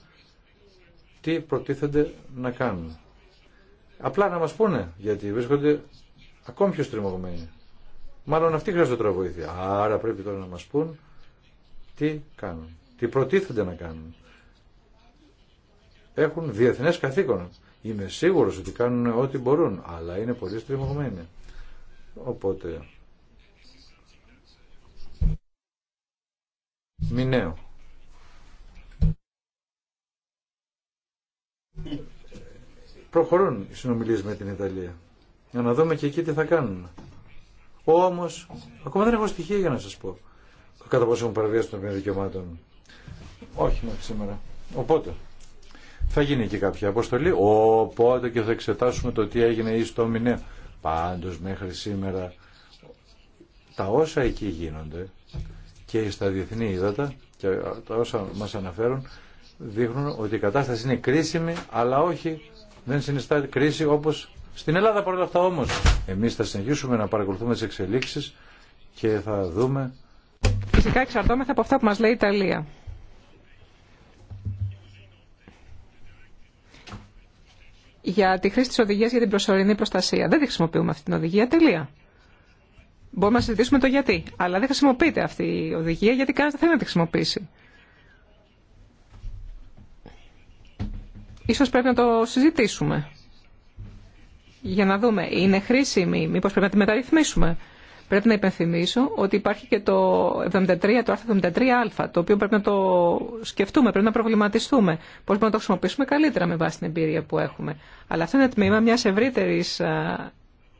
τι προτίθενται να κάνουν. Απλά να μας πούνε, γιατί βρίσκονται ακόμη πιο στριμωγμένοι. Μάλλον αυτοί χρειάζονται τώρα βοήθεια. Άρα πρέπει τώρα να μας πούν τι κάνουν, τι προτίθενται να κάνουν. Έχουν διεθνές καθήκον. Είμαι σίγουρος ότι κάνουν ό,τι μπορούν, αλλά είναι πολύ στριμωγμένοι. Οπότε... Μηνέο. Προχωρούν οι συνομιλίες με την Ιταλία. Για να δούμε και εκεί τι θα κάνουν. Όμως, ακόμα δεν έχω στοιχεία για να σας πω. Κατά πόσο έχουν παραβιάσει των δικαιωμάτων. Όχι μέχρι σήμερα. Οπότε, θα γίνει και κάποια αποστολή. Οπότε και θα εξετάσουμε το τι έγινε ή στο μηνέα. Πάντως μέχρι σήμερα τα όσα εκεί γίνονται και στα διεθνή ύδατα και τα όσα μας αναφέρουν δείχνουν ότι η κατάσταση είναι κρίσιμη, αλλά όχι, δεν συνιστά κρίση όπως στην Ελλάδα παρόλα αυτά όμως. Εμείς θα συνεχίσουμε να παρακολουθούμε τις εξελίξεις και θα δούμε. Φυσικά εξαρτώμεθα από αυτά που μας λέει η Ιταλία. για τη χρήση τη οδηγία για την προσωρινή προστασία. Δεν τη χρησιμοποιούμε αυτή την οδηγία. Τελεία. Μπορούμε να συζητήσουμε το γιατί. Αλλά δεν χρησιμοποιείται αυτή η οδηγία γιατί κανένα δεν θέλει να τη χρησιμοποιήσει. Ίσως πρέπει να το συζητήσουμε για να δούμε είναι χρήσιμη, μήπως πρέπει να τη μεταρρυθμίσουμε. Πρέπει να υπενθυμίσω ότι υπάρχει και το, 73, το άρθρο 73α, το οποίο πρέπει να το σκεφτούμε, πρέπει να προβληματιστούμε. Πώς μπορούμε να το χρησιμοποιήσουμε καλύτερα με βάση την εμπειρία που έχουμε. Αλλά αυτό είναι τμήμα μιας ευρύτερης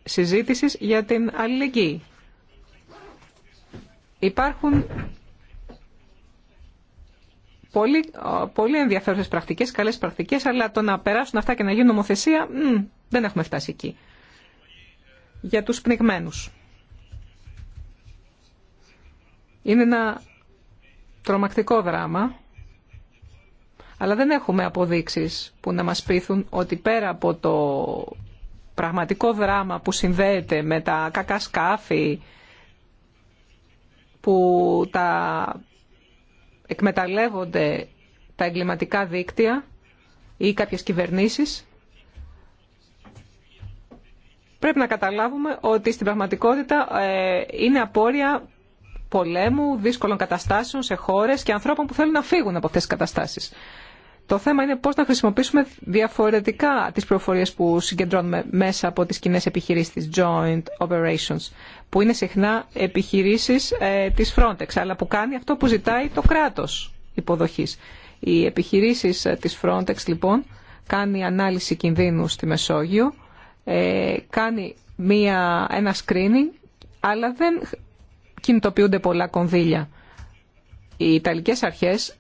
συζήτησης για την αλληλεγγύη. Υπάρχουν πολύ, πολύ ενδιαφέρουσες πρακτικές, καλές πρακτικές, αλλά το να περάσουν αυτά και να γίνουν νομοθεσία, δεν έχουμε φτάσει εκεί. Για τους πνιγμένους. Είναι ένα τρομακτικό δράμα, αλλά δεν έχουμε αποδείξεις που να μας πείθουν ότι πέρα από το πραγματικό δράμα που συνδέεται με τα κακά σκάφη, που τα εκμεταλλεύονται τα εγκληματικά δίκτυα ή κάποιες κυβερνήσεις, πρέπει να καταλάβουμε ότι στην πραγματικότητα ε, είναι απόρρια πολέμου, δύσκολων καταστάσεων σε χώρες και ανθρώπων που θέλουν να φύγουν από αυτές τις καταστάσεις. Το θέμα είναι πώς να χρησιμοποιήσουμε διαφορετικά τις προφορίες που συγκεντρώνουμε μέσα από τις κοινέ επιχειρήσεις, joint operations, που είναι συχνά επιχειρήσεις ε, της Frontex, αλλά που κάνει αυτό που ζητάει το κράτος υποδοχής. Οι επιχειρήσεις ε, της Frontex, λοιπόν, κάνει ανάλυση κινδύνου στη Μεσόγειο, ε, κάνει μία, ένα screening, αλλά δεν κινητοποιούνται πολλά κονδύλια. Οι Ιταλικές αρχές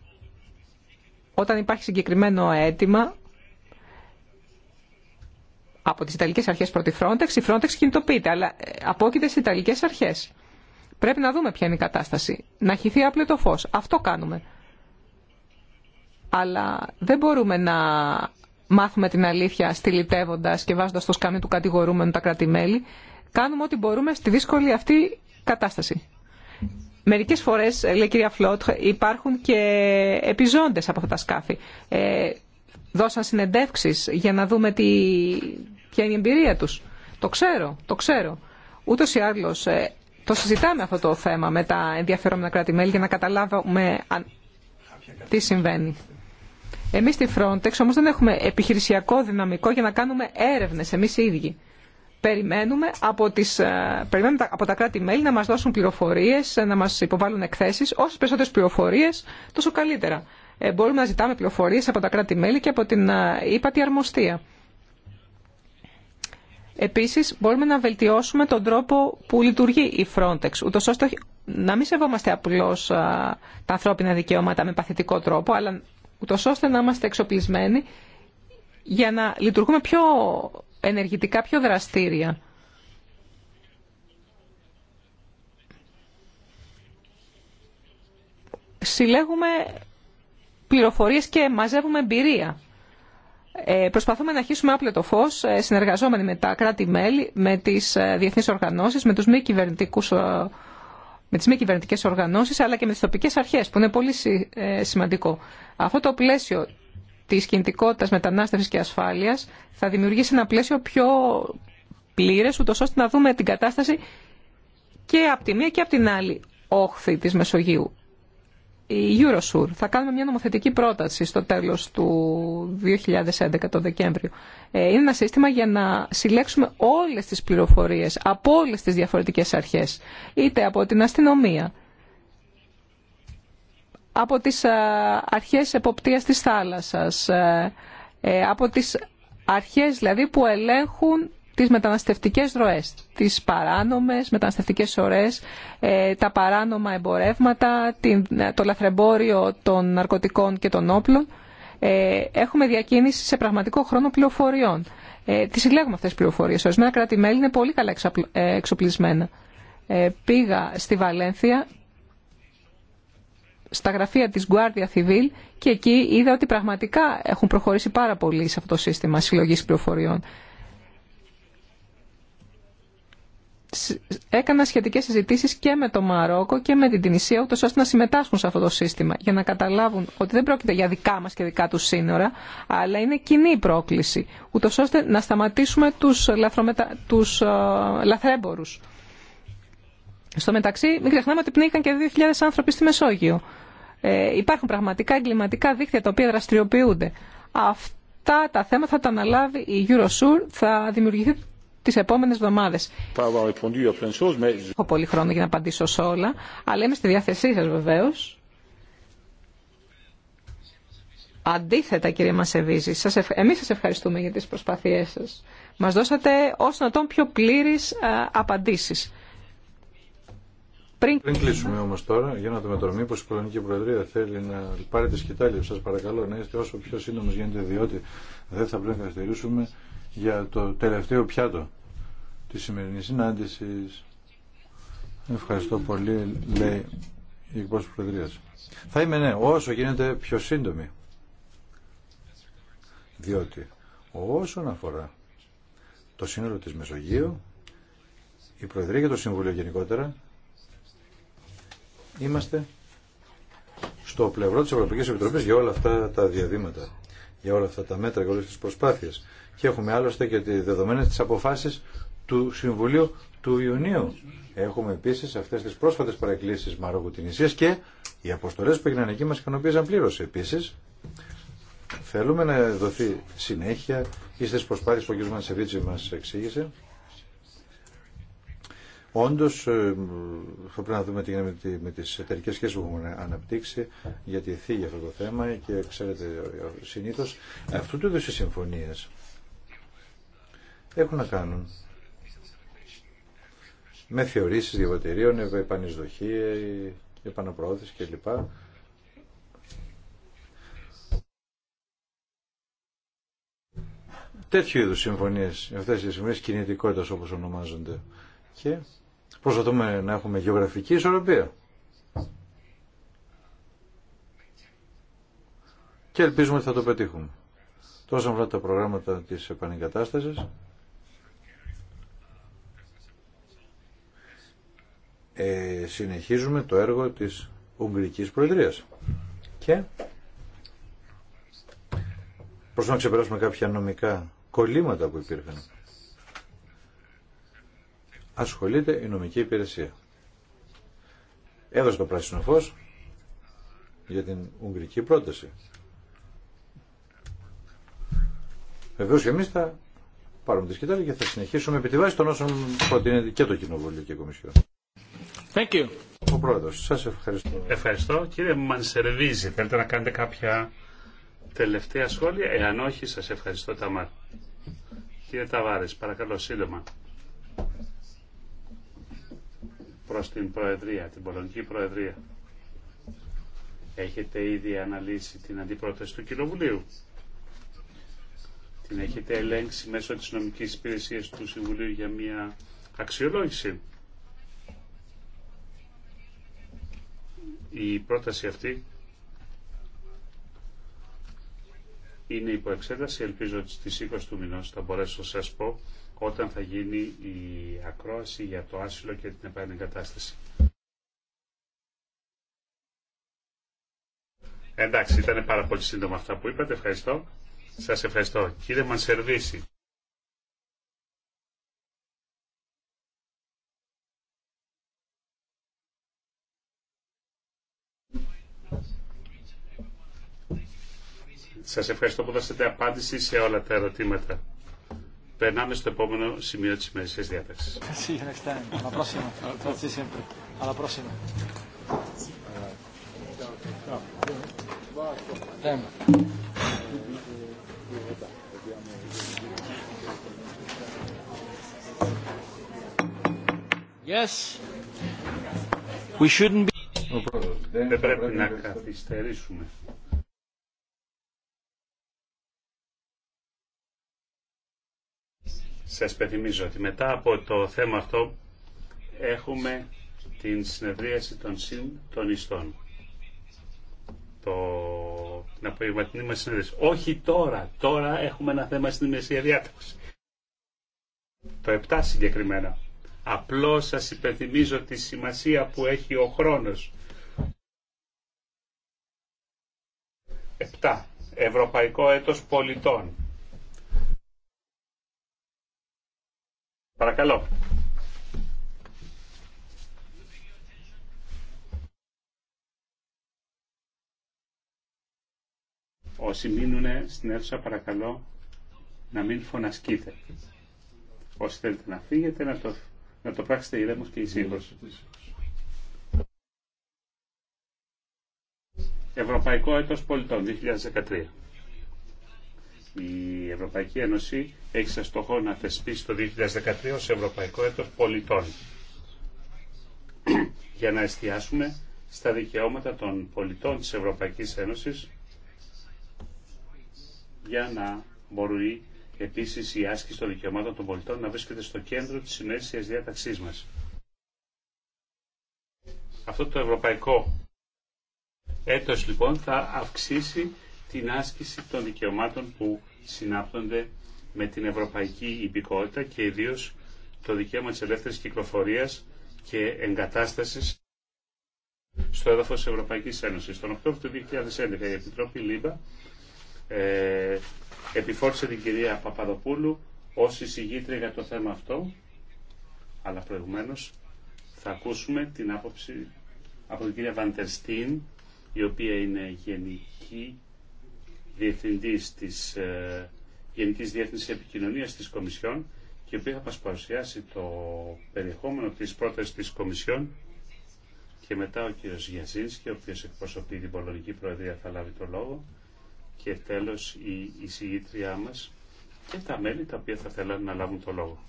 όταν υπάρχει συγκεκριμένο αίτημα από τις Ιταλικές Αρχές πρώτη Frontex, η Frontex κινητοποιείται, αλλά ε, απόκειται στις Ιταλικές Αρχές. Πρέπει να δούμε ποια είναι η κατάσταση. Να χυθεί το φως. Αυτό κάνουμε. Αλλά δεν μπορούμε να μάθουμε την αλήθεια στυλιτεύοντας και βάζοντας το σκάνι του κατηγορούμενου τα κρατη Κάνουμε ό,τι μπορούμε στη δύσκολη αυτή κατάσταση. Μερικές φορές, λέει η κυρία Φλότ, υπάρχουν και επιζώντες από αυτά τα σκάφη. Ε, δώσαν συνεντεύξεις για να δούμε τι, ποια είναι η εμπειρία τους. Το ξέρω, το ξέρω. Ούτως ή άλλως ε, το συζητάμε αυτό το θέμα με τα ενδιαφερόμενα κράτη-μέλη για να καταλάβουμε αν... τι συμβαίνει. Εμείς στη Frontex όμως δεν έχουμε επιχειρησιακό δυναμικό για να κάνουμε έρευνες εμείς οι ίδιοι. Περιμένουμε ε, από, τα κράτη-μέλη να μας δώσουν πληροφορίες, να μας υποβάλουν εκθέσεις. Όσες περισσότερες πληροφορίες, τόσο καλύτερα. Ε, μπορούμε να ζητάμε πληροφορίες από τα κράτη-μέλη και από την ε, ύπατη αρμοστία. Επίσης, μπορούμε να βελτιώσουμε τον τρόπο που λειτουργεί η Frontex, ούτως ώστε να μην σεβόμαστε απλώς τα ανθρώπινα δικαιώματα με παθητικό τρόπο, αλλά ούτως ώστε να είμαστε εξοπλισμένοι για να λειτουργούμε πιο ενεργητικά πιο δραστήρια. Συλλέγουμε πληροφορίες και μαζεύουμε εμπειρία. Ε, προσπαθούμε να αρχίσουμε το φως, ε, συνεργαζόμενοι με τα κράτη-μέλη, με τις ε, διεθνείς οργανώσεις, με, τους μη κυβερνητικούς, ε, με τις μη κυβερνητικές οργανώσεις, αλλά και με τις τοπικές αρχές, που είναι πολύ σημαντικό. Αυτό το πλαίσιο Τη κινητικότητα μετανάστευση και ασφάλεια θα δημιουργήσει ένα πλαίσιο πιο πλήρε ούτω ώστε να δούμε την κατάσταση και από τη μία και από την άλλη όχθη τη Μεσογείου. Η Eurosur θα κάνουμε μια νομοθετική πρόταση στο τέλο του 2011, το Δεκέμβριο. Ε, είναι ένα σύστημα για να συλλέξουμε όλε τι πληροφορίε από όλε τι διαφορετικέ αρχέ, είτε από την αστυνομία, από τις ε, αρχές εποπτείας της θάλασσας, ε, ε, από τις αρχές δηλαδή που ελέγχουν τις μεταναστευτικές ροές, τις παράνομες μεταναστευτικές ώρες, τα παράνομα εμπορεύματα, το λαθρεμπόριο των ναρκωτικών και των όπλων. Έχουμε διακίνηση σε πραγματικό χρόνο πληροφοριών. Τι συλλέγουμε αυτές τις πληροφορίες. Ορισμένα κράτη-μέλη είναι πολύ καλά εξοπλισμένα. Πήγα στη Βαλένθια στα γραφεία της Guardia Civil και εκεί είδα ότι πραγματικά έχουν προχωρήσει πάρα πολύ σε αυτό το σύστημα συλλογής πληροφοριών. Έκανα σχετικές συζητήσει και με το Μαρόκο και με την Τινησία ούτω ώστε να συμμετάσχουν σε αυτό το σύστημα για να καταλάβουν ότι δεν πρόκειται για δικά μα και δικά του σύνορα αλλά είναι κοινή πρόκληση ούτω ώστε να σταματήσουμε τους, ε, λαθρέμπορου. Στο μεταξύ, μην ξεχνάμε ότι πνίγηκαν και 2.000 άνθρωποι στη Μεσόγειο. Ε, υπάρχουν πραγματικά εγκληματικά δίκτυα τα οποία δραστηριοποιούνται. Αυτά τα θέματα θα τα αναλάβει η Eurosur, θα δημιουργηθεί τις επόμενες Δεν Έχω πολύ χρόνο για να απαντήσω σε όλα, αλλά είμαι στη διάθεσή σα βεβαίω. Αντίθετα, κύριε Μασεβίζη, σας ευ... εμείς σας ευχαριστούμε για τις προσπάθειές σας. Μας δώσατε όσο να τον πιο πλήρε ε, απαντήσεις. Πριν... Πριν κλείσουμε όμω τώρα, για να δούμε τώρα, μήπω η Πολωνική Προεδρία θέλει να πάρει τη σκητάλη. Σα παρακαλώ να είστε όσο πιο σύντομο γίνεται, διότι δεν θα πρέπει να καθυστερήσουμε για το τελευταίο πιάτο τη σημερινή συνάντηση. Ευχαριστώ πολύ, λέει η εκπρόσωπο Προεδρία. Θα είμαι ναι, όσο γίνεται πιο σύντομη. Διότι όσον αφορά το σύνολο της Μεσογείου, η Προεδρία και το Συμβούλιο γενικότερα είμαστε στο πλευρό της Ευρωπαϊκής Επιτροπής για όλα αυτά τα διαδήματα, για όλα αυτά τα μέτρα και όλες τις προσπάθειες. Και έχουμε άλλωστε και τη δεδομένες τις αποφάσεις του Συμβουλίου του Ιουνίου. Έχουμε επίση αυτέ τι πρόσφατε παρεκκλήσει Μαρόκου Τινησία και οι αποστολέ που έγιναν εκεί μα ικανοποίησαν πλήρω. Επίση, θέλουμε να δοθεί συνέχεια ή στι προσπάθειε που ο κ. Μανσεβίτση μα εξήγησε Όντω, ε, θα πρέπει να δούμε τι γίνεται με τι εταιρικέ σχέσεις που έχουμε αναπτύξει, γιατί θίγει για αυτό το θέμα και ξέρετε, ε, συνήθω αυτού του είδου οι συμφωνίε έχουν να κάνουν με θεωρήσεις διαβατηρίων, επανεισδοχή, επαναπροώθηση κλπ. Τέτοιου είδους συμφωνίες, αυτές οι συμφωνίες κινητικότητας όπως ονομάζονται. Και Προσπαθούμε να έχουμε γεωγραφική ισορροπία. Και ελπίζουμε ότι θα το πετύχουμε. Τόσο αφορά τα προγράμματα της επανεγκατάστασης. Ε, συνεχίζουμε το έργο της Ουγγρικής Προεδρίας. Και προσπαθούμε να ξεπεράσουμε κάποια νομικά κολλήματα που υπήρχαν ασχολείται η νομική υπηρεσία. Έδωσε το πράσινο φω για την Ουγγρική πρόταση. Βεβαίω και εμεί θα πάρουμε τη σκητάλη και θα συνεχίσουμε επί τη βάση των όσων προτείνεται και το Κοινοβούλιο και η Κομισιόν. Thank you. Ο πρόεδρο, σα ευχαριστώ. Ευχαριστώ. Κύριε Μανσερβίζη, θέλετε να κάνετε κάποια τελευταία σχόλια. Εάν όχι, σα ευχαριστώ τα μάτια. Κύριε Ταβάρη, παρακαλώ σύντομα προς την Προεδρία, την Πολωνική Προεδρία. Έχετε ήδη αναλύσει την αντιπρόταση του Κοινοβουλίου. Την έχετε ελέγξει μέσω της νομικής υπηρεσίας του Συμβουλίου για μια αξιολόγηση. Η πρόταση αυτή είναι υπό εξέταση. Ελπίζω ότι στις 20 του μηνός θα μπορέσω να σας πω όταν θα γίνει η ακρόαση για το άσυλο και την επανεγκατάσταση. Εντάξει, ήταν πάρα πολύ σύντομα αυτά που είπατε. Ευχαριστώ. Σας ευχαριστώ. Κύριε Μανσερβίση. Σας ευχαριστώ που δώσατε απάντηση σε όλα τα ερωτήματα. Περνάμε στο επόμενο σημείο της ημερησίας διάθεσης. Yes. We shouldn't be... Δεν πρέπει να καθυστερήσουμε. Σας υπενθυμίζω ότι μετά από το θέμα αυτό έχουμε την συνεδρίαση των συν των ιστών. Το... Την απογευματινή Όχι τώρα. Τώρα έχουμε ένα θέμα στην ημερησία διάταξη. Το 7 συγκεκριμένα. Απλώς σας υπενθυμίζω τη σημασία που έχει ο χρόνος. 7. Ευρωπαϊκό έτος πολιτών. Παρακαλώ. Όσοι μείνουν στην αίθουσα παρακαλώ να μην φωνασκείτε. Όσοι θέλετε να φύγετε να το, να το πράξετε ηρέμος και ησύχως. Ευρωπαϊκό έτος πολιτών 2013. Η Ευρωπαϊκή Ένωση έχει σαν στόχο να θεσπίσει το 2013 ως Ευρωπαϊκό Έτος Πολιτών *clears throat* για να εστιάσουμε στα δικαιώματα των πολιτών της Ευρωπαϊκής Ένωσης για να μπορεί επίσης η άσκηση των δικαιωμάτων των πολιτών να βρίσκεται στο κέντρο της συνέχεια διάταξής μας. Αυτό το ευρωπαϊκό έτος λοιπόν θα αυξήσει την άσκηση των δικαιωμάτων που συνάπτονται με την ευρωπαϊκή υπηκότητα και ιδίως το δικαίωμα της ελεύθερης κυκλοφορίας και εγκατάστασης στο έδαφος της Ευρωπαϊκής Ένωσης. Τον Οκτώβριο του 2011 η Επιτρόπη Λίμπα ε, επιφόρησε την κυρία Παπαδοπούλου ως εισηγήτρια για το θέμα αυτό, αλλά προηγουμένως θα ακούσουμε την άποψη από την κυρία Βαντερστίν, η οποία είναι γενική Διευθυντή της Γενική Γενικής Επικοινωνία Επικοινωνίας της Κομισιόν και η οποία θα μας παρουσιάσει το περιεχόμενο της πρόταση της Κομισιόν και μετά ο κύριος Γιαζίνσκι, ο οποίος εκπροσωπεί την Πολωνική Προεδρία, θα λάβει το λόγο και τέλος η εισηγήτριά μας και τα μέλη τα οποία θα θέλουν να λάβουν το λόγο.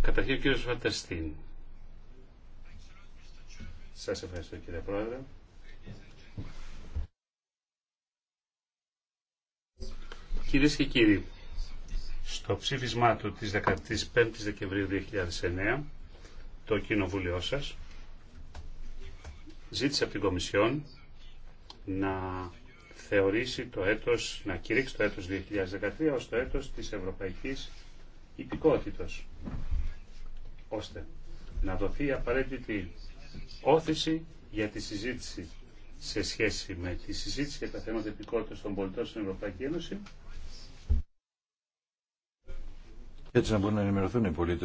Καταρχήν ο κύριος Βαταστίν. Σας ευχαριστώ κύριε Πρόεδρε. Κυρίες και κύριοι, στο ψήφισμά του της 15ης Δεκεμβρίου 2009, το κοινοβούλιο σας ζήτησε από την Κομισιόν να θεωρήσει το έτος, να κηρύξει το έτος 2013 ως το έτος της Ευρωπαϊκής Υπηκότητος, ώστε να δοθεί απαραίτητη όθηση για τη συζήτηση σε σχέση με τη συζήτηση για τα θέματα υπηκότητας των πολιτών στην Ευρωπαϊκή Ένωση Έτσι να μπορούν να ενημερωθούν οι πολίτε,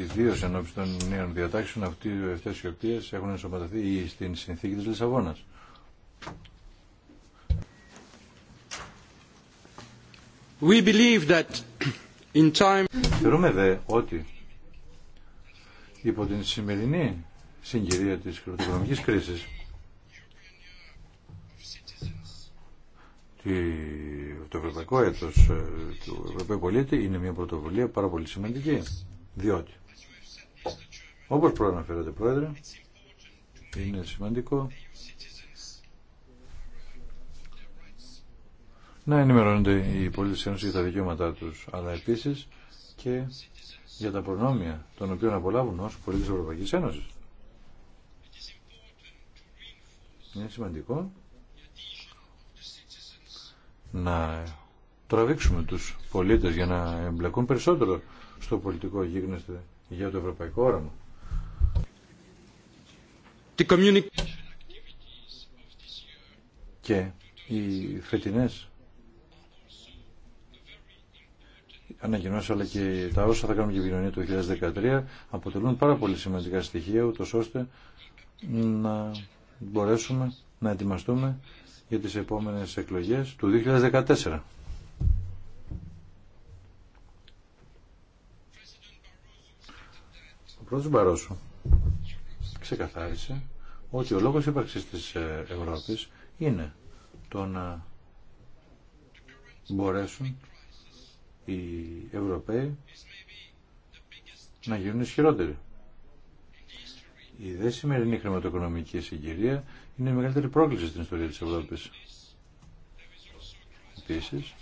ιδίω εν των νέων διατάξεων, αυτέ οι οποίε έχουν ενσωματωθεί στην συνθήκη τη Λισαβόνα. We believe time... Θεωρούμε δε ότι υπό την σημερινή συγκυρία της χρηματοοικονομικής κρίσης το ευρωπαϊκό έτος ε, του Ευρωπαϊκού Πολίτη είναι μια πρωτοβουλία πάρα πολύ σημαντική. Διότι, όπως προαναφέρατε Πρόεδρε, είναι σημαντικό να ενημερώνονται οι πολίτες Ένωση για τα δικαιώματά τους, αλλά επίσης και για τα προνόμια των οποίων απολάβουν ως πολίτες Ευρωπαϊκής Ένωσης. Είναι σημαντικό να τραβήξουμε τους πολίτες για να εμπλεκούν περισσότερο στο πολιτικό γίγνεσθε για το ευρωπαϊκό όραμα. Και οι φετινές ανακοινώσει αλλά και τα όσα θα κάνουμε για κοινωνία το 2013 αποτελούν πάρα πολύ σημαντικά στοιχεία ούτως ώστε να μπορέσουμε να ετοιμαστούμε για τις επόμενες εκλογές του 2014. Ο πρόεδρος Μπαρόσο ξεκαθάρισε ότι ο λόγος ύπαρξης της ε, Ευρώπης είναι το να μπορέσουν οι Ευρωπαίοι να γίνουν ισχυρότεροι. Η δε σημερινή χρηματοοικονομική συγκυρία είναι η μεγαλύτερη πρόκληση στην ιστορία της Ευρώπης. Επίσης,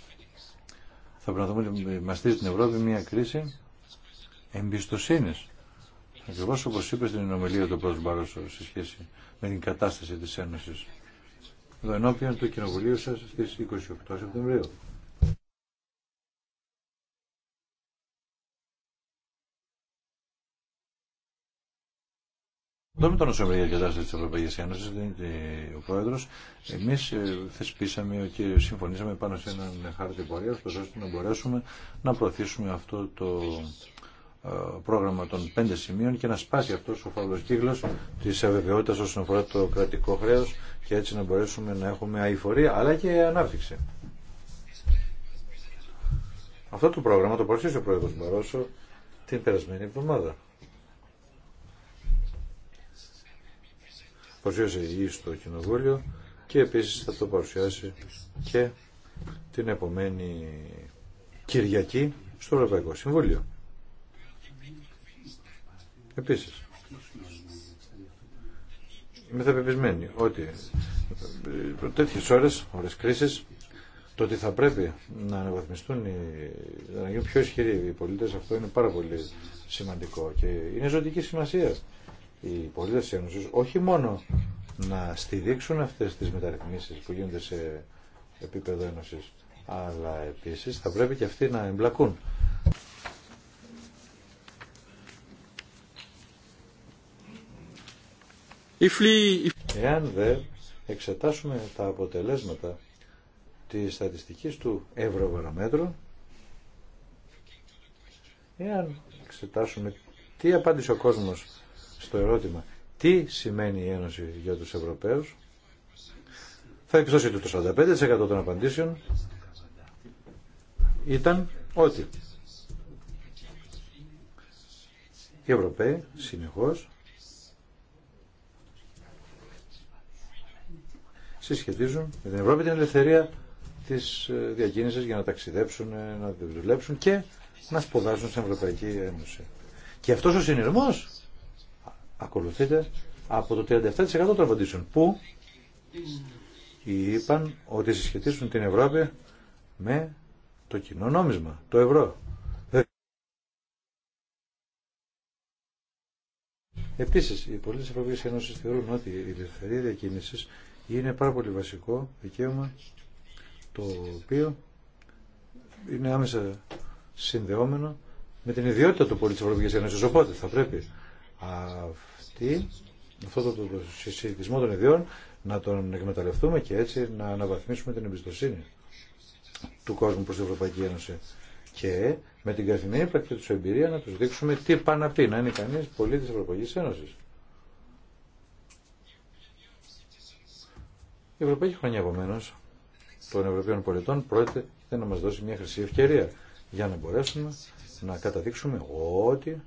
θα πρέπει να δούμε ότι μαστεί στην Ευρώπη μια κρίση εμπιστοσύνης. Ακριβώ όπω είπε στην ομιλία το Πρόεδρου σε σχέση με την κατάσταση τη Ένωση. Εδώ ενώπιον του Κοινοβουλίου σα στι 28 Σεπτεμβρίου. με το νοσοκομείο για κατάσταση τη Ευρωπαϊκή Ένωση. Ο πρόεδρο, εμεί ε, θεσπίσαμε και συμφωνήσαμε πάνω σε έναν χάρτη πορεία, ώστε να μπορέσουμε να προωθήσουμε αυτό το ε, πρόγραμμα των πέντε σημείων και να σπάσει αυτό ο φαύλο κύκλο τη αβεβαιότητα όσον αφορά το κρατικό χρέο και έτσι να μπορέσουμε να έχουμε αηφορία αλλά και ανάπτυξη. Αυτό το πρόγραμμα το παρουσίασε ο πρόεδρο Μπαρόσο την περασμένη εβδομάδα. η γη στο Κοινοβούλιο και επίσης θα το παρουσιάσει και την επομένη Κυριακή στο Ευρωπαϊκό Συμβούλιο. Επίσης, είμαι θα ότι ε, τέτοιες ώρες, ώρες κρίσης, το ότι θα πρέπει να αναβαθμιστούν, να γίνουν πιο ισχυροί οι πολίτες, αυτό είναι πάρα πολύ σημαντικό και είναι ζωτική σημασία οι πολίτες της Ένωσης όχι μόνο να στηρίξουν αυτές τις μεταρρυθμίσεις που γίνονται σε επίπεδο Ένωσης, αλλά επίσης θα πρέπει και αυτοί να εμπλακούν. Εάν δε εξετάσουμε τα αποτελέσματα της στατιστικής του Ευρωβαρομέτρου, εάν εξετάσουμε τι απάντησε ο κόσμος το ερώτημα τι σημαίνει η Ένωση για τους Ευρωπαίους θα επιστώσει το 45% των απαντήσεων ήταν ότι οι Ευρωπαίοι συνεχώς συσχετίζουν με την Ευρώπη την ελευθερία της ε, διακίνησης για να ταξιδέψουν, ε, να δουλέψουν και να σπουδάσουν στην Ευρωπαϊκή Ένωση. Και αυτός ο συνειρμός ακολουθείται από το 37% των απαντήσεων που είπαν ότι συσχετίσουν την Ευρώπη με το κοινό νόμισμα, το ευρώ. Επίση, οι πολίτε της Ευρωπαϊκή Ένωση θεωρούν ότι η ελευθερία διακίνηση είναι πάρα πολύ βασικό δικαίωμα το οποίο είναι άμεσα συνδεόμενο με την ιδιότητα του πολίτη τη Ευρωπαϊκή Ένωση. Οπότε θα πρέπει αυτή, αυτό το, το, συσχετισμό των ιδιών να τον εκμεταλλευτούμε και έτσι να αναβαθμίσουμε την εμπιστοσύνη του κόσμου προς την Ευρωπαϊκή Ένωση και με την καθημερινή πρακτική τους εμπειρία να τους δείξουμε τι πάνε να πει, να είναι κανείς πολίτης τη Ευρωπαϊκή Ένωση. Η Ευρωπαϊκή Χρονιά επομένω των Ευρωπαίων πολιτών πρόκειται να μα δώσει μια χρυσή ευκαιρία για να μπορέσουμε να καταδείξουμε ότι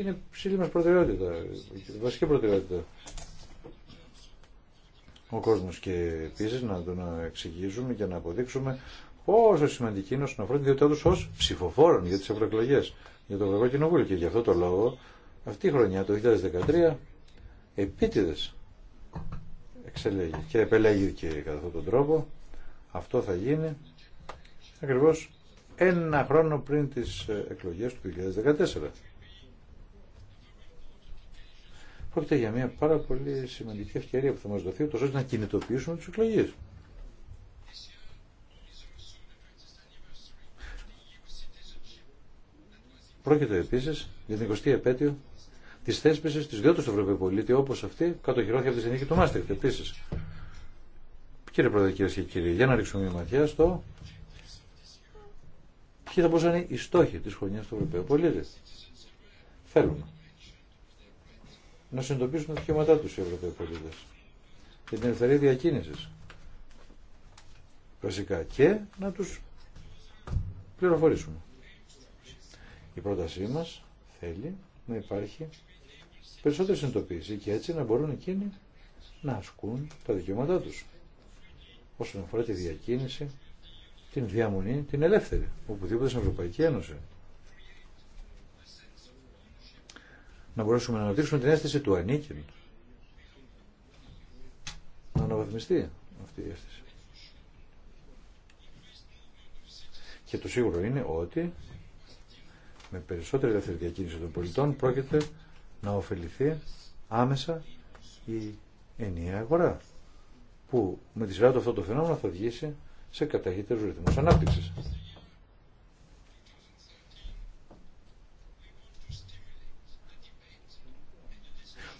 είναι ψηλή μας προτεραιότητα, βασική προτεραιότητα ο κόσμος και επίση να τον εξηγήσουμε και να αποδείξουμε πόσο σημαντική είναι όσον αφορά την ιδιότητά του ω ψηφοφόρων για τι ευρωεκλογέ, για το Ευρωπαϊκό Κοινοβούλιο. Και γι' αυτό το λόγο αυτή η χρονιά, το 2013, επίτηδε εξελέγει και και κατά αυτόν τον τρόπο. Αυτό θα γίνει ακριβώ ένα χρόνο πριν τι εκλογέ του 2014. Πρόκειται για μια πάρα πολύ σημαντική ευκαιρία που θα μας δοθεί, ώστε να κινητοποιήσουμε τις εκλογές. Πρόκειται επίσης για την 20η επέτειο της θέσπισης της ιδιότητας του Ευρωπαϊκού Πολίτη, όπως αυτή κατοχυρώθηκε από τη συνέχεια του Μάστερ επίσης. Κύριε Πρόεδρε, κυρίε και κύριοι, για να ρίξουμε μια ματιά στο ποιοι θα μπορούσαν οι στόχοι της χρονιάς του Ευρωπαϊκού Πολίτη. Θέλουμε να συνειδητοποιήσουν τα δικαιώματά τους οι Ευρωπαίοι πολίτε, και την ελευθερία διακίνηση βασικά και να τους πληροφορήσουμε. Η πρότασή μας θέλει να υπάρχει περισσότερη συνειδητοποίηση και έτσι να μπορούν εκείνοι να ασκούν τα δικαιώματά τους όσον αφορά τη διακίνηση, την διαμονή, την ελεύθερη, οπουδήποτε στην Ευρωπαϊκή Ένωση. να μπορέσουμε να αναπτύξουμε την αίσθηση του ανήκειν. Να αναβαθμιστεί αυτή η αίσθηση. Και το σίγουρο είναι ότι με περισσότερη ελεύθερη διακίνηση των πολιτών πρόκειται να ωφεληθεί άμεσα η ενιαία αγορά που με τη σειρά του αυτό το φαινόμενο θα οδηγήσει σε καταγύτερους ρυθμούς ανάπτυξης.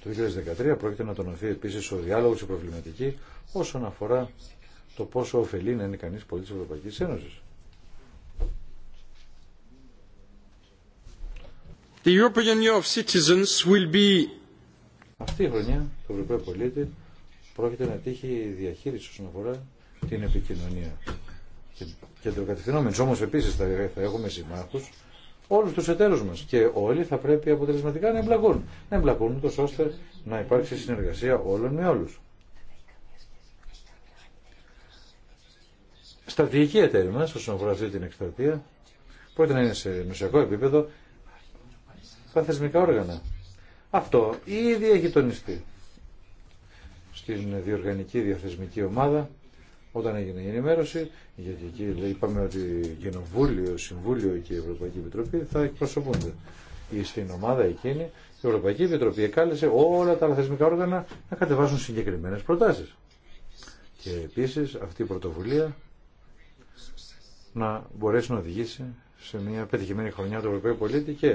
Το 2013 πρόκειται να τονωθεί επίση ο διάλογο, η προβληματική όσον αφορά το πόσο ωφελεί να είναι κανεί πολίτη τη Ευρωπαϊκή Ένωση. The European of Citizens will be... Αυτή η χρονιά το Ευρωπαϊκό πολίτη πρόκειται να τύχει διαχείριση όσον αφορά την επικοινωνία. Και το κατευθυνόμενο όμω επίση θα έχουμε συμμάχου όλους τους εταίρους μας και όλοι θα πρέπει αποτελεσματικά να εμπλακούν. Να εμπλακούν τόσο ώστε να υπάρξει συνεργασία όλων με όλους. Στρατηγική εταίρη μας όσον αφορά αυτή την εκστρατεία πρέπει να είναι σε νοσιακό επίπεδο τα θεσμικά όργανα. Αυτό ήδη έχει τονιστεί στην διοργανική διαθεσμική ομάδα όταν έγινε η ενημέρωση, γιατί εκεί είπαμε ότι Κοινοβούλιο, Συμβούλιο και η Ευρωπαϊκή Επιτροπή θα εκπροσωπούνται. Στην ομάδα εκείνη η Ευρωπαϊκή Επιτροπή εκάλεσε όλα τα θεσμικά όργανα να κατεβάσουν συγκεκριμένε προτάσει. Και επίση αυτή η πρωτοβουλία να μπορέσει να οδηγήσει σε μια πετυχημένη χρονιά του Ευρωπαίου πολίτη και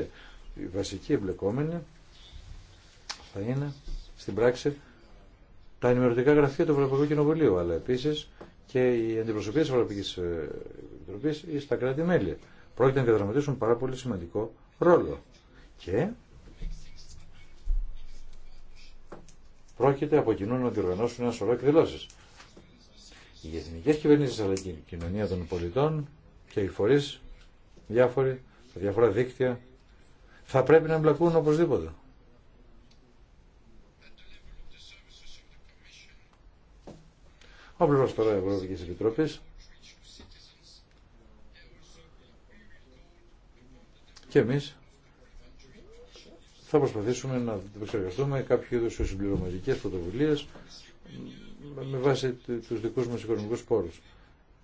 η βασική εμπλεκόμενη θα είναι στην πράξη τα ενημερωτικά γραφεία του Ευρωπαϊκού Κοινοβουλίου, αλλά επίση και οι αντιπροσωπείε τη Ευρωπαϊκή ε, Επιτροπή ή στα κράτη-μέλη. Πρόκειται να καταδραματίσουν πάρα πολύ σημαντικό ρόλο. Και πρόκειται από κοινού να διοργανώσουν ένα σωρό εκδηλώσει. Οι εθνικέ κυβερνήσει αλλά και η κοινωνία των πολιτών και οι φορεί διάφοροι, τα διάφορα δίκτυα θα πρέπει να εμπλακούν οπωσδήποτε. Ο πλευρά τώρα Ευρωπαϊκή Επιτροπή. Και εμεί θα προσπαθήσουμε να επεξεργαστούμε κάποιο είδου συμπληρωματικέ πρωτοβουλίε με βάση του δικού μα οικονομικού πόρου.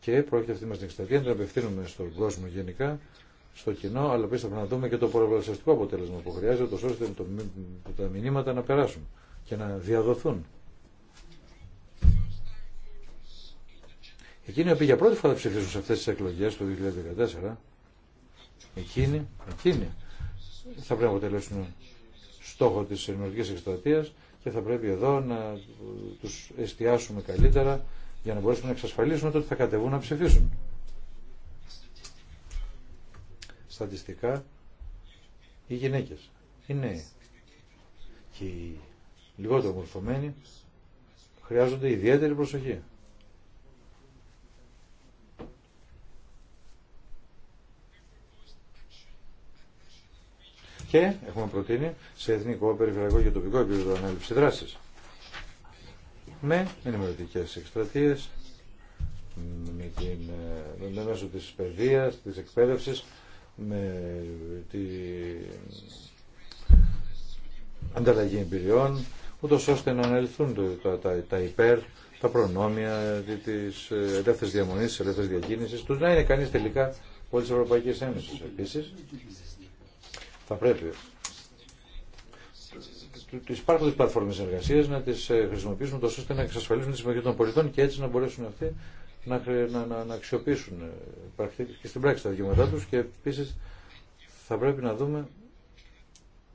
Και πρόκειται αυτή μα την εκστρατεία να την απευθύνουμε στον κόσμο γενικά, στο κοινό, αλλά επίση να δούμε και το πολλαπλασιαστικό αποτέλεσμα που χρειάζεται, ώστε το, τα μηνύματα να περάσουν και να διαδοθούν. Εκείνοι οποίοι για πρώτη φορά ψηφίσουν σε αυτές τις εκλογές το 2014, εκείνοι, εκείνοι θα πρέπει να αποτελέσουν στόχο της ενημερωτικής εκστρατείας και θα πρέπει εδώ να τους εστιάσουμε καλύτερα για να μπορέσουμε να εξασφαλίσουμε ότι θα κατεβούν να ψηφίσουν. Στατιστικά, οι γυναίκες, οι νέοι και οι λιγότερο μορφωμένοι χρειάζονται ιδιαίτερη προσοχή. και έχουμε προτείνει σε εθνικό, περιφερειακό και τοπικό επίπεδο ανάληψη δράση. Με ενημερωτικέ εκστρατείε, με την ε, με μέσω τη παιδείας, τη εκπαίδευση, με την ανταλλαγή εμπειριών, ούτως ώστε να αναλυθούν τα, τα, τα υπέρ, τα προνόμια της ελεύθερη διαμονή, τη ελεύθερη διακίνηση. του να είναι κανεί τελικά όλης Ευρωπαϊκή επίση. Θα πρέπει τις υπάρχοντες πλατφόρμες εργασίας να τις ε, χρησιμοποιήσουμε τόσο ώστε να εξασφαλίσουμε τη συμμετοχή των πολιτών και έτσι να μπορέσουν αυτοί να, να, να, αξιοποιήσουν ε, και στην πράξη τα δικαιώματά τους και επίσης θα πρέπει να δούμε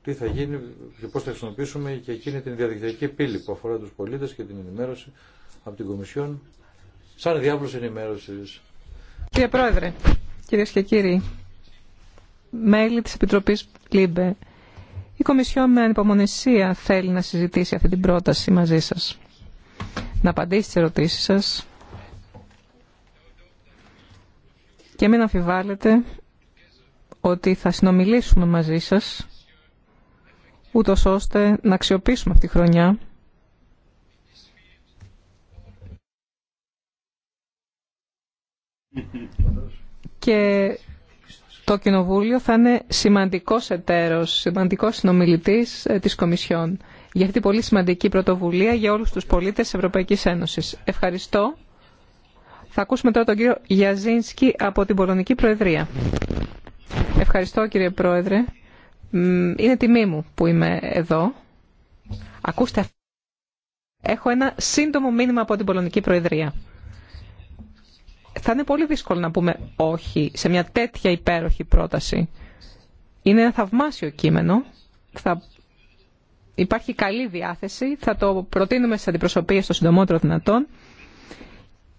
τι θα γίνει και πώς θα χρησιμοποιήσουμε και εκείνη την διαδικτυακή πύλη που αφορά τους πολίτες και την ενημέρωση από την Κομισιόν σαν διάβολος ενημέρωσης. Κύριε Πρόεδρε, κυρίες και κύριοι, μέλη της Επιτροπής Λίμπε, Η Κομισιόν με ανυπομονησία θέλει να συζητήσει αυτή την πρόταση μαζί σας. Να απαντήσει στις ερωτήσεις σας. Και μην αμφιβάλλετε ότι θα συνομιλήσουμε μαζί σας, ούτω ώστε να αξιοποιήσουμε αυτή τη χρονιά και το Κοινοβούλιο θα είναι σημαντικός εταίρος, σημαντικός συνομιλητής ε, της Κομισιόν για αυτή την πολύ σημαντική πρωτοβουλία για όλους τους πολίτες της Ευρωπαϊκής Ένωσης. Ευχαριστώ. Θα ακούσουμε τώρα τον κύριο Γιαζίνσκι από την Πολωνική Προεδρία. Ευχαριστώ κύριε Πρόεδρε. Είναι τιμή μου που είμαι εδώ. Ακούστε, έχω ένα σύντομο μήνυμα από την Πολωνική Προεδρία θα είναι πολύ δύσκολο να πούμε όχι σε μια τέτοια υπέροχη πρόταση. Είναι ένα θαυμάσιο κείμενο. Θα υπάρχει καλή διάθεση. Θα το προτείνουμε στι αντιπροσωπείες το συντομότερο δυνατόν.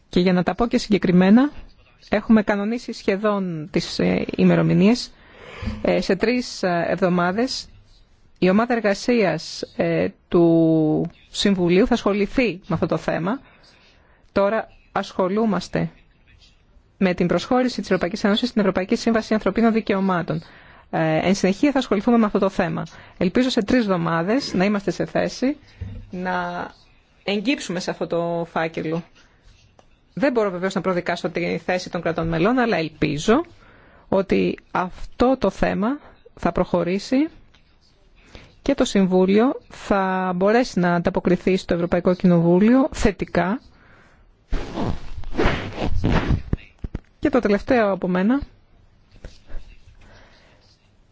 Και για να τα πω και συγκεκριμένα, έχουμε κανονίσει σχεδόν τις ε, ημερομηνίες. Ε, σε τρεις ε, εβδομάδες η ομάδα εργασίας του Συμβουλίου θα ασχοληθεί με αυτό το θέμα. Τώρα ασχολούμαστε με την προσχώρηση της Ευρωπαϊκής Ένωσης στην Ευρωπαϊκή Σύμβαση Ανθρωπίνων Δικαιωμάτων. Ε, εν συνεχεία θα ασχοληθούμε με αυτό το θέμα. Ελπίζω σε τρεις εβδομάδε να είμαστε σε θέση να εγκύψουμε σε αυτό το φάκελο. Δεν μπορώ βεβαίως να προδικάσω τη θέση των κρατών μελών, αλλά ελπίζω ότι αυτό το θέμα θα προχωρήσει και το Συμβούλιο θα μπορέσει να ανταποκριθεί στο Ευρωπαϊκό Κοινοβούλιο θετικά και το τελευταίο από μένα.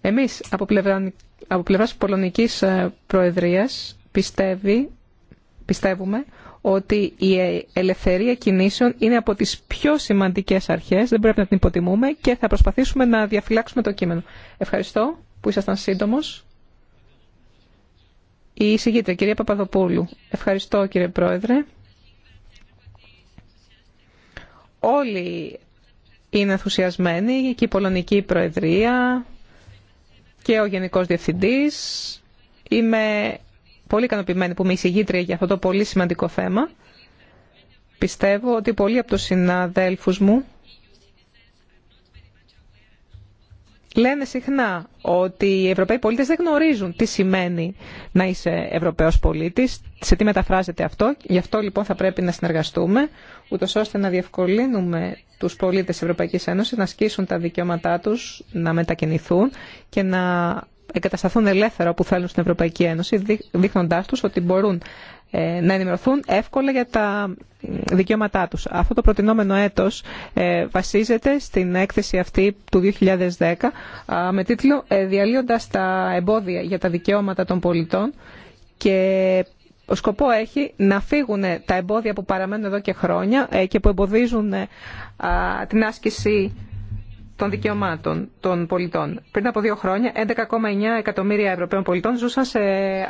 Εμείς από, πλευρά, από πλευράς Πολωνικής ε, Προεδρίας πιστεύει, πιστεύουμε ότι η ε, ελευθερία κινήσεων είναι από τις πιο σημαντικές αρχές, δεν πρέπει να την υποτιμούμε και θα προσπαθήσουμε να διαφυλάξουμε το κείμενο. Ευχαριστώ που ήσασταν σύντομος. Η εισηγήτρια, κυρία Παπαδοπούλου. Ευχαριστώ κύριε Πρόεδρε. Όλοι είναι ενθουσιασμένη και η Πολωνική Προεδρία και ο Γενικός Διευθυντής. Είμαι πολύ ικανοποιημένη που είμαι εισηγήτρια για αυτό το πολύ σημαντικό θέμα. Πιστεύω ότι πολλοί από τους συναδέλφους μου Λένε συχνά ότι οι Ευρωπαίοι πολίτες δεν γνωρίζουν τι σημαίνει να είσαι Ευρωπαίος πολίτης, σε τι μεταφράζεται αυτό. Γι' αυτό λοιπόν θα πρέπει να συνεργαστούμε, ούτω ώστε να διευκολύνουμε τους πολίτες της Ευρωπαϊκής Ένωσης να ασκήσουν τα δικαιώματά τους, να μετακινηθούν και να εγκατασταθούν ελεύθερα όπου θέλουν στην Ευρωπαϊκή Ένωση, δείχνοντάς τους ότι μπορούν ε, να ενημερωθούν εύκολα για τα ε, δικαιώματά τους. Αυτό το προτινόμενο έτος ε, βασίζεται στην έκθεση αυτή του 2010 με τίτλο «Διαλύοντας τα εμπόδια για τα δικαιώματα των πολιτών» και ο σκοπό έχει να φύγουν τα εμπόδια που παραμένουν εδώ και χρόνια και που εμποδίζουν την άσκηση των δικαιωμάτων των πολιτών. Πριν από δύο χρόνια, 11,9 εκατομμύρια Ευρωπαίων πολιτών ζούσαν σε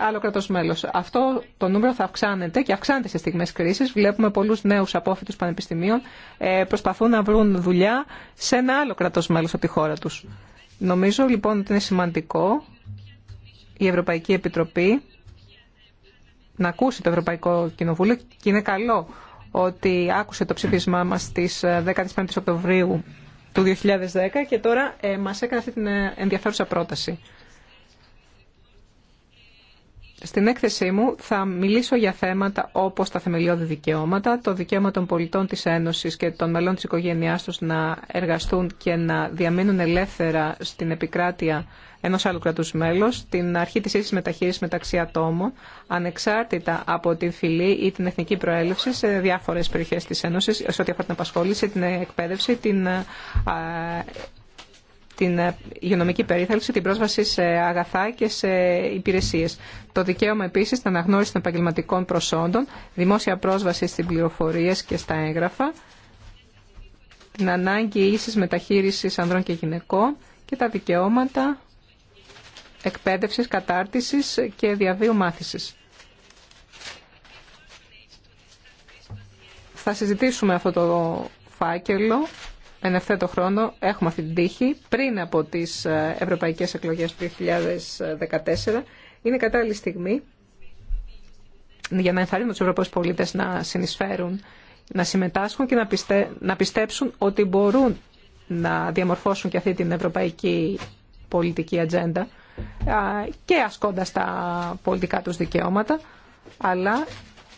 άλλο κράτο μέλο. Αυτό το νούμερο θα αυξάνεται και αυξάνεται σε στιγμέ κρίση. Βλέπουμε πολλού νέου απόφοιτου πανεπιστημίων ε, προσπαθούν να βρουν δουλειά σε ένα άλλο κράτο μέλο από τη χώρα του. Νομίζω λοιπόν ότι είναι σημαντικό η Ευρωπαϊκή Επιτροπή να ακούσει το Ευρωπαϊκό Κοινοβούλιο και είναι καλό ότι άκουσε το ψήφισμά μας στις 15 ε, Οκτωβρίου το 2010 και τώρα ε, μας έκανε αυτή την ε, ενδιαφέρουσα πρόταση. Στην έκθεσή μου θα μιλήσω για θέματα όπως τα θεμελιώδη δικαιώματα, το δικαίωμα των πολιτών της Ένωσης και των μελών της οικογένειάς τους να εργαστούν και να διαμείνουν ελεύθερα στην επικράτεια ενός άλλου κρατούς μέλος, την αρχή της ίσης μεταχείρισης μεταξύ ατόμων, ανεξάρτητα από την φυλή ή την εθνική προέλευση σε διάφορες περιοχές της Ένωσης, σε ό,τι αφορά την απασχόληση, την εκπαίδευση, την ε, την ε, υγειονομική περίθαλψη, την πρόσβαση σε αγαθά και σε υπηρεσίες. Το δικαίωμα επίσης στην αναγνώριση των επαγγελματικών προσόντων, δημόσια πρόσβαση στις πληροφορίες και στα έγγραφα, την ανάγκη ίσης μεταχείρισης ανδρών και γυναικών και τα δικαιώματα εκπαίδευσης, κατάρτισης και διαβίου μάθησης. Θα συζητήσουμε αυτό το φάκελο εν ευθέτω χρόνο έχουμε αυτή την τύχη πριν από τις ε, ευρωπαϊκές εκλογές του 2014. Είναι κατάλληλη στιγμή για να ενθαρρύνουν τους Ευρωπαίους πολίτες να συνεισφέρουν, να συμμετάσχουν και να, πιστέψουν ότι μπορούν να διαμορφώσουν και αυτή την ευρωπαϊκή πολιτική ατζέντα και ασκώντας τα πολιτικά τους δικαιώματα, αλλά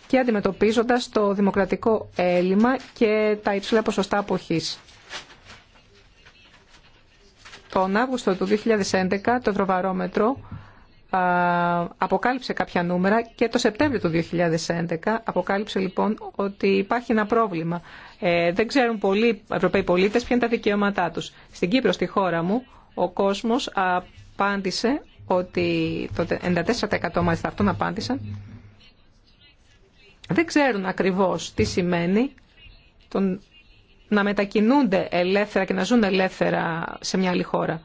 και αντιμετωπίζοντας το δημοκρατικό έλλειμμα και τα υψηλά ποσοστά αποχής. Τον Αύγουστο του 2011 το Ευρωβαρόμετρο αποκάλυψε κάποια νούμερα και το Σεπτέμβριο του 2011 αποκάλυψε λοιπόν ότι υπάρχει ένα πρόβλημα. Ε, δεν ξέρουν πολλοί Ευρωπαίοι πολίτες ποια είναι τα δικαιώματά τους. Στην Κύπρο, στη χώρα μου, ο κόσμος απάντησε ότι το 94% μάλιστα αυτών απάντησαν δεν ξέρουν ακριβώς τι σημαίνει τον να μετακινούνται ελεύθερα και να ζουν ελεύθερα σε μια άλλη χώρα.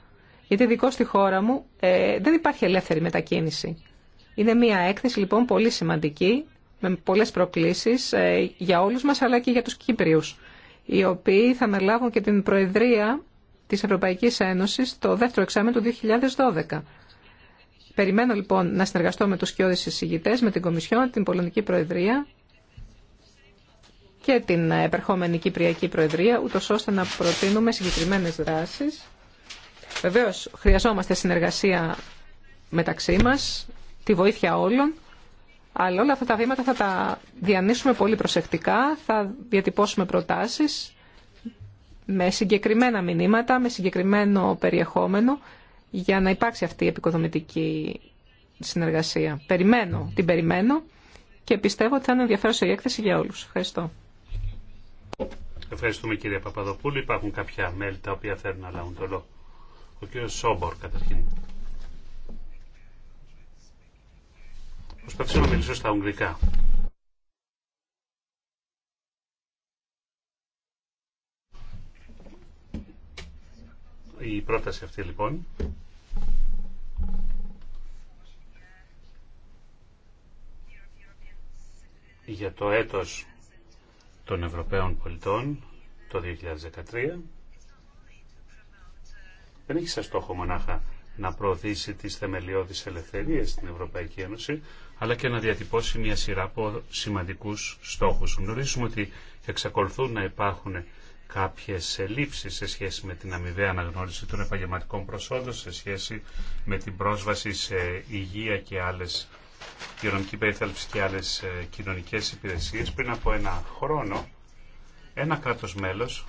Γιατί δικό στη χώρα μου ε, δεν υπάρχει ελεύθερη μετακίνηση. Είναι μια έκθεση λοιπόν πολύ σημαντική, με πολλές προκλήσεις ε, για όλους μας αλλά και για τους Κύπριους, οι οποίοι θα αναλάβουν και την Προεδρία της Ευρωπαϊκής Ένωσης το δεύτερο εξάμεινο του 2012. Περιμένω λοιπόν να συνεργαστώ με τους κοιόδες εισηγητές, με την Κομισιόν, την Πολωνική Προεδρία και την επερχόμενη Κυπριακή Προεδρία, ούτω ώστε να προτείνουμε συγκεκριμένε δράσει. Βεβαίω, χρειαζόμαστε συνεργασία μεταξύ μα, τη βοήθεια όλων, αλλά όλα αυτά τα βήματα θα τα διανύσουμε πολύ προσεκτικά, θα διατυπώσουμε προτάσει με συγκεκριμένα μηνύματα, με συγκεκριμένο περιεχόμενο, για να υπάρξει αυτή η επικοδομητική συνεργασία. Περιμένω, την περιμένω και πιστεύω ότι θα είναι ενδιαφέρουσα η έκθεση για όλους. Ευχαριστώ. Ευχαριστούμε κύριε Παπαδοπούλου. Υπάρχουν κάποια μέλη τα οποία θέλουν να λάβουν το λόγο. Ο κύριος Σόμπορ καταρχήν. Προσπαθήσω να μιλήσω στα Ουγγρικά. Η πρόταση αυτή λοιπόν για το έτος των Ευρωπαίων πολιτών το 2013 δεν έχει σαν στόχο μονάχα να προωθήσει τις θεμελιώδεις ελευθερίες στην Ευρωπαϊκή Ένωση, αλλά και να διατυπώσει μια σειρά από σημαντικούς στόχους. Γνωρίζουμε ότι εξακολουθούν να υπάρχουν κάποιες ελλείψεις σε σχέση με την αμοιβαία αναγνώριση των επαγγελματικών προσόντων, σε σχέση με την πρόσβαση σε υγεία και άλλες υγειονομική περίθαλψη και άλλες ε, κοινωνικές υπηρεσίες πριν από ένα χρόνο ένα κράτος μέλος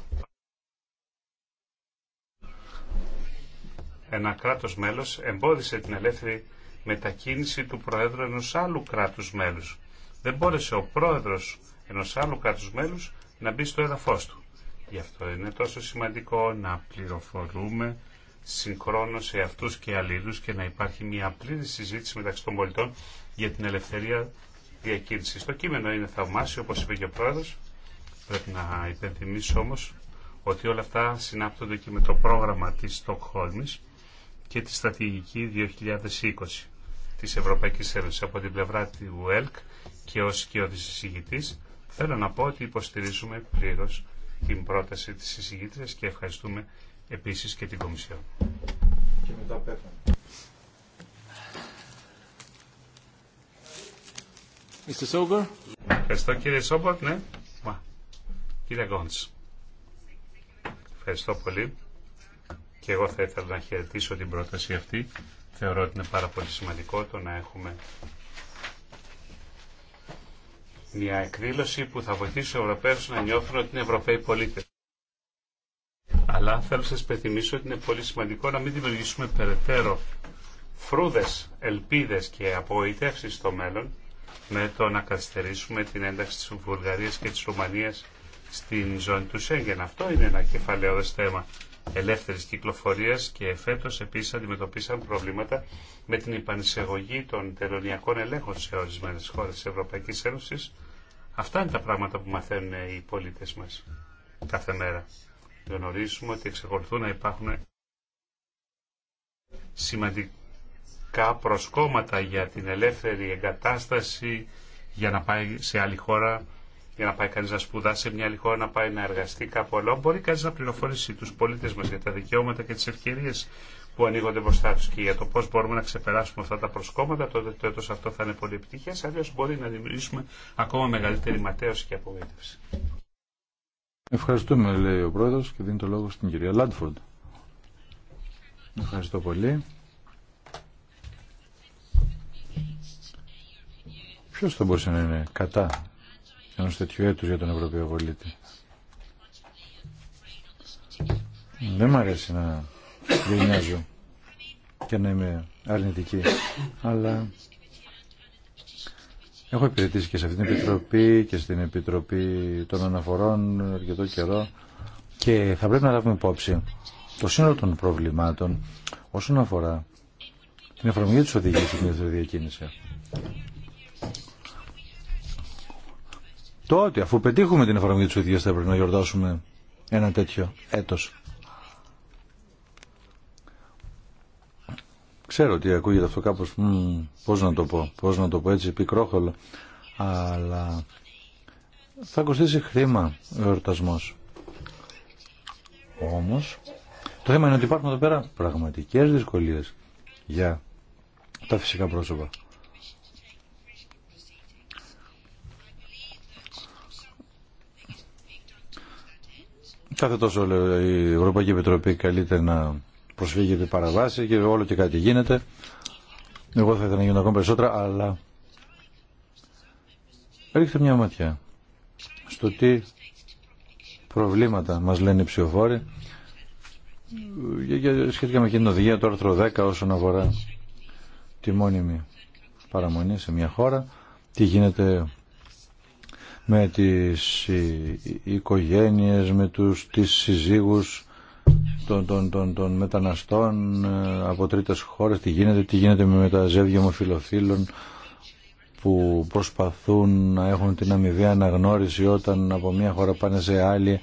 ένα κράτος μέλος εμπόδισε την ελεύθερη μετακίνηση του Προέδρου ενός άλλου κράτους μέλους. Δεν μπόρεσε ο Πρόεδρος ενός άλλου κράτους μέλους να μπει στο έδαφος του. Γι' αυτό είναι τόσο σημαντικό να πληροφορούμε συγχρόνω σε αυτού και αλλήλου και να υπάρχει μια πλήρη συζήτηση μεταξύ των πολιτών για την ελευθερία διακίνησης. Το κείμενο είναι θαυμάσιο, όπω είπε και ο πρόεδρο. Πρέπει να υπενθυμίσω όμω ότι όλα αυτά συνάπτονται και με το πρόγραμμα τη Στοκχόλμη και τη στρατηγική 2020 της Ευρωπαϊκής Ένωσης από την πλευρά του ΕΛΚ και ως ο εισηγητής. Θέλω να πω ότι υποστηρίζουμε πλήρως την πρόταση της εισηγήτριας και ευχαριστούμε επίσης και την Κομισιόν. Και μετά πέθανε. Mr. Sober. Ευχαριστώ κύριε Σόμπορ, ναι. Μα. Κύριε Γκόντς. Ευχαριστώ πολύ. Και εγώ θα ήθελα να χαιρετήσω την πρόταση αυτή. Θεωρώ ότι είναι πάρα πολύ σημαντικό το να έχουμε μια εκδήλωση που θα βοηθήσει τους Ευρωπαίους να νιώθουν ότι είναι Ευρωπαίοι πολίτες. Αλλά θέλω να σας πεθυμίσω ότι είναι πολύ σημαντικό να μην δημιουργήσουμε περαιτέρω φρούδες, ελπίδες και απογοητεύσεις στο μέλλον με το να καθυστερήσουμε την ένταξη της Βουλγαρίας και της Ρουμανίας στην ζώνη του Σέγγεν. Αυτό είναι ένα κεφαλαίωδες θέμα ελεύθερης κυκλοφορίας και φέτος επίσης αντιμετωπίσαμε προβλήματα με την επανεισαγωγή των τελωνιακών ελέγχων σε ορισμένες χώρες της Ευρωπαϊκής Ένωσης. Αυτά είναι τα πράγματα που μαθαίνουν οι πολίτες μας κάθε μέρα γνωρίζουμε ότι εξακολουθούν να υπάρχουν σημαντικά προσκόμματα για την ελεύθερη εγκατάσταση για να πάει σε άλλη χώρα, για να πάει κανείς να σπουδάσει σε μια άλλη χώρα, να πάει να εργαστεί κάπου αλλού. Μπορεί κανείς να πληροφορήσει τους πολίτες μας για τα δικαιώματα και τις ευκαιρίες που ανοίγονται μπροστά του και για το πώς μπορούμε να ξεπεράσουμε αυτά τα προσκόμματα, τότε το έτος αυτό θα είναι πολύ επιτυχέ. Αλλιώ μπορεί να δημιουργήσουμε ακόμα μεγαλύτερη ματέωση και απογοήτευση. Ευχαριστούμε, λέει ο πρόεδρος και δίνει το λόγο στην κυρία Λάντφορντ. Ευχαριστώ πολύ. Ποιο θα μπορούσε να είναι κατά ενό τέτοιου έτου για τον Ευρωπαίο πολίτη. Δεν μου αρέσει να γκρινιάζω και να είμαι αρνητική, αλλά Έχω υπηρετήσει και σε αυτή την Επιτροπή και στην Επιτροπή των Αναφορών αρκετό καιρό και θα πρέπει να λάβουμε υπόψη το σύνολο των προβλημάτων όσον αφορά την εφαρμογή της οδηγίας στην διακίνηση. Τότε, αφού πετύχουμε την εφαρμογή της οδηγίας, θα πρέπει να γιορτάσουμε ένα τέτοιο έτος. Ξέρω ότι ακούγεται αυτό κάπως, μ, πώς να το πω, πώς να το πω έτσι πικρόχολο, αλλά θα κοστίσει χρήμα ο εορτασμός. Όμως, το θέμα είναι ότι υπάρχουν εδώ πέρα πραγματικές δυσκολίες για τα φυσικά πρόσωπα. Κάθε τόσο η Ευρωπαϊκή Επιτροπή καλείται να Προσφύγεται την παραβάση και όλο και κάτι γίνεται. Εγώ θα ήθελα να γίνω ακόμα περισσότερα, αλλά ρίχτε μια ματιά στο τι προβλήματα μας λένε οι ψηφοφόροι σχετικά με την οδηγία του άρθρο 10 όσον αφορά τη μόνιμη παραμονή σε μια χώρα, τι γίνεται με τις ε, οικογένειες, με τους τις συζύγους, των, των, των, των μεταναστών ε, από τρίτες χώρες, τι γίνεται, τι γίνεται με τα ζεύγια ομοφιλοφίλων που προσπαθούν να έχουν την αμοιβή αναγνώριση όταν από μια χώρα πάνε σε άλλη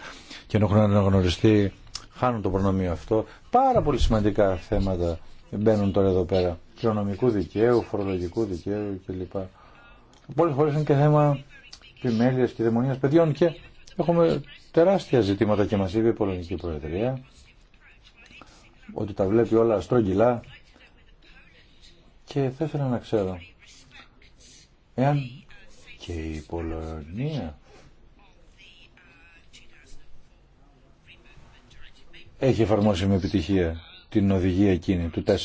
και να έχουν αναγνωριστεί, χάνουν το προνομίο αυτό. Πάρα πολύ σημαντικά θέματα μπαίνουν τώρα εδώ πέρα. Κληρονομικού δικαίου, φορολογικού δικαίου κλπ. Πολλέ φορέ είναι και θέμα επιμέλεια και δαιμονία παιδιών και έχουμε τεράστια ζητήματα και μα είπε η Πολωνική Προεδρία ότι τα βλέπει όλα στρογγυλά και θα ήθελα να ξέρω εάν και η Πολωνία έχει εφαρμόσει με επιτυχία την οδηγία εκείνη του 4.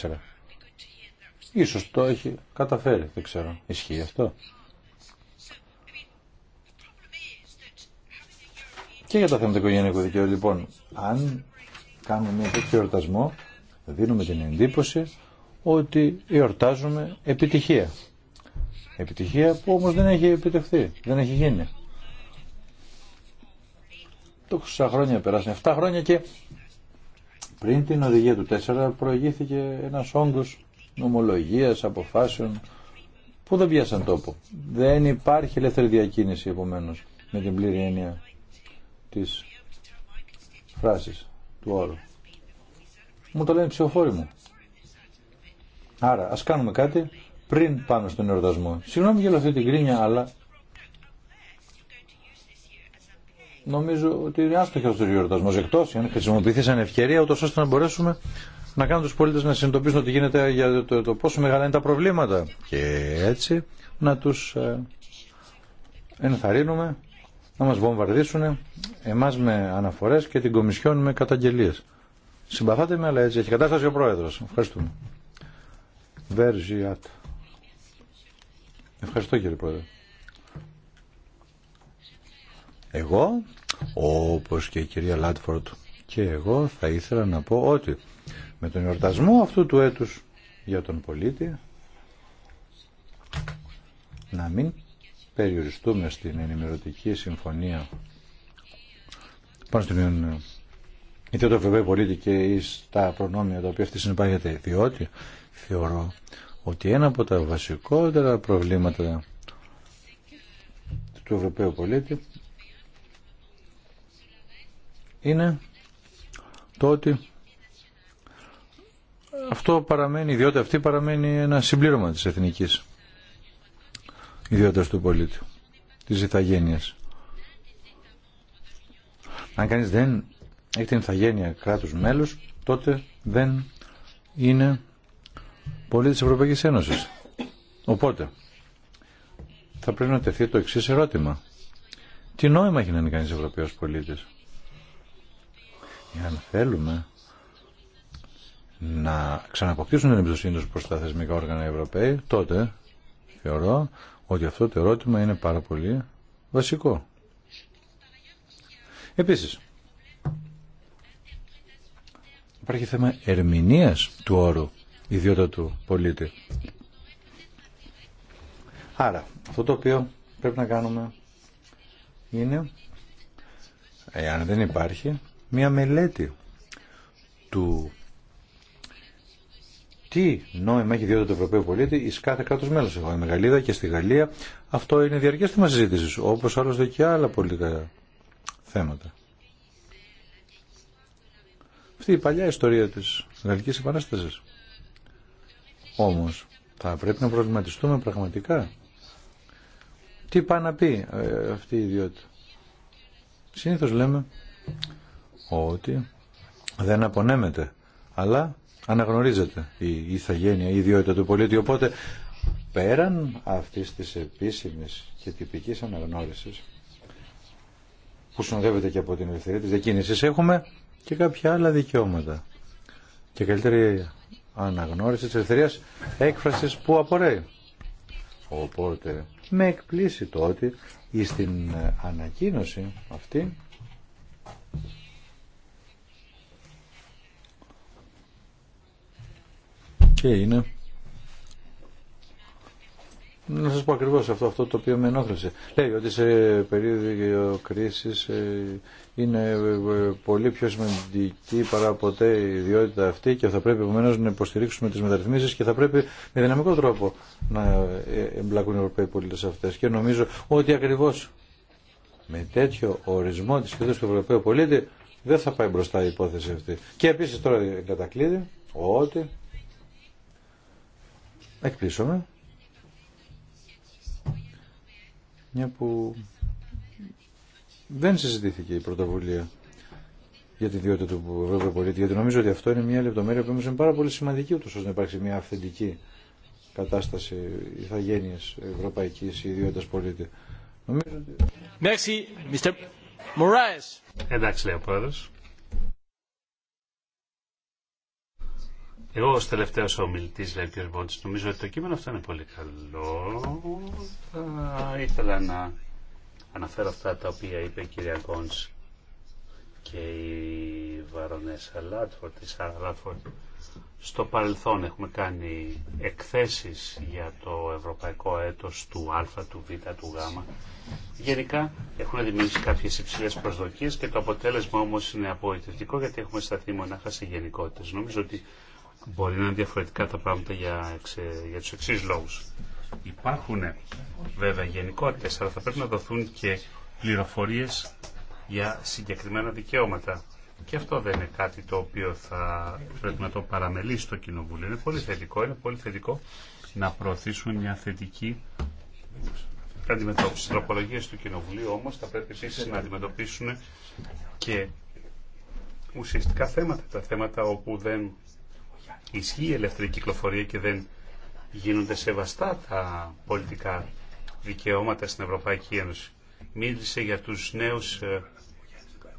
Ίσως το έχει καταφέρει, δεν ξέρω. Ισχύει αυτό. Και για τα θέματα οικογενειακού δικαίου, λοιπόν, αν κάνουμε τέτοιο εορτασμό δίνουμε την εντύπωση ότι εορτάζουμε επιτυχία. Επιτυχία που όμως δεν έχει επιτευχθεί, δεν έχει γίνει. Τόσα χρόνια περάσαν, 7 χρόνια και πριν την οδηγία του 4 προηγήθηκε ένας όγκος νομολογίας, αποφάσεων που δεν πιάσαν τόπο. Δεν υπάρχει ελεύθερη διακίνηση επομένως με την πλήρη έννοια της φράσης του όρου. Μου το λένε ψηφοφόροι μου. Άρα, ας κάνουμε κάτι πριν πάμε στον εορτασμό. Συγγνώμη για αυτή την κρίνια, αλλά νομίζω ότι είναι άστοχο του εορτασμό. Εκτό αν χρησιμοποιηθεί σαν ευκαιρία, ούτως ώστε να μπορέσουμε να κάνουμε τους πολίτες να συνειδητοποιήσουν ότι γίνεται για το, το πόσο μεγάλα είναι τα προβλήματα. Και έτσι να του ε, ενθαρρύνουμε να μας βομβαρδίσουν εμάς με αναφορές και την Κομισιόν με καταγγελίες. Συμπαθάτε με, αλλά έτσι έχει κατάσταση ο Πρόεδρος. Ευχαριστούμε. Βερζιάτ. Ευχαριστώ κύριε Πρόεδρε. Εγώ, όπως και η κυρία Λάτφορντ και εγώ θα ήθελα να πω ότι με τον εορτασμό αυτού του έτους για τον πολίτη να μην περιοριστούμε στην ενημερωτική συμφωνία πάνω στην ε, είτε το ευρωπαϊκό πολίτη και στα προνόμια τα οποία αυτή συνεπάγεται διότι θεωρώ ότι ένα από τα βασικότερα προβλήματα του Ευρωπαίου πολίτη είναι το ότι αυτό παραμένει, διότι αυτή παραμένει ένα συμπλήρωμα της εθνικής ιδιότητας του πολίτη, της Ιθαγένειας. Αν κανείς δεν έχει την ηθαγένεια κράτους μέλους, τότε δεν είναι πολίτης της Ευρωπαϊκής Ένωσης. Οπότε, θα πρέπει να τεθεί το εξής ερώτημα. Τι νόημα έχει να είναι κανείς Ευρωπαίος πολίτης. Εάν θέλουμε να ξαναποκτήσουν την εμπιστοσύνη του προ τα θεσμικά όργανα Ευρωπαίοι, τότε θεωρώ ότι αυτό το ερώτημα είναι πάρα πολύ βασικό. Επίσης, υπάρχει θέμα ερμηνείας του όρου ιδιότητα του πολίτη. Άρα, αυτό το οποίο πρέπει να κάνουμε είναι, εάν δεν υπάρχει, μία μελέτη του τι νόημα έχει ιδιότητα του Ευρωπαίου πολίτη ει κάθε κράτο μέλο. Εγώ είμαι Γαλλίδα και στη Γαλλία αυτό είναι διαρκέ θέμα συζήτηση, όπω άλλωστε και άλλα πολιτικά θέματα. Αυτή η παλιά ιστορία τη Γαλλική Επανάσταση. Όμω θα πρέπει να προβληματιστούμε πραγματικά. Τι πάει να πει ε, αυτή η ιδιότητα. Συνήθως λέμε ότι δεν απονέμεται, αλλά αναγνωρίζεται η ηθαγένεια, η ιδιότητα του πολίτη. Οπότε πέραν αυτής της επίσημης και τυπικής αναγνώρισης που συνοδεύεται και από την ελευθερία της διακίνησης έχουμε και κάποια άλλα δικαιώματα και καλύτερη αναγνώριση της ελευθερίας έκφρασης που απορρέει. Οπότε με εκπλήσει το ότι στην ανακοίνωση αυτή και είναι να σας πω ακριβώς αυτό, αυτό το οποίο με ενόχλησε. Λέει ότι σε περίοδο κρίσης ε, είναι ε, ε, πολύ πιο σημαντική παρά ποτέ η ιδιότητα αυτή και θα πρέπει επομένως να υποστηρίξουμε τις μεταρρυθμίσεις και θα πρέπει με δυναμικό τρόπο να εμπλακούν οι Ευρωπαίοι πολίτες αυτές. Και νομίζω ότι ακριβώς με τέτοιο ορισμό της κοινότητας του Ευρωπαίου πολίτη δεν θα πάει μπροστά η υπόθεση αυτή. Και επίσης τώρα κατακλείδη ότι εκπλήσωμε μια που δεν συζητήθηκε η πρωτοβουλία για τη ιδιότητα του Ευρωπαϊκού Πολίτη, γιατί νομίζω ότι αυτό είναι μια λεπτομέρεια που είναι πάρα πολύ σημαντική, ούτως ώστε να υπάρξει μια αυθεντική κατάσταση ηθαγένειας ευρωπαϊκής ιδιότητας πολίτη. Νομίζω ότι... Merci, Εντάξει, λέει ο Εγώ ως τελευταίος ομιλητής, λέει ο κ. Μπόντς, νομίζω ότι το κείμενο αυτό είναι πολύ καλό. Θα ήθελα να αναφέρω αυτά τα οποία είπε η κυρία Γκόντς και η Βαρονέσα τη της Στο παρελθόν έχουμε κάνει εκθέσεις για το ευρωπαϊκό έτος του Α, του Β, του Γ. Γενικά έχουν δημιουργήσει κάποιες υψηλές προσδοκίες και το αποτέλεσμα όμως είναι απογοητευτικό γιατί έχουμε σταθεί μονάχα σε γενικότητες. Νομίζω ότι Μπορεί να είναι διαφορετικά τα πράγματα για, για τους εξής λόγους. Υπάρχουν βέβαια γενικότητες, αλλά θα πρέπει να δοθούν και πληροφορίες για συγκεκριμένα δικαιώματα. Και αυτό δεν είναι κάτι το οποίο θα πρέπει να το παραμελεί στο Κοινοβούλιο. Είναι πολύ θετικό, είναι πολύ θετικό να προωθήσουν μια θετική αντιμετώπιση. Οι τροπολογίες του Κοινοβουλίου όμως θα πρέπει επίση να αντιμετωπίσουν και ουσιαστικά θέματα, τα θέματα όπου δεν ισχύει η ελεύθερη κυκλοφορία και δεν γίνονται σεβαστά τα πολιτικά δικαιώματα στην Ευρωπαϊκή Ένωση. Μίλησε για τους νέους ε,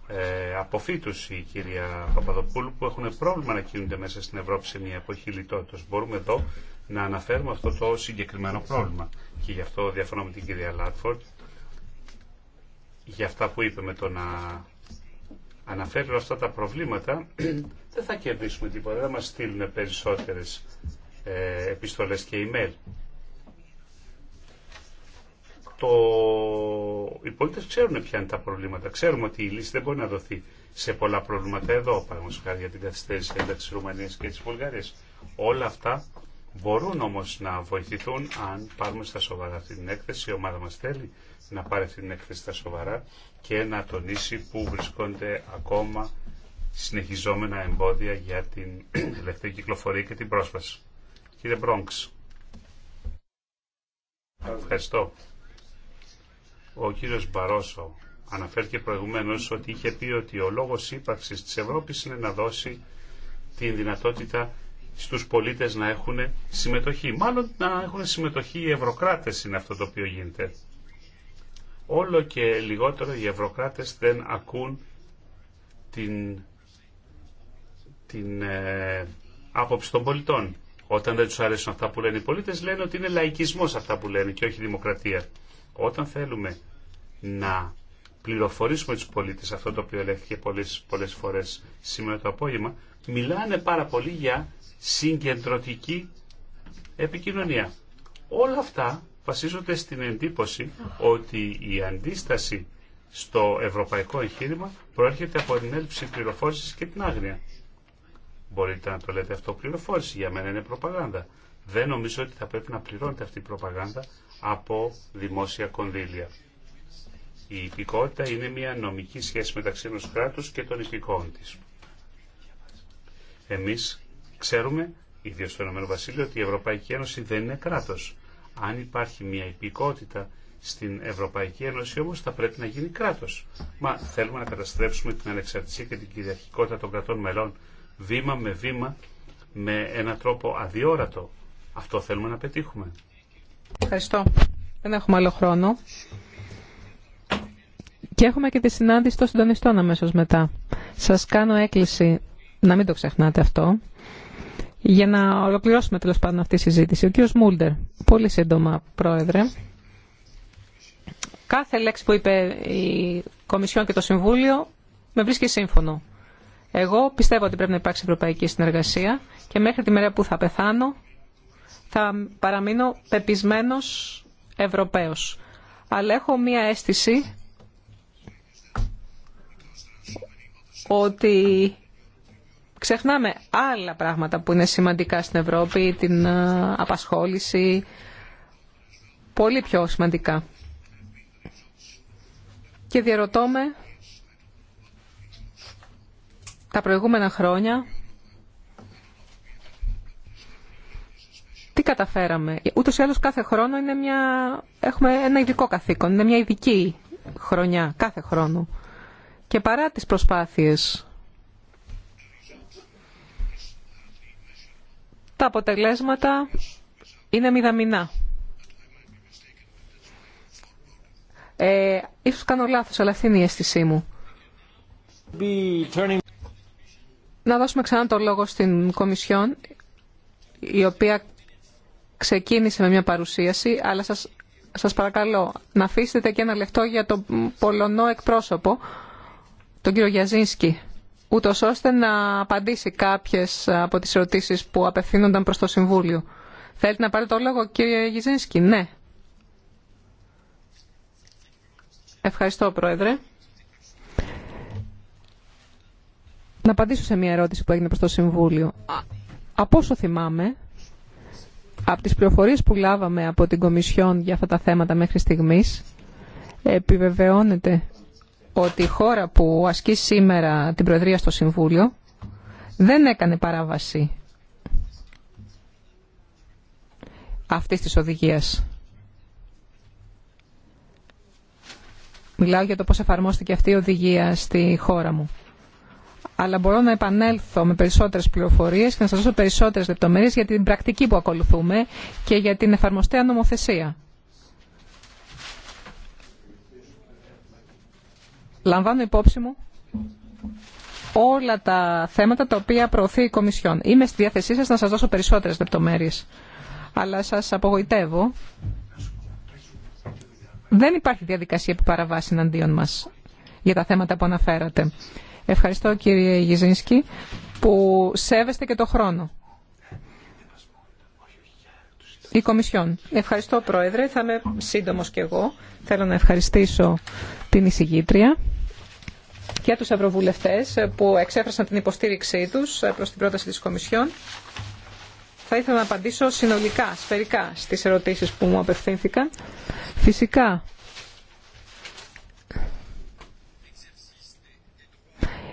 ε, αποφύτους η κυρία Παπαδοπούλου που έχουν πρόβλημα να κινούνται μέσα στην Ευρώπη σε μια εποχή λιτότητας. Μπορούμε εδώ να αναφέρουμε αυτό το συγκεκριμένο πρόβλημα. Και γι' αυτό διαφωνώ με την κυρία Λάτφορντ για αυτά που είπε με το να αναφέρουν αυτά τα προβλήματα, *clears throat* δεν θα κερδίσουμε τίποτα. Δεν μας στείλουν περισσότερες ε, επιστολές και email. Το... Οι πολίτες ξέρουν ποια είναι τα προβλήματα. Ξέρουμε ότι η λύση δεν μπορεί να δοθεί σε πολλά προβλήματα εδώ, παραδείγματος χάρη για την καθυστέρηση ένταξης Ρουμανίας και της Βουλγαρίας. Όλα αυτά μπορούν όμως να βοηθηθούν αν πάρουμε στα σοβαρά αυτή την έκθεση. Η ομάδα μας θέλει να πάρει αυτή την έκθεση στα σοβαρά και να τονίσει που βρισκόνται ακόμα συνεχιζόμενα εμπόδια για την *clears throat* ελεύθερη κυκλοφορία και την πρόσβαση. Κύριε Μπρόγκς. Ευχαριστώ. Ο κύριος Μπαρόσο αναφέρθηκε προηγουμένως ότι είχε πει ότι ο λόγος ύπαρξης της Ευρώπης είναι να δώσει την δυνατότητα στους πολίτες να έχουν συμμετοχή. Μάλλον να έχουν συμμετοχή οι ευρωκράτες είναι αυτό το οποίο γίνεται όλο και λιγότερο οι ευρωκράτες δεν ακούν την, την ε, άποψη των πολιτών. Όταν δεν τους αρέσουν αυτά που λένε οι πολίτες λένε ότι είναι λαϊκισμός αυτά που λένε και όχι δημοκρατία. Όταν θέλουμε να πληροφορήσουμε τους πολίτες αυτό το οποίο ελέγχθηκε πολλές, πολλές φορές σήμερα το απόγευμα, μιλάνε πάρα πολύ για συγκεντρωτική επικοινωνία. Όλα αυτά βασίζονται στην εντύπωση ότι η αντίσταση στο ευρωπαϊκό εγχείρημα προέρχεται από την έλλειψη πληροφόρηση και την άγνοια. Μπορείτε να το λέτε αυτό πληροφόρηση, για μένα είναι προπαγάνδα. Δεν νομίζω ότι θα πρέπει να πληρώνεται αυτή η προπαγάνδα από δημόσια κονδύλια. Η υπηκότητα είναι μια νομική σχέση μεταξύ ενός κράτους και των υπηκόων της. Εμείς ξέρουμε, ιδίως στο Ηνωμένο Βασίλειο, ότι η Ευρωπαϊκή Ένωση δεν είναι κράτος. Αν υπάρχει μια υπηκότητα στην Ευρωπαϊκή Ένωση όμως θα πρέπει να γίνει κράτος. Μα θέλουμε να καταστρέψουμε την ανεξαρτησία και την κυριαρχικότητα των κρατών μελών βήμα με βήμα με έναν τρόπο αδιόρατο. Αυτό θέλουμε να πετύχουμε. Ευχαριστώ. Δεν έχουμε άλλο χρόνο. Και έχουμε και τη συνάντηση των συντονιστών αμέσως μετά. Σας κάνω έκκληση να μην το ξεχνάτε αυτό για να ολοκληρώσουμε τέλο πάντων αυτή τη συζήτηση. Ο κύριος Μούλτερ, πολύ σύντομα πρόεδρε. Κάθε λέξη που είπε η Κομισιόν και το Συμβούλιο με βρίσκει σύμφωνο. Εγώ πιστεύω ότι πρέπει να υπάρξει ευρωπαϊκή συνεργασία και μέχρι τη μέρα που θα πεθάνω θα παραμείνω πεπισμένος Ευρωπαίος. Αλλά έχω μία αίσθηση ότι ξεχνάμε άλλα πράγματα που είναι σημαντικά στην Ευρώπη, την ε, απασχόληση, πολύ πιο σημαντικά. Και διαρωτώ με, τα προηγούμενα χρόνια τι καταφέραμε. Ούτως ή άλλως κάθε χρόνο είναι μια... έχουμε ένα ειδικό καθήκον, είναι μια ειδική χρονιά κάθε χρόνο. Και παρά τις προσπάθειες τα αποτελέσματα είναι μηδαμινά. Ε, ίσως κάνω λάθος, αλλά αυτή είναι η αίσθησή μου. Να δώσουμε ξανά τον λόγο στην Κομισιόν, η οποία ξεκίνησε με μια παρουσίαση, αλλά σας, σας παρακαλώ να αφήσετε και ένα λεπτό για τον Πολωνό εκπρόσωπο, τον κύριο Γιαζίνσκι ούτω ώστε να απαντήσει κάποιες από τις ερωτήσεις που απευθύνονταν προς το Συμβούλιο. Θέλετε να πάρετε το λόγο κύριε Γιζίνσκι, ναι. Ευχαριστώ Πρόεδρε. Να απαντήσω σε μια ερώτηση που έγινε προς το Συμβούλιο. Από όσο θυμάμαι, από τις πληροφορίες που λάβαμε από την Κομισιόν για αυτά τα θέματα μέχρι στιγμής, επιβεβαιώνεται ότι η χώρα που ασκεί σήμερα την Προεδρία στο Συμβούλιο δεν έκανε παράβαση αυτή της οδηγίας. Μιλάω για το πώς εφαρμόστηκε αυτή η οδηγία στη χώρα μου. Αλλά μπορώ να επανέλθω με περισσότερες πληροφορίες και να σας δώσω περισσότερες λεπτομέρειες για την πρακτική που ακολουθούμε και για την εφαρμοστέα νομοθεσία. λαμβάνω υπόψη μου όλα τα θέματα τα οποία προωθεί η Κομισιόν. Είμαι στη διάθεσή σας να σας δώσω περισσότερες λεπτομέρειες. Αλλά σας απογοητεύω. Δεν υπάρχει διαδικασία που παραβάσει εναντίον μας για τα θέματα που αναφέρατε. Ευχαριστώ κύριε Γιζίνσκι που σέβεστε και το χρόνο. Η Κομισιόν. Ευχαριστώ Πρόεδρε. Θα είμαι σύντομος κι εγώ. Θέλω να ευχαριστήσω την εισηγήτρια. Για τους ευρωβουλευτές που εξέφρασαν την υποστήριξή τους προς την πρόταση της Κομισιόν. Θα ήθελα να απαντήσω συνολικά, σφαιρικά, στις ερωτήσεις που μου απευθύνθηκαν. Φυσικά,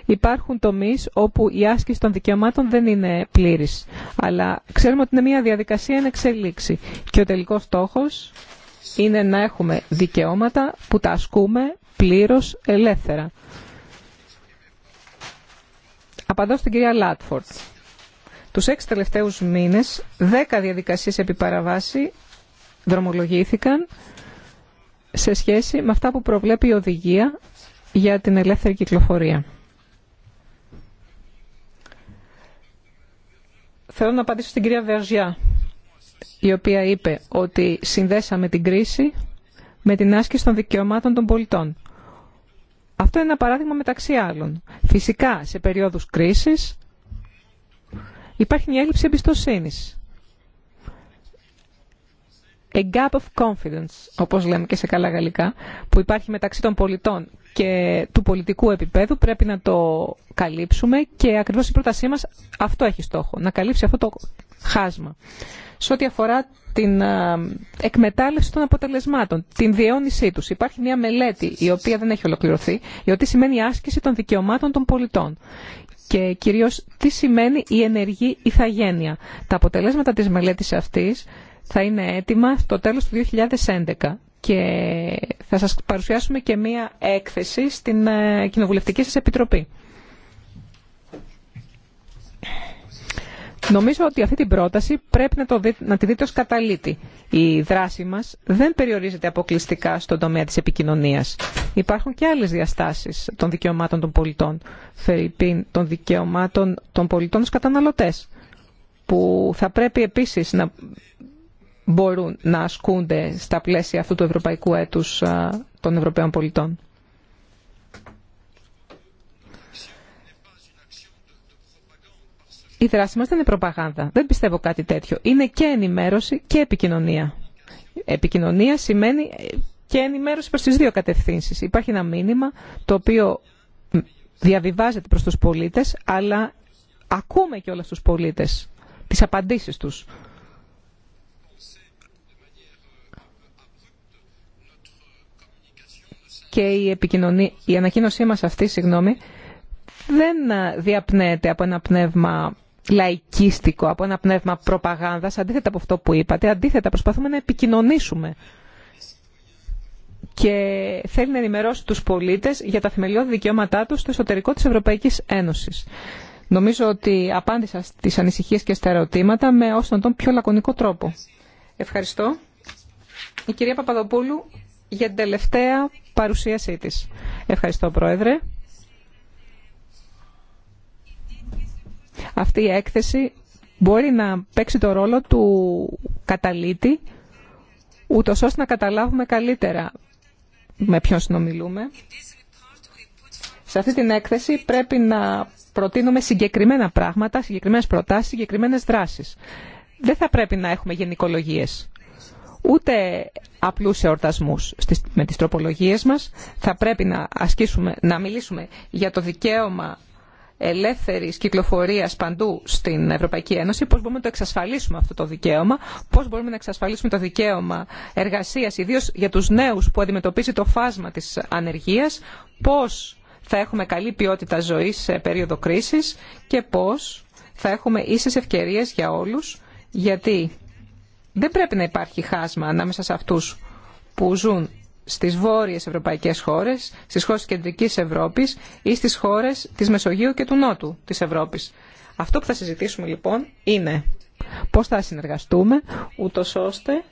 υπάρχουν τομείς όπου η άσκηση των δικαιωμάτων δεν είναι πλήρης. Αλλά ξέρουμε ότι είναι μια διαδικασία εν εξελίξει Και ο τελικός στόχος είναι να έχουμε δικαιώματα που τα ασκούμε πλήρως ελεύθερα απαντώ στην κυρία Λάτφορτ. Τους έξι τελευταίους μήνες, δέκα διαδικασίες επί παραβάση δρομολογήθηκαν σε σχέση με αυτά που προβλέπει η οδηγία για την ελεύθερη κυκλοφορία. Θέλω να απαντήσω στην κυρία Βερζιά, η οποία είπε ότι συνδέσαμε την κρίση με την άσκηση των δικαιωμάτων των πολιτών. Αυτό είναι ένα παράδειγμα μεταξύ άλλων. Φυσικά, σε περίοδους κρίσης υπάρχει μια έλλειψη εμπιστοσύνης. A gap of confidence, όπως λέμε και σε καλά γαλλικά, που υπάρχει μεταξύ των πολιτών και του πολιτικού επίπεδου, πρέπει να το καλύψουμε και ακριβώς η πρότασή μας αυτό έχει στόχο, να καλύψει αυτό το χάσμα σε ό,τι αφορά την ε, εκμετάλλευση των αποτελεσμάτων, την διαιώνισή τους. Υπάρχει μια μελέτη η οποία δεν έχει ολοκληρωθεί, η οποία σημαίνει άσκηση των δικαιωμάτων των πολιτών και κυρίως τι σημαίνει η ενεργή ηθαγένεια. Τα αποτελέσματα της μελέτης αυτής θα είναι έτοιμα στο τέλος του 2011 και θα σας παρουσιάσουμε και μία έκθεση στην ε, Κοινοβουλευτική σας Επιτροπή. Νομίζω ότι αυτή την πρόταση πρέπει να, το δει, να τη δείτε ως καταλήτη. Η δράση μας δεν περιορίζεται αποκλειστικά στον τομέα της επικοινωνίας. Υπάρχουν και άλλες διαστάσεις των δικαιωμάτων των πολιτών, φερρυπίν των δικαιωμάτων των πολιτών ως καταναλωτές, που θα πρέπει επίσης να μπορούν να ασκούνται στα πλαίσια αυτού του ευρωπαϊκού έτους των Ευρωπαίων πολιτών. η δράση μας δεν είναι προπαγάνδα. Δεν πιστεύω κάτι τέτοιο. Είναι και ενημέρωση και επικοινωνία. Επικοινωνία σημαίνει ε, και ενημέρωση προς τις δύο κατευθύνσεις. Υπάρχει ένα μήνυμα το οποίο διαβιβάζεται προς τους πολίτες, αλλά ακούμε και όλα τους πολίτες τις απαντήσεις τους. Και η, επικοινωνία, η ανακοίνωσή μας αυτή, συγγνώμη, δεν ε, διαπνέεται από ένα πνεύμα λαϊκίστικο, από ένα πνεύμα προπαγάνδας, αντίθετα από αυτό που είπατε, αντίθετα προσπαθούμε να επικοινωνήσουμε και θέλει να ενημερώσει τους πολίτες για τα θεμελιώδη δικαιώματά τους στο εσωτερικό της Ευρωπαϊκής Ένωσης. Νομίζω ότι απάντησα στις ανησυχίες και στα ερωτήματα με όσο τον πιο λακωνικό τρόπο. Ευχαριστώ. Η κυρία Παπαδοπούλου για την τελευταία παρουσίασή της. Ευχαριστώ, Πρόεδρε. αυτή η έκθεση μπορεί να παίξει το ρόλο του καταλήτη, ούτω ώστε να καταλάβουμε καλύτερα με ποιον συνομιλούμε. Σε αυτή την έκθεση πρέπει να προτείνουμε συγκεκριμένα πράγματα, συγκεκριμένες προτάσεις, συγκεκριμένες δράσεις. Δεν θα πρέπει να έχουμε γενικολογίες, ούτε απλούς εορτασμούς με τις τροπολογίες μας. Θα πρέπει να, ασκήσουμε, να μιλήσουμε για το δικαίωμα Ελεύθερη κυκλοφορία παντού στην Ευρωπαϊκή Ένωση, πώς μπορούμε να το εξασφαλίσουμε αυτό το δικαίωμα, πώς μπορούμε να εξασφαλίσουμε το δικαίωμα εργασίας, ιδίως για τους νέους που αντιμετωπίζει το φάσμα της ανεργίας, πώς θα έχουμε καλή ποιότητα ζωής σε περίοδο κρίσης και πώς θα έχουμε ίσες ευκαιρίες για όλου, γιατί δεν πρέπει να υπάρχει χάσμα ανάμεσα σε αυτού που ζουν στις βόρειες ευρωπαϊκές χώρες, στις χώρες της κεντρικής Ευρώπης ή στις χώρες της Μεσογείου και του Νότου της Ευρώπης. Αυτό που θα συζητήσουμε λοιπόν είναι πώς θα συνεργαστούμε ούτω ώστε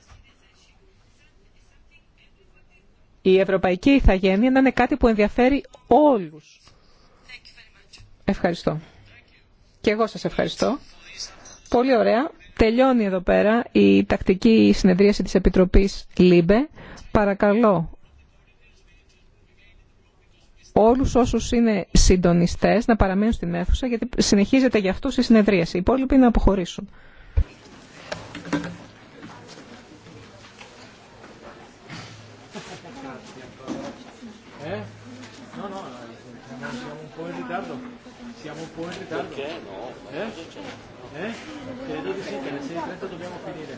η ευρωπαϊκή ηθαγένεια να είναι κάτι που ενδιαφέρει όλους. Ευχαριστώ. Και εγώ σας ευχαριστώ. Πολύ ωραία. Τελειώνει εδώ πέρα η τακτική συνεδρίαση της Επιτροπής ΛΥΜΠΕ. Παρακαλώ όλους όσους είναι συντονιστές να παραμείνουν στην αίθουσα γιατί συνεχίζεται για αυτούς η συνεδρίαση. Οι υπόλοιποι να αποχωρήσουν. siamo un po' in ritardo. Perché? No. Eh? Eh? Credo di sì, che alle 6.30 dobbiamo finire.